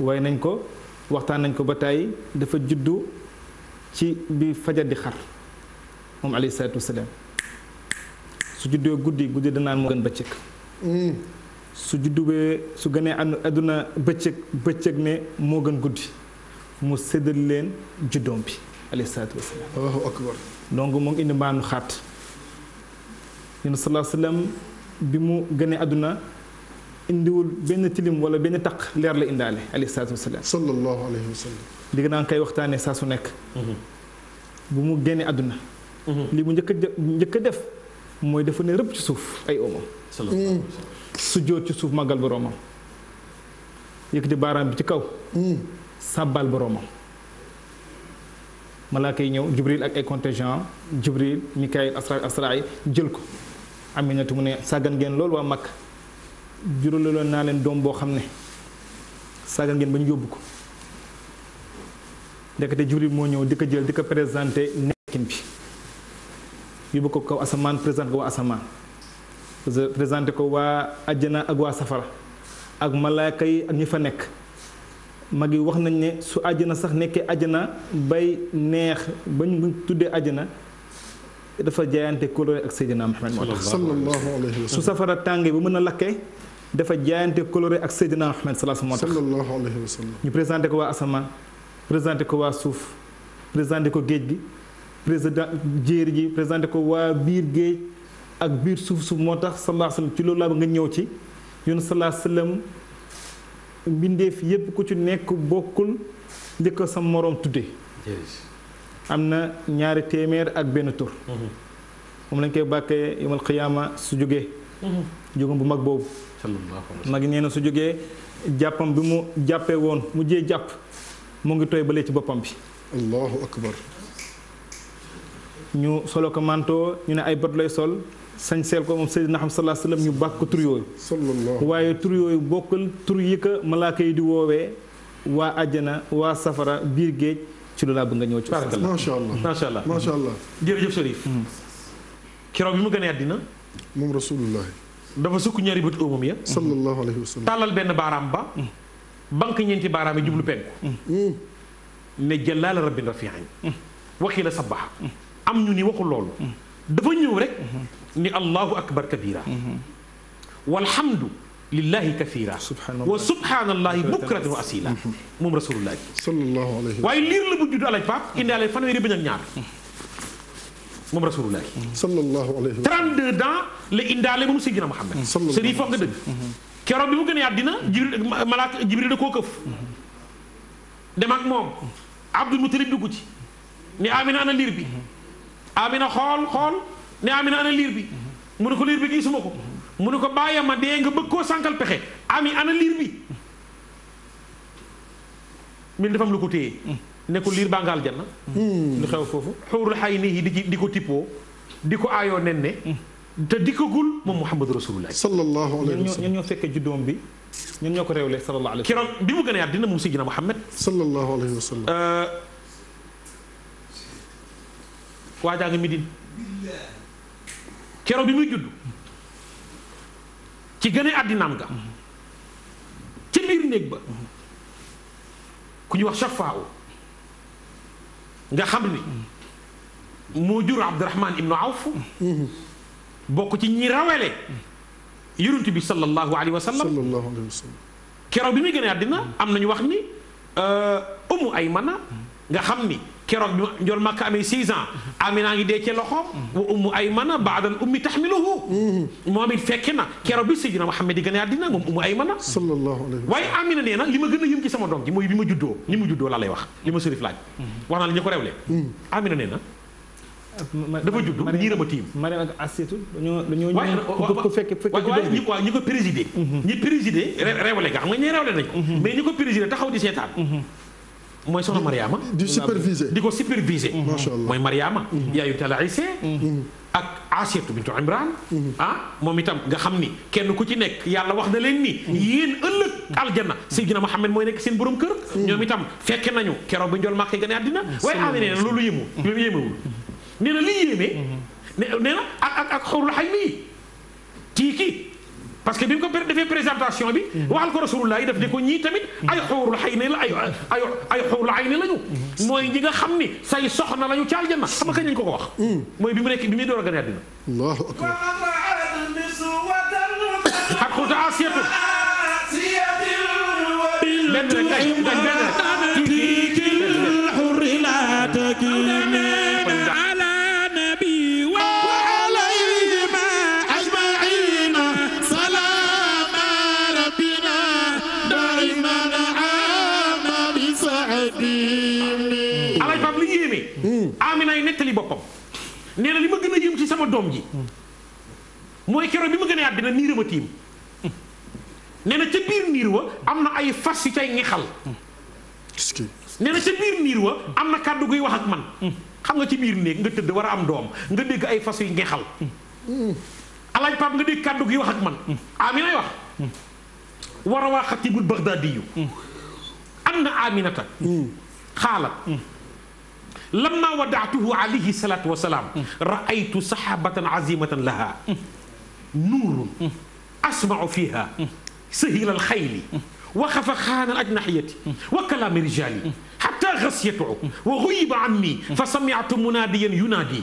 waaye nañ ko waxtaan nañ ko ba tàyyi dafa juddu ci bi fajar di xar moom alayhi salaatu wasalaam su juddoo guddi guddi danaan moo gën bëccëg hmm. su judduwee su gënee àdduna bëccëg bëccëg ne moo gën guddi mu sedd leen juddoom bi alayhi salaatu wasalaam allahu donc moo ngi indi mbaanu xaat yéen salaa sallam bi mu gënee àdduna indiwul benn tilim wala benn taq leer la indaale alayhi salaatu wasalaam sallallahu alayhi wa sallam léegi naa ngi koy saa su nekk bu mu génnee àdduna mhm. li mu njëkk a njëkk a def mooy dafa ne rëpp ci suuf ay oomam su jóot ci suuf màggal boroomam yëkkati baaraam bi ci kaw mm. sàbbal boroomam malaaka ñëw jibril ak ay contingent jibril mikaayil asra asraay jël ko aminatu mu ne sàggan ngeen loolu waa Makka juróom naa leen doom boo xam ne sagal ngeen ba ñu yóbbu ko ndekete jibril moo ñëw di ko jël di ko présenté nekkin bi yóbbu ko kaw asamaan présenté ko waa asamaan na ak waa safara ak malaaka yi ak ñi fa nekk mag yi wax nañ ne su na sax nekkee na bay neex ba ñu tuddee àjjana dafa jaayante kóllëre ak Seydina Muhammad moo tax sallallahu alayhi wa sallam su safara tàngee bu mën a lakkee dafa jaayante kóllëre ak Seydina Muhammad salaas moo tax sallallahu alayhi wa sallam ñu présenté ko waa asamaan présenté ko waa suuf présenté ko géej gi président jéer ji présenté ko waa biir géej ak biir suuf suuf moo tax sallallahu alayhi wa ci loolu laa ba nga ñëw ci yoon sallallahu alayhi wa sallam yépp ku ci nekk bokkul li ko sa moroom tudde am na ñaari téeméer ak benn tur mhm. moom lañ koy bàkkee yomal xiyaama su jógee mhm. jógam bu mag boobu mag nee na su jógee jàppam bi mu jàppee woon mu jee jàpp mu ngi tooy balee ci boppam bi allahu ñu solo ko mantoo ñu ne ay bot lay sol sañ seel ko moom Seydina Muhammad sallallahu alayhi ñu bàkk ko tur waaye tur yooyu bokkal tur yi ko malaaka yi di woowee waa àjjana waa safara biir géej ci lu laa bëgg nga ñëw ci ustaas macha allah macha allah macha allah jërëjëf Cherif mm-hmm. keroog bi mu a àddina moom rasulullah dafa sukk ñaari bët óomam ya mm-hmm. wa sallam tàllal benn baaraam ba mm-hmm. banque ñeenti baaraam yi jublu penku ne jëlaala rabbin rafian wakiila sabaxa am ñu ni waxul loolu dafa ñëw rek ni allahu akbar kabira walhamdu lillahi kathira wa subhanallahi bukratan wa asila moom rasulullahi sallallahu alayhi waaye liir la bu judd alaj paap indaale fanweeri bëñ ak ñaar moom rasulullahi sallallahu alayhi 32 ans la indaale moom Seydina Muhammad sëriñ foog nga dëgg keroog bi mu gën a àddina jibril malaaka jibril da koo këf dem ak moom abdul mutalib dugg ci ne amina ana liir bi amina xool xool ne amina ana liir mu ne ko liir bi gisuma ko mu ne ko bàyyi ma dee nga bëgg koo sànkal pexe ami ana liir bi min dafa am lu ko téye ne ko liir baa nga aljanna hmm. lu xew foofu xuurul xay nii di di ko tippoo di ko aayoo nen di hmm. te dikkagul moom Muhammadu Rasulullah sallallahu alayhi wa ñoo fekkee juddoom bi ñun ñoo ko réewle sallallahu alayhi wa sallam keroog bi mu gën a yaat dina moom Sayyidina Muhammad sallallahu waajaa nga Midine keroog bi muy judd ci gën a àddinaam ga mm-hmm. ci biir néeg ba mm-hmm. ku ñu wax Shafaaw nga xam ni mm-hmm. moo jur Abdurahman ibnu Awf bokk ci ñi rawale yonent bi sallallahu alayhi wa sallam keroog bi muy gën a àddina am nañu wax ni umu euh, ay mana nga xam ni keroog bi njool Makka amee 6 ans Amina ngi dee ci loxoom. wa ummu Aymana baadal ummi taxmiluhu. moom it fekke na keroog bi Seydina Muhammad a àddina moom ummu Aymana. sallallahu na li ma gën a bi ma juddoo ni mu juddoo mhm. xam nga ñi rewle nañ mhm. mais ñi ko présidé taxaw di seetaan. Mhm. mooy soxna Mariama. di superviser di ko superviser. Mm-hmm. macha allah mooy Mariama. Mm-hmm. yaayu Talla Issa. Mm-hmm. ak Asiyatu bintu Imran. ah moom itam nga xam ni kenn ku ci nekk yàlla wax na leen ni. yéen ëllëg aljanna Seydina Muhammad mooy nekk seen borom kër. ñoom itam fekke nañu keroog ba njool màkkee gën a àddina. waaye Aliou ah, nee na loolu yéemu. loolu yéemewul nee na li yéeme. nee na ak ak ak xawlu xay mi parce que bi mu ko defee présentation bi. Mhm. waxal ko rasulullah yi daf ne ko ñii tamit. Mhm. ay xuurul xay ne ay ay ay xuurul ay ne lañu. Mhm. mooy ñi nga xam ni say soxna lañu ca aljanna xam nga kañ lañ ko ko wax. mooy bi mu nekk bi muy door a gane àddina. allahu akbar. ak xuta nee na li ma gën a yëm ci sama doom ji mooy keroog bi ma gën a àddina niir ma na ca biir niir wa am na ay fas yu cay ngexal nee na am na kàddu guy wax ak man xam nga ci biir néeg nga tëdd war a am doom nga dégg ay fas yu ngexal alaaj Pape nga dégg kàddu guy wax ak man amina lay wax war a waa xatibul bagdaadi yu am na lamma wadaatuhu alayhi salaatu wa salaam. ra'aytu saxaabatan azimatan laha. nuurun. asma'u fiha. sahila alxayli. wa xafa xaana al ajnaxiyati. wa kalaami rijaali xataa xasiyatu wa xuyiba anni fa samiatu munaadiyan yunaadi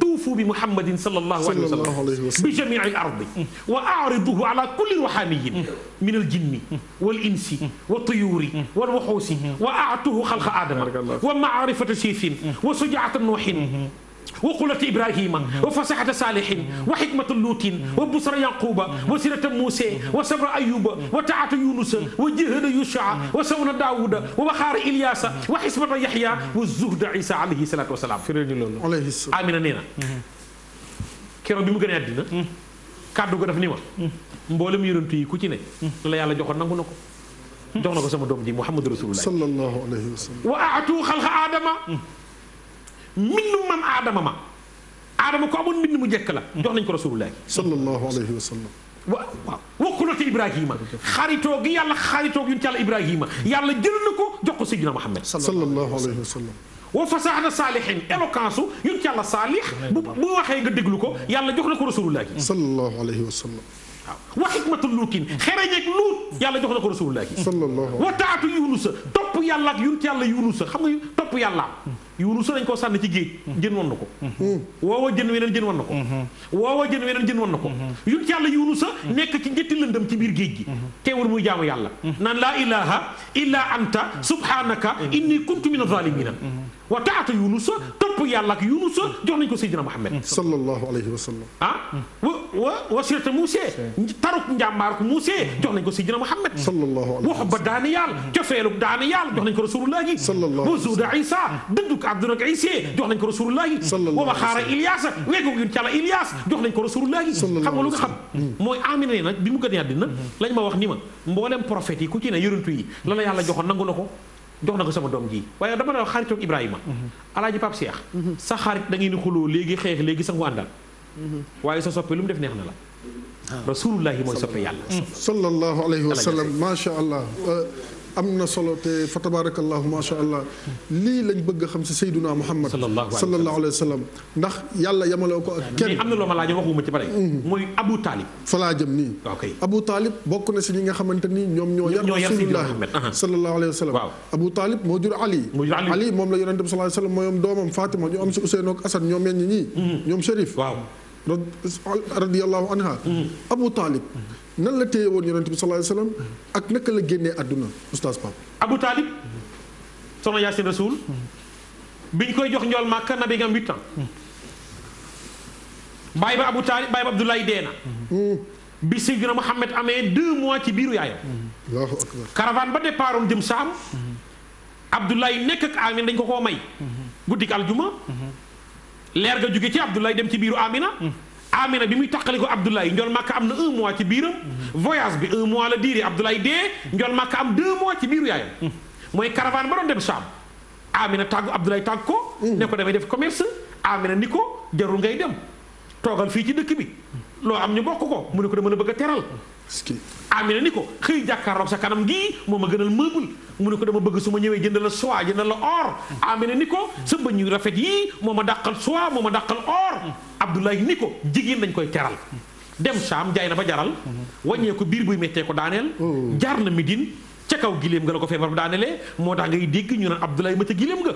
tuufu bi muhammadin sallallahu alayhi wa sallam bi jamii al ardi wa aariduhu ala kulli ruxaaniyin min al jinni wal insi wa tuyuuri wal waxuusi wa aatuhu xalqa aadama wa maarifata siifin wa sujaata nuuxin وقلة إبراهيم وفصحة صالح وحكمة لوط وبصر يعقوب وسيرة موسى وصبر أيوب وطاعة يونس وجهد يوشع وسون داوود وبخار إلياس وحسبة يحيى وزهد عيسى عليه الصلاة والسلام amina nee na mm-hmm. keroog bi mu gën a àddina mm-hmm. kàddu ko def ni ma mm-hmm. mboolem yonent yi ku ci ne la yàlla joxoon nangu na ko jox na ko sama doom ji Muhammadu Rasulullah sallallahu alayhi wa sallam wa aatu xalqa aadama mbindum maam aadama ma aadama ko amoon mbind mu njëkk la jox nañ ko rasulullahi sallallahu alayhi wa sallam waaw waaw wakkulate ibrahima xaritoo gi yàlla xaritoo gi yun yàlla ibrahima yàlla jël na ko jox ko sayyidina muhammad sallallahu alayhi wa sallam wa fasaxna saalihin éloquence u yun yàlla saalix bu bu waxee nga déglu ko yàlla jox na ko rasulullahi sallallahu alayhi wa sallam waaw wa xikmatu luutin xereñeeg luut yàlla jox na ko rasulullah gi wa taatu yunusa topp yàlla ak yunt yàlla yunusa xam nga topp yàlla yunusa dañ koo sànni ci géej jën wan na ko woowa jën weneen jën wan na ko woowa jën weneen jën wan na ko yunt yàlla yunusa nekk ci njëtti lëndëm ci biir géej gi teewul muy jaamu yàlla naan laa ilaha illa anta subhanaka inni kuntu min azalimina wa taata yunusa topp yàlla ak yunusa jox nañ ko sayyidina muhammad sallallahu alayhi wa sallam ah wa wa wa sirata musa taruk njàmbaar ku muusee jox nañ ko Sidina Muhammad wax ba daani yàlla cofeeluk daani yàlla jox nañ ko rasulullahi wa zuuda isa dëdduk àdduna ak isee jox nañ ko rasulullahi wa waxaara Ilyaasa weegug yun ko rasulullahi a mm. lañ wax ni ma mboolem prophète yi ku ci la la yàlla joxoon ko jox na ko sama doom ji waaye dama na xarit toog Ibrahima mm-hmm. alaaji Pape Cheikh mm-hmm. sa xarit da ngeen di xuloo léegi xeex léegi sangu àndal mm-hmm. waaye sa soppi lu mu def neex na la rasulullahi mooy soppe yàlla. Mm. sallallahu alayhi wa sallam macha allah. Uh, am na solo te fa tabarakallahu ma sha allah lii lañ bëgg a xam si sayduna muhammad sallallahu alayhi wa sallam ndax yàlla yamale ko ak kenn am na loo ma laajoon waxuma ci pare mm-hmm. mooy abu taalib fa laa jëm nii abu taalib bokk na si ñi nga xamante ni ñoom ñoo yar rasulullah sallallahu alayhi wa sallam abu taalib moo jur ali ali moom la yonente bi sallallahu alayhi wa sallam mooy doomam fatima ñu am si useynook asan ñoom meññ ñii mm-hmm. ñoom chérif radiyallahu anha Abu Talib nan la téye woon yonent bi sallallahu alayhi wa sallam ak naka la génnee àdduna oustaz Pape Abu Talib soxna Yaasin Rasoul biñ koy jox njool Màkka nabi nga am huit ans bàyyi ba Abu Talib bàyyi ba Abdoulaye dee na bi Seydina Mouhamed amee deux mois ci biiru yaayam Allahu akbar caravane ba départ jëm Saam Abdoulaye nekk ak Amine dañ ko koo may guddik aljuma leer ga jóge ci Abdoulaye dem ci biiru Amina. Amina bi muy taqali ko Abdoulaye njol màkk am na un mois ci biiram. voyage bi un mois la diire Abdoulaye dee. njol màkk am deux mois ci biiru yaayam. mooy caravane ba doon dem Saam. Amina tàggu Abdoulaye tàgg ko. ne ko damay def commerce. Amina ni ko jarul ngay dem toogal fii ci dëkk bi. loo am ñu bokk ko mu ne ko dama la bëgg a teral. Amina ni ko xëy jàkkaarloog sa kanam gi moom a gënal meuble mu ne ko dama bëgg su ma ñëwee jënd la soie jënd la or Amina ni ko sa bëñ yu rafet yi moom a dàqal soie moo ma dàqal or Abdoulaye ni ko jigéen dañ koy teral dem Saam jaay na ba jaral wàññee ko biir buy méttee ko daaneel oh. jaar na Midine ca kaw giléem nga la ko feebar bu daanelee moo tax ngay dégg ñu naan Abdoulaye ma ca giléem nga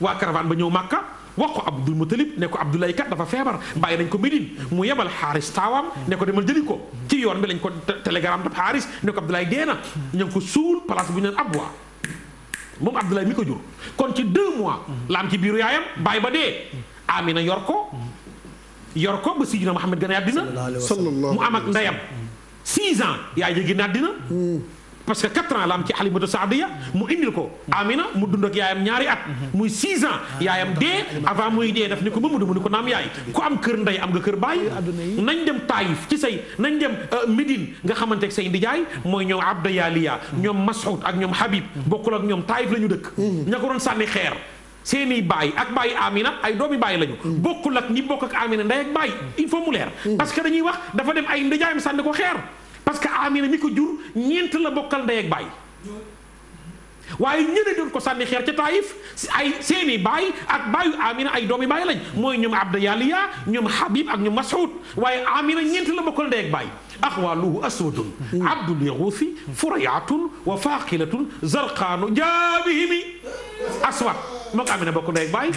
waa caravane ba ñëw Màkka wax ko Abdul Mutalib ne ko Abdoulaye kat dafa feebar bàyyi nañ ko Médine mu yebal xaaris taawam ne ko demal jëli ko ci yoon bi lañ ko télégramme daf xaaris ne ko Abdoulaye dee na ñu ko suul place bu ñu naan Abwa moom Abdoulaye mi ko jur kon ci deux mois la am ci biiru yaayam bàyyi ba dee Amina yor ko yor ko ba Sidina Muhammad gën a àddina mu am ak ndeyam six ans yaay ja génn àddina mm. parce que 4 ans la am ci Halimatu Saadiya mu indil ko Amina mu dund yaayam ñaari at muy 6 ans yaayam dee avant muy dee daf ni ko Mamadou mu ni ko naam yaay ku am kër ndey am nga kër baay nañ dem Taayif ci say nañ dem euh, Médine nga xamante ak say ndijaay mooy ñoom Abda Yaliya ñoom Mas'ud ak ñoom Habib bokkul ak ñoom Taayif la ñu dëkk ko doon sànni xeer seeni baay ak baay Amina ay doomi baay lañu. bokkul ak ñi bokk ak Amina ndey ak baay il faut leer mm. parce que dañuy wax dafa dem ay ndijaayam sànni ko xeer parce que Amina ko jur ñeent bokkal ndey ak waaye ñeneen doon ko sànni xeer seeni baay ak baayu amina ay doomi baay lañ mooy ñoom abda yaliya ñoom habib ak ñoom mas'ud waaye amina ñeent la bokkal ndey ak baay axwaluhu aswadun abdul yaguusi furayatun wa faqilatun zarqaanu jaabihimi aswad mook amina bokk ndey ak baay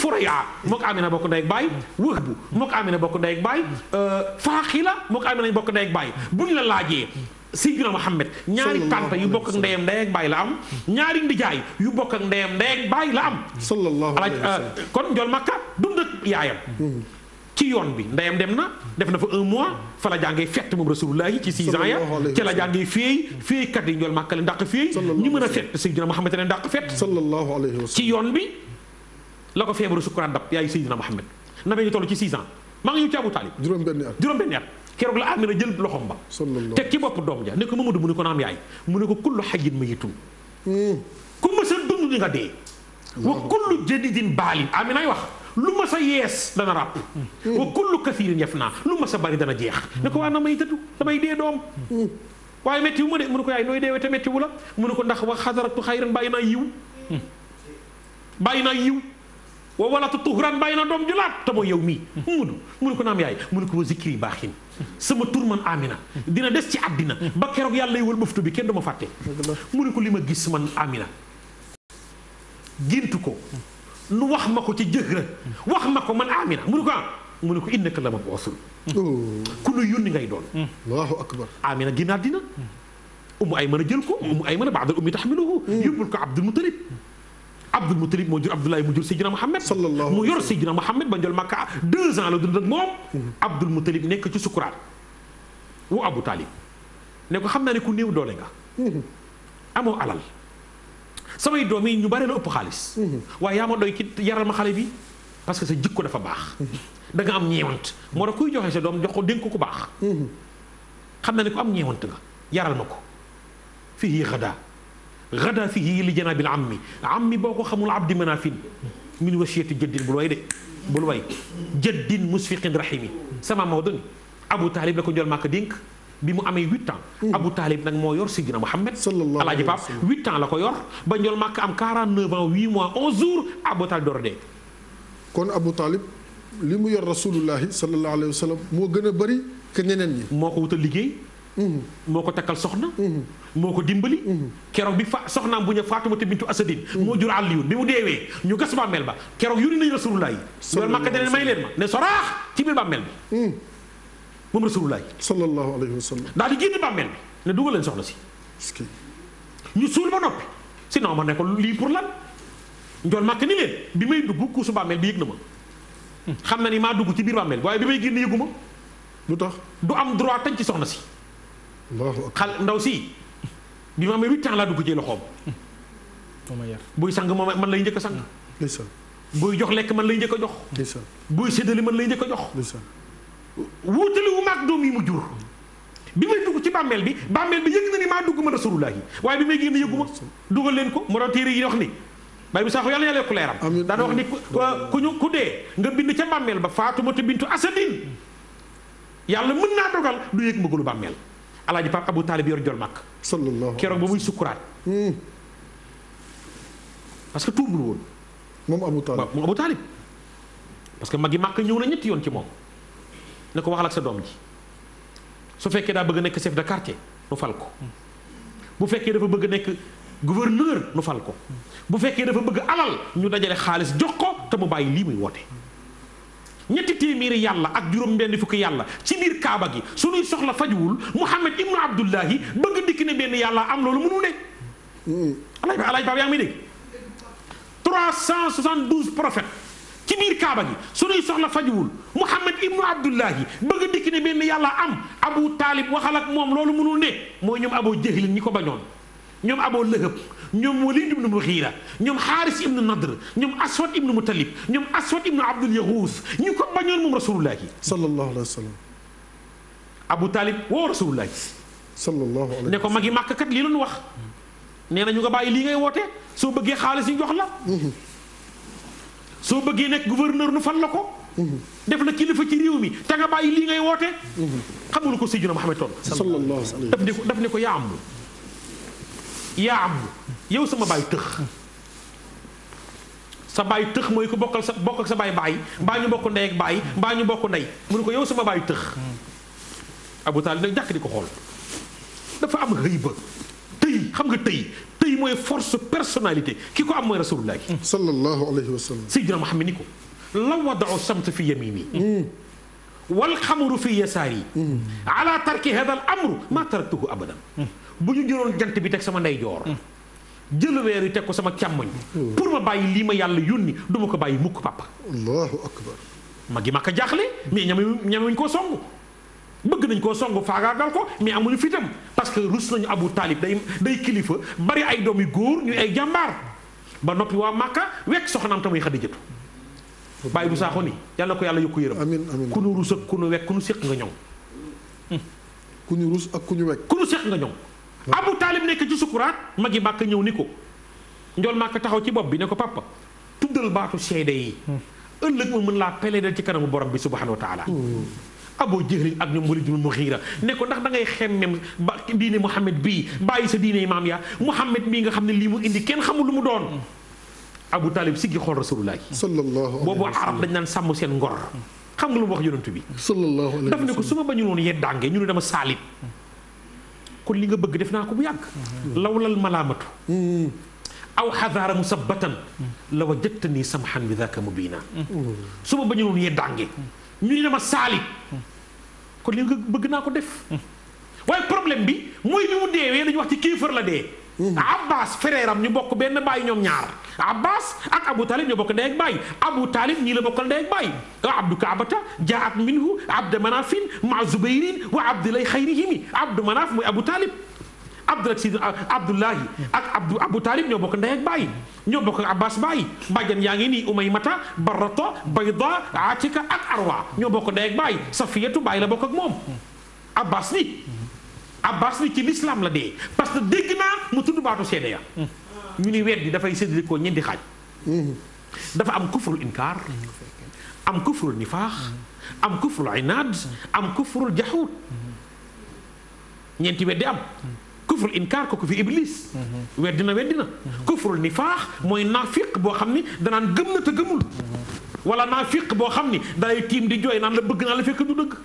furaya mook amina bokk ndey ak baay wëhbu mook amina bokk ndey ak baay euh, faqila mook amina bokk ndey la laajee Seydina Mohamed ñaari tànta yu bokk ak ndeyam ndey baay la am ñaari ndijaay yu bokk ak ndeyam ndey baay la am sallallahu alayhi wa euh, sallam kon njool Makka dund ak yaayam hmm. ci yoon bi ndeyam dem na def na fa un mois fa la jàngee fett moom rasulullah yi ci six ans ya ci la jàngee féey féeykat yi njool Makka leen dàq féey ñu mën Seydina Mohamed leen dàq fett ci yoon bi la ko feebaru sukuraat dab yaay Seydina Mohamed na ñu toll ci six ans maa ci Abu Talib juróom benn at juróom benn at keroog la Amina jël loxom ba teg ci bopp doom ja ne ko Mamadou mu ne ko ne ko kullu xajin ma yitun hmm. ku ma sa dund di nga dee wa wax lu ma sa yees dana ràpp hmm. wa kullu kathirin yaf naa sa bari dana jeex ne ko waa na may tëtu doom hmm. waaye métti wu ma de mu ne ko yaay nooy la mu ne ko ndax wa xadaratu xayran bàyyi naa yiw bàyyi naa yiw wa walatu tuhran bàyyi naa doom julaat te yow mii mudu mu ne ko naam yaay mu ne ko wa zikri baaxin sama tur man Amina dina des ci àddina ba keroog yàlla yi wëlbëftu bi kenn du ma fàtte mu ne ko li ma gis man Amina gént nu wax ma ko ci jëkkër wax ma ko man Amina mu ne ko ah mu ne ko innaka la ma boosul oh. ku nu yónni ngay doon hmm. allahu akbar Amina génnaat dina hmm. umu ay mën a jël ko umu ay mën a baadal ko Abdul Abdul Muttalib moo jur Abdoulaye mu jur Seydina Mohamed mu yor Seydina Mohamed ba njol Makka deux ans la dund ak moom mm-hmm. Abdul Muttalib nekk ci sukuraat woo Abu Talib ne xam naa ne ku néew doole nga mm-hmm. amoo alal samay doom yi ñu bari la ëpp xaalis mm-hmm. waaye yaa ma doy ci yaral ma xale bi parce que sa jikko dafa baax da am ñeewant moo tax kuy joxe sa doom jox ko dénk ko ku baax xam naa ne ku am ñeewant nga yaral ma ko fii yéex a xadaafihi li janaabil ammi ammi boo ko xamul abdi manafin min wasiyati jëddin bul way de bul way jëddin musfiqin rahimi sama Maodo ni Abu Taalib la ko njool màkk bi mu amee huit ans mm-hmm. Abu Taalib nag moo yor Sidina Muhammad alaaji Paap huit ans la ko yor ba njool màkk am 49 ans 8 mois 11 jours Abu Taalib door dee kon Abu Taalib li mu yor rasulullahi sallallahu alayhi wa sallam moo gën a bëri que ñeneen ñi moo ko wutal liggéey mm-hmm. moo ko takkal soxna mm-hmm. moo ko dimbali keroog bi fa soxnaam bu ñu Faatumata bintu Asadin moo jur Aliyun bi mu deewee ñu gas bàmmeel ba keroog yuri nañu Rasulullah yi loolu Makka ne may leen ma ne soraax ci biir bàmmeel bi hmm. moom Rasulullah yi daal di génn bàmmeel ne dugal leen si ñu suul ba noppi sinon ma ne ko lii pour lan njool màkk ni bi may dugg kuusu bàmmeel bi yëg na ma xam na ni maa dugg ci biir bàmmeel bi waaye bi may génn yëgu ma lu tax du am droit tañ ci soxna si xal si bi ma amee huit ans laa dugg ci loxoom. moom yar buy sang moom man lay njëkk a sang. Mm. buy jox lekk man lay njëkk a jox. buy séddale man lay njëkk a jox. wuutali wu maag doom yi mu jur. bi may dugg ci bàmmeel bi bàmmeel bi yëg na ni maa dugg ma rasululaahi waaye bi may génn yëgguma dugal leen ko mu doon téere yi wax ni bàyyi bi sax yàlla yàlla yokku leeram daan wax ni ku ku dee nga bind ca bàmmeel ba Faatumata bintu Asadin yàlla mën naa dogal du yëg mbëggalu bàmmeel alaaji Pape Abou Talib yor jol màkk sallallahu keroog ba muy sukkuraat hmm. parce que tuubul woon moom Abou Talib moom Abou Talib parce que mag magi màkk ñëw na ñetti yoon ci moom ne ko waxal ak sa doom ji su fekkee daa bëgg a nekk chef de quartier nu fal ko bu fekkee dafa bëgg nekk gouverneur nu fal ko bu fekkee dafa bëgg alal ñu dajale xaalis jox ko te mu bàyyi lii muy woote ñetti téeméeri yàlla ak juróom-benn fukki yàlla ci biir kaaba gi suñuy soxla fajuwul Muhammad ibnu Abdullahi bëgg dikk ne benn yàlla am loolu mënu ne. alaaj ba alaaj ba yaa ngi may ci biir kaaba gi suñuy soxla fajuwul Muhammad ibnu Abdullahi bëgg dikk ne benn yàlla am Abu Taalib waxal ak moom loolu mënul ne mooy ñoom Abu Jahil ñi ko bañoon ñoom aboo Lahab ñoom walid ibnu muxiira ñoom xaaris ibnu nadr ñoom aswad ibnu mutalib ñoom aswad ibnu abdul yahuus ñu ko bañoon moom rasulullahi sallallahu alayhi wa sallam abu talib woo rasulullahi sallallahu alayhi ne ko magi màkk kat lii la ñu wax nee na ñu nga bàyyi lii ngay woote soo bëggee xaalis yi jox la mhm. soo bëggee nekk gouverneur nu fal la ko mhm. def la kilifa ci réew mi te nga bàyyi lii ngay woote mhm. xamul ko Seydina Muhammad toon daf ne ko daf ne ko yaa am yaa am yow sama baay tëx sa baay tëx mooy ko bokkal sa bokk ak sa baay baay mbaa ñu bokk ndey ak baay mbaa ñu bokk ndey mu ne ko yow sama baay tëx Abu Taalib nag jàkk di ko xool dafa am xëy ba tëy xam nga tëy tëy mooy force personnalité ki ko am mooy rasulullah gi sallallahu alayhi wa sallam sayyidina Muhammad ni ko la wadao samt fi yamini hmm. wal xamaru fi yasaari ala tarki hada al amru ma taraktuhu abadan bu ñu jëloon jant bi teg sama ndeyjoor hmm. jël weer wi teg ko sama càmmoñ pour ma bàyyi lii ma yàlla yónni du ma ko bàyyi mukk papa allahu akbar ma gi ma ko jaaxle mais ñame ñamewuñ koo song bëgg nañ koo song faagaagal ko mais amuñu fitam parce que rus nañu abu taalib day kilifa bari ay doom yu góor ñu ay jàmbaar ba noppi waa màkka wekk soxnaam tamuy xadijatu bàyyi bu saaxo ni yàlla ko yàlla yokk yërëm amiin amiin ku nu ruus ak ku nu wekk ku nu séq nga ñoŋ hmm. ku nu ku ñu wekk ku nu séq nga ñoŋ abu taalib nekk ci mag yi màkk ñëw ni ko njool màkk taxaw ci bopp bi ne ko papa tuddal baatu seede yi hmm. ëllëg ma mën laa peleedal ci kanamu borom bi subhanahu wa taala hmm. aboo jëhlin ak ñu ñoom walid ibn muxiira ne ko ndax da ngay xemmem ba diine muhammad bii bàyyi sa diine maam yaa muhammad bii nga xam ne lii mu indi kenn xamul lu mu doon Abu Talib siggi xool rasulullah sallallahu boobu arab dañ naan sàmm seen ngor xam nga lu mu wax yonantu bi sallallahu alayhi daf ne ko su ma bañu woon yeddaange ñu ne dama saalit kon li nga bëgg def naa ko bu yàgg lawlal malaamatu aw xadaara musabbatan la wajadtani samhan bi daaka mubina su ma bañu woon yeddaange ñu ne dama saalit kon li nga naa ko def bi mooy bi wax ci la dee Abbas frère am ñu bokk benn baay ñoom ñaar Abbas ak Abu Talib ñu bokk ndey ak baay Abu Talib ñii la bokkal ndey ak baay a ah, Kaabata jaat minhu Abdu Manafin Abu Talib Abdul ak Sidna Abdullahi ak Abdu ñoo bokk ndey ak baay ñoo bokk ak baay bàjjan yaa ngi nii Umaymata Barata Bayda Atika ak Arwa ñoo bokk ndey baay Safiyatu baay la bokk ak moom Abbas ni Abbas ni ci lislaam la dee parce que dégg naa mu tudd baatu seede ya ñu ni weddi dafay séddale ko ñeenti xaaj dafa am kufrul inkaar am kufrul nifaax am kufrul inaad am kufrul jaxuut ñeenti weddi am kufrul inkaar kooku fi iblis weddi na weddi na kufrul nifaax mooy naafiq boo xam ni danaan gëm na te gëmul wala naafiq boo xam ni dalay tiim di jooy naan la bëgg naa la fekk du dëkk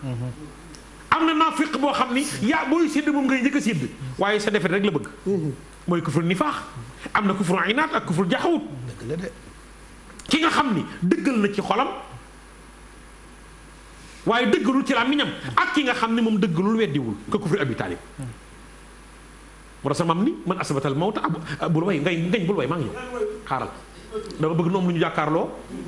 am na naafiq boo xam ni yaa booy sédd moom ngay njëkk a waaye sa defet rek la bëgg mhm. mooy kufru nifaax am na kufru inaat ak kufru jaxawut ki nga xam ni dëggal na ci xolam waaye dëggalul ci la làmmiñam ak ki nga xam ni moom dëggalul weddiwul ka kufru abi taalib moo tax sama am ni man asbatal mawta ab bul way ngay ngañ ngay way maa ngi dama bëgg noom lu ñu jàkkaarloo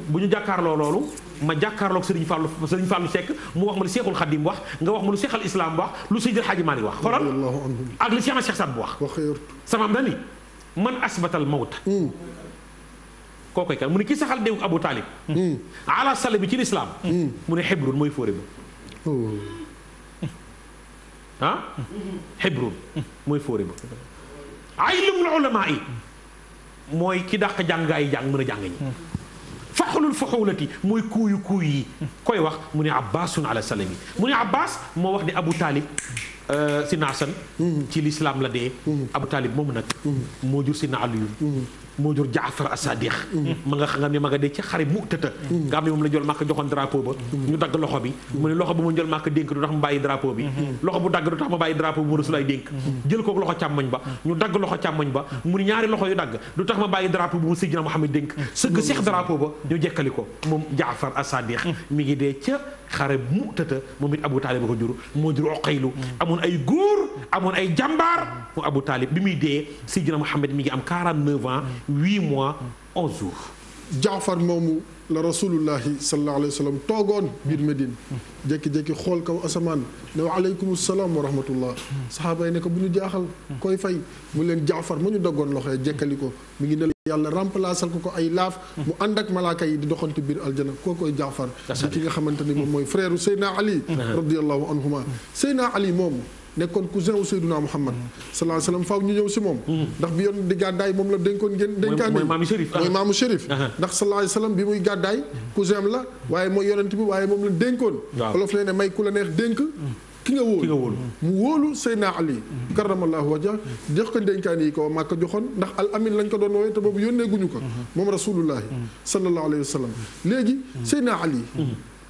bu ñu jàkkaarloo loolu ma jàkkaarloog Serigne Fallou Serigne Fallou Seck mu wax ma lu Seexul Xadim wax nga wax ma lu Seex al Islam wax lu Seydil Hadji Malick wax xoolal ak li Seexna Seex Saad bu wax sama am dani man asbatal mawta mm. kookoy kan mu ne ki saxal déwug Abu Talib mm. Mm. ala sall bi ci lislaam mu ne xibrun mooy fóore ba oh. ah xibrun mooy fóore ba ay lum la ulamaa mooy ki daq jàng ay jàng mën a jàng ñi faxulul faxulati mooy kuuyu kuuy yi koy wax mu ne abbaasun ala salami mu ne abbas moo wax di abou taalib euh, si naasan ci lislaam la dee mm-hmm. abu taalib moom nag mm-hmm. moo jur si na aliyun mm-hmm. moo jur jaafar asadiq ma nga xam ne ma nga dee ci xare muktata nga am ne moom la jol màkk joxoon drapeau ba ñu dagg loxo bi mu ne loxo bu ma jol màkk dénk du tax ma bàyyi drapeau bi dagg du ma bàyyi drapeau bu ma rasulaay dénk jël kook loxo càmmoñ ba ñu dagg loxo càmmoñ ba mu ne ñaari loxo yu dagg du tax ma bàyyi drapeau bu ma sidina Muhammad dénk sëgg seex drapeau ba ñu jekkali ko moom jaafar asadiq mi ngi dee ca xare muktata moom it Abu Taalib ba ko jur moo jur oqaylu amoon ay góor amoon ay jàmbaar mu Abu Taalib bi muy dee sidina Muhammad mi ngi am 49 ans huit mois onze jours. jaafar moomu la rasulullahi sallallahu alayhi wa sallam toogoon biir Medine. jekki jékki xool kaw asamaan ne wa aleykum salaam wa rahmatullah. saxaaba yi ne ko bu ñu jaaxal. koy fay mu leen jaafar ma ñu doggoon loxo jekkali ko mu ngi ne yàlla remplacer ko ko ay laaf. mu ànd ak malaaka yi di doxantu biir aljana kookoy jaafar. di ki nga xamante ni moom mooy frère Seyna Ali. radiyallahu anhuma Seyna Ali moomu. nekkoon cousin u Seydina Muhammad sallallahu alayhi wasallam faaw ñu ñëw si moom ndax bi yoon di gàddaay moom la dénkoon ngeen dénkaan mooy maamu Chérif mooy maamu Chérif ndax sallallahu bi muy gàddaay cousin am la waaye mooy yonent bi waaye moom la dénkoon olof nee ne may ku la neex dénk ki nga wóolu mu wóolu Seydina Ali karamallahu wajha jox ko dénkaan yi ko maa ko joxoon ndax al amin lañ ko doon woowee te boobu yónnee guñu ko moom rasulullahi sallallahu alayhi wasallam léegi Seydina Ali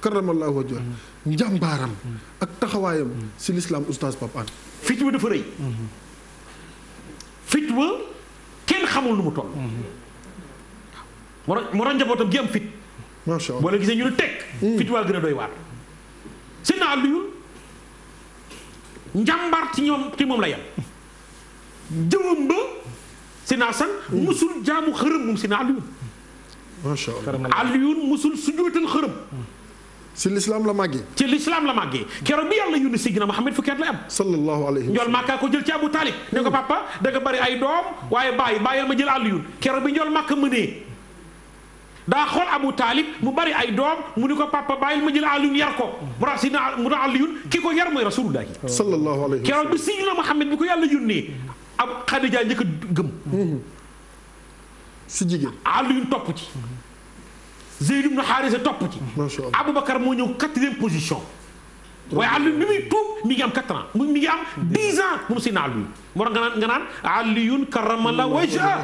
karamallahu wajha njàmbaaram ak taxawaayam si lislaam oustaz Pape Hann fitwa dafa rëy fitwa kenn xamul nu mu toll moo tax njabootam gi am fit macha allah boo la gisee ñu ne teg hmm. fitwaa gën a doy waar seen naa luyul njàmbaar ci ñoom ci moom la yam jëwam ba Sina San. Hmm. musul jaamu xërëm moom Sina Alioune. macha allah Alioune musul sujootal xërëm. Hmm. ci lislaam la màggee. ci lislaam la màggee keroog bi yàlla yónni Seydina Muhammad fukki at la am. sallallahu alayhi wa sallam. Njool Màkka ko jël ci Abu Taalib. ne ko papa da nga bari ay doom waaye bàyyi bàyyil ma jël Aliyun keroog bi Njool Màkka mënee daa xool Abu Taalib mu bari ay doom mu ni ko papa bàyyil ma jël Aliyun yar ko mu rax Seydina mu ne Aliyun ki ko yar mooy Rasulullah. sallallahu alayhi wa sallam keroog bi Seydina Muhammad bi ko yàlla yónnee ab Xadija njëkk a gëm. si jigéen Aliyun topp ci. Zeyd ibnu Haarisa topp ci. macha allah Aboubacar moo ñëw position. waaye Aliou bi muy mi ngi am mi ngi am 10 ans moom Seydina Aliou moo tax nga naan nga naan Aliyun karamallahu wajhah.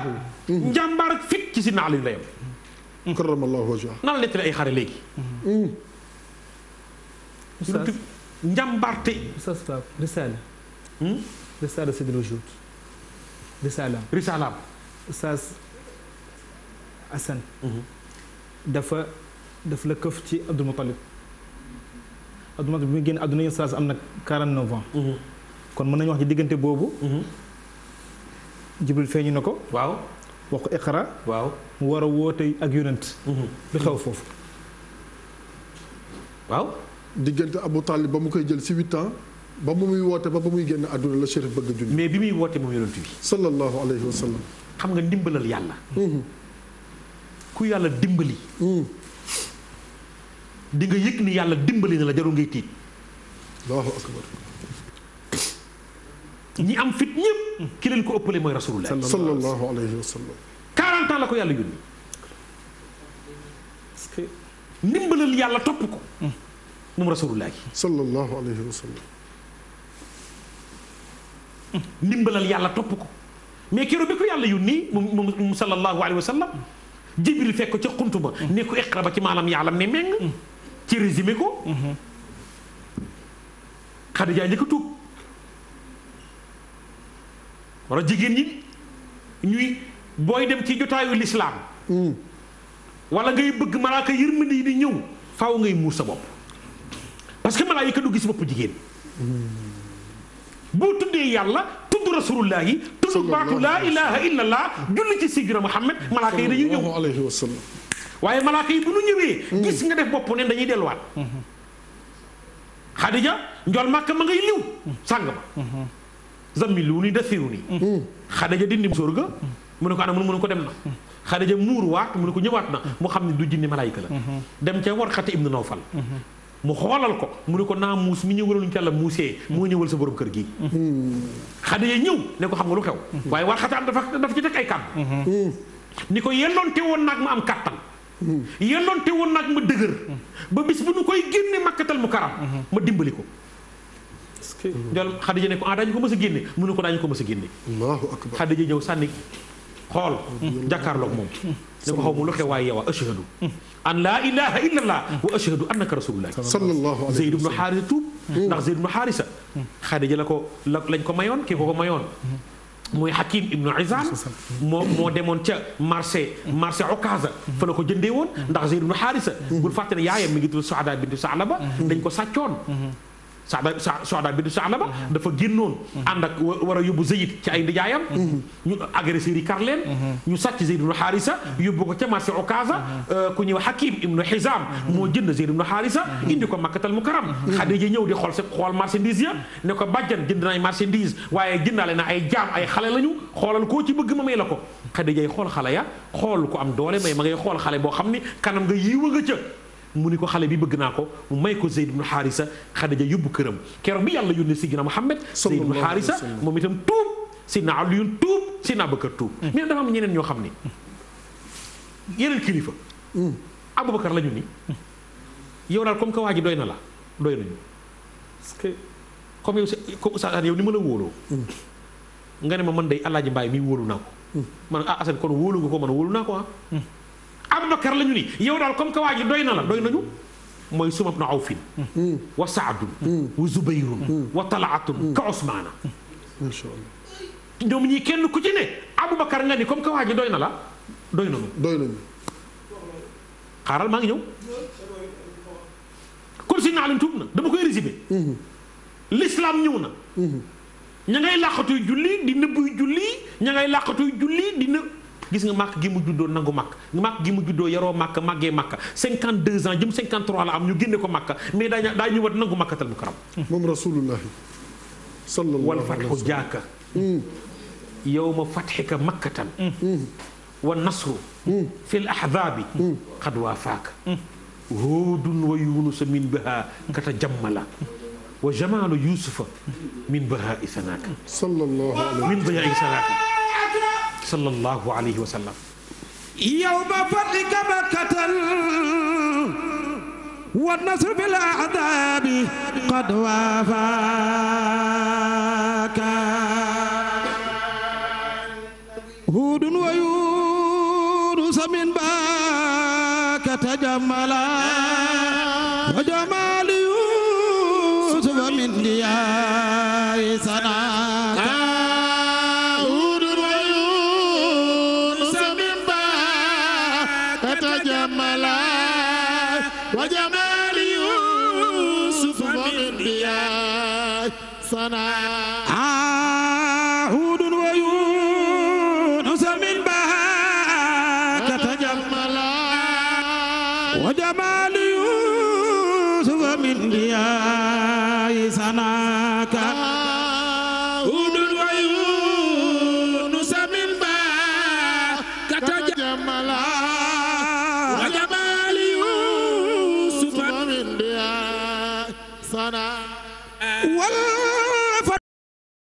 Mm-hmm. njàmbaar ak fit ci Seydina Aliou la yem. Mm-hmm. karamallahu wajhah. dafa daf la këf ci Abdul Muttalib Abdul Muttalib bi mu génn àdduna yonent am na 49 ans. Mhm. kon mën nañu wax ci diggante boobu. Mhm. jibul feeñu na ko. waaw wax ko Iqra. waaw mu war a woote ak yonent. Mhm. lu xew foofu. waaw. diggante Abu Talib ba mu koy jël si huit ans. ba mu muy woote ba ba muy génn àdduna la Chérif bëgg a mais bi muy woote moom yonent bi. sallallahu alayhi wa sallam. xam nga ndimbalal yàlla. ku yàlla dimbali. Hmm. di la jarul ngay tiit. am fit ñëpp. ko la ko yàlla yónni. ndimbalal yàlla topp ko. Hmm. moom rasulullah. Hmm. ndimbalal yàlla topp ko mais keroog bi ko yàlla yónni moom moom sallallahu alayhi wa sallam. jibril fekk ko ca xuntu ba mm-hmm. ne ko iqra ba ci maalam yaalam ne meng mm-hmm. ci résumé ko mm-hmm. xadija njëkk a tuub jigéen ñi ñuy booy dem ci jotaayu lislaam mm. wala ngay bëgg malaaka yërmande yi di ñëw faaw ngay muur sa bopp parce que malaaka du gis bopp jigéen mm. boo tuddee yàlla tudd rasulullah yi tudd baatu laa ilaha illa allah julli ci sidina muhammad malaaka yi dañuy ñëw alayhi wa sallam waaye malaaka yi bu ñu ñëwee mm. gis nga def bopp neen dañuy delluwaat mm-hmm. xadija njool màkk ma ngay liw mm-hmm. sàng ma mm-hmm. zammilu ni dasiru ni mm. mm. xadija dindi sóor ga mu ne ko anam mu ne ko dem na xadija muur mu ne ko ñëwaat na mu xam ne du jinni malaayika la dem ca warxati ibnu nawfal mu xoolal ko mu ne ko naa muus mi ñëwal ñu yàlla muusee moo ñëwal sa borom kër gi xadee ñëw ne ko xam nga lu xew waaye war xataan dafa dafa ci teg ay kàddu ni ko yelloonte woon naag ma am kàttan yelloonte woon naag ma dëgër ba bis bu nu koy génne makkatal mu karam ma dimbali ko jol xadija ne ko ah daañu ko mës a génne mu ne ko daañu ko mës a génne allahu akbar xadija ñëw sànni xool jàkkaarloog moom ne ko xaw ma lu xew waaye yow ashhadu an laa ilaha illa allah wa ashhadu annaka rasulullah sallallahu alayhi zeyd ibnu xaarisa tuub ndax zeyd ibnu xaarisa xadija la ko la lañ ko mayoon kii ko ko mayoon mooy Hakim ibnu Izaan moo moo demoon ca marché marché Okaza fa la ko jëndee woon ndax Zeyd ibnu Xaarisa bul fàtte ne yaayam mi ngi tudd Saada bintu Saalaba dañ ko sàccoon saada saada bi du saada ba mhm. dafa génnoon mhm. ànd ak war a yóbbu Zayd ci ay ndijaayam mhm. ñu agresseurs yi kar leen ñu sàcc Zayd ibnu Xaarisa yóbbu ko ca marché Okaasa euh, ku ñuy wax Hakim ibnu Xizaam moo jënd Zayd ibnu Xaarisa indi ko Makkatal Mukarram Xadija ñëw di xool si xool marchandise ya ne ko bàjjan jënd naay marchandise waaye jëndaale na ay jaam ay xale lañu xoolal koo ci bëgg ma may la ko Xadija xool xale ya xool ku am doole may ma xool xale boo xam ni kanam nga yiiwa ca mu ni ko xale bi bëgg naa ko mu may ko Zeyd ibnu Xaarisa Xadija yóbbu këram keroog bi yàlla yónnee Seydina Muhammad Zeyd ibnu Xaarisa moom itam tuub Seydina Aliyun tuub Seydina Abubakar tuub mm. mais dafa am ñeneen ñoo xam ni mm. yeneen kilifa mm. Abubakar la ñu ni yow daal comme que waa ji na la doy que comme yow sa sa yow ni ma la wóoloo nga ne ma man day Alaaji Mbaay mi wóolu naa ko man ah Assane kon wóolu nga ko man wóolu naa ko ah Abubakar la ñu ni yow daal comme que waa doy na la doy nañu mooy Sumay ibnu Awfin wa Saadun wa Zubayrun wa Talaatun ka Osmaana ñoom ñii kenn ku ci ne Abubakar nga ni comme que waa doy na la doy nañu xaaral maa ngi ñëw kon naa leen tuub na dama koy résumé l'islam ñëw na mm-hmm. ña ngay làqatuy julli di nëbbuy julli ña ngay làqatuy julli di nëbb gis nga màkk gi mu juddoo nangu màkk màkk gi mu juddoo yaroo màkk màggee màkk 52 ans jëm 53 la am ñu génne ko màkk mais daa daa ñëwaat nangu màkkatal mukarram moom rasulullahi sallallahu wal fatxu jaaka hmm. yow ma fatxika makkatan hmm. Hmm. wa nasru fi l ahzaabi xad waafaaka hóodun wa yunusa min baha kata jammala wa jamaalu yusufa min baha isanaaka sallallahu min baha isanaaka sallallahu alayhi wa sallam yawma fatika makkatan wa nasru bil a'dabi qad waafaka hudun wa yunus min baaka tajamala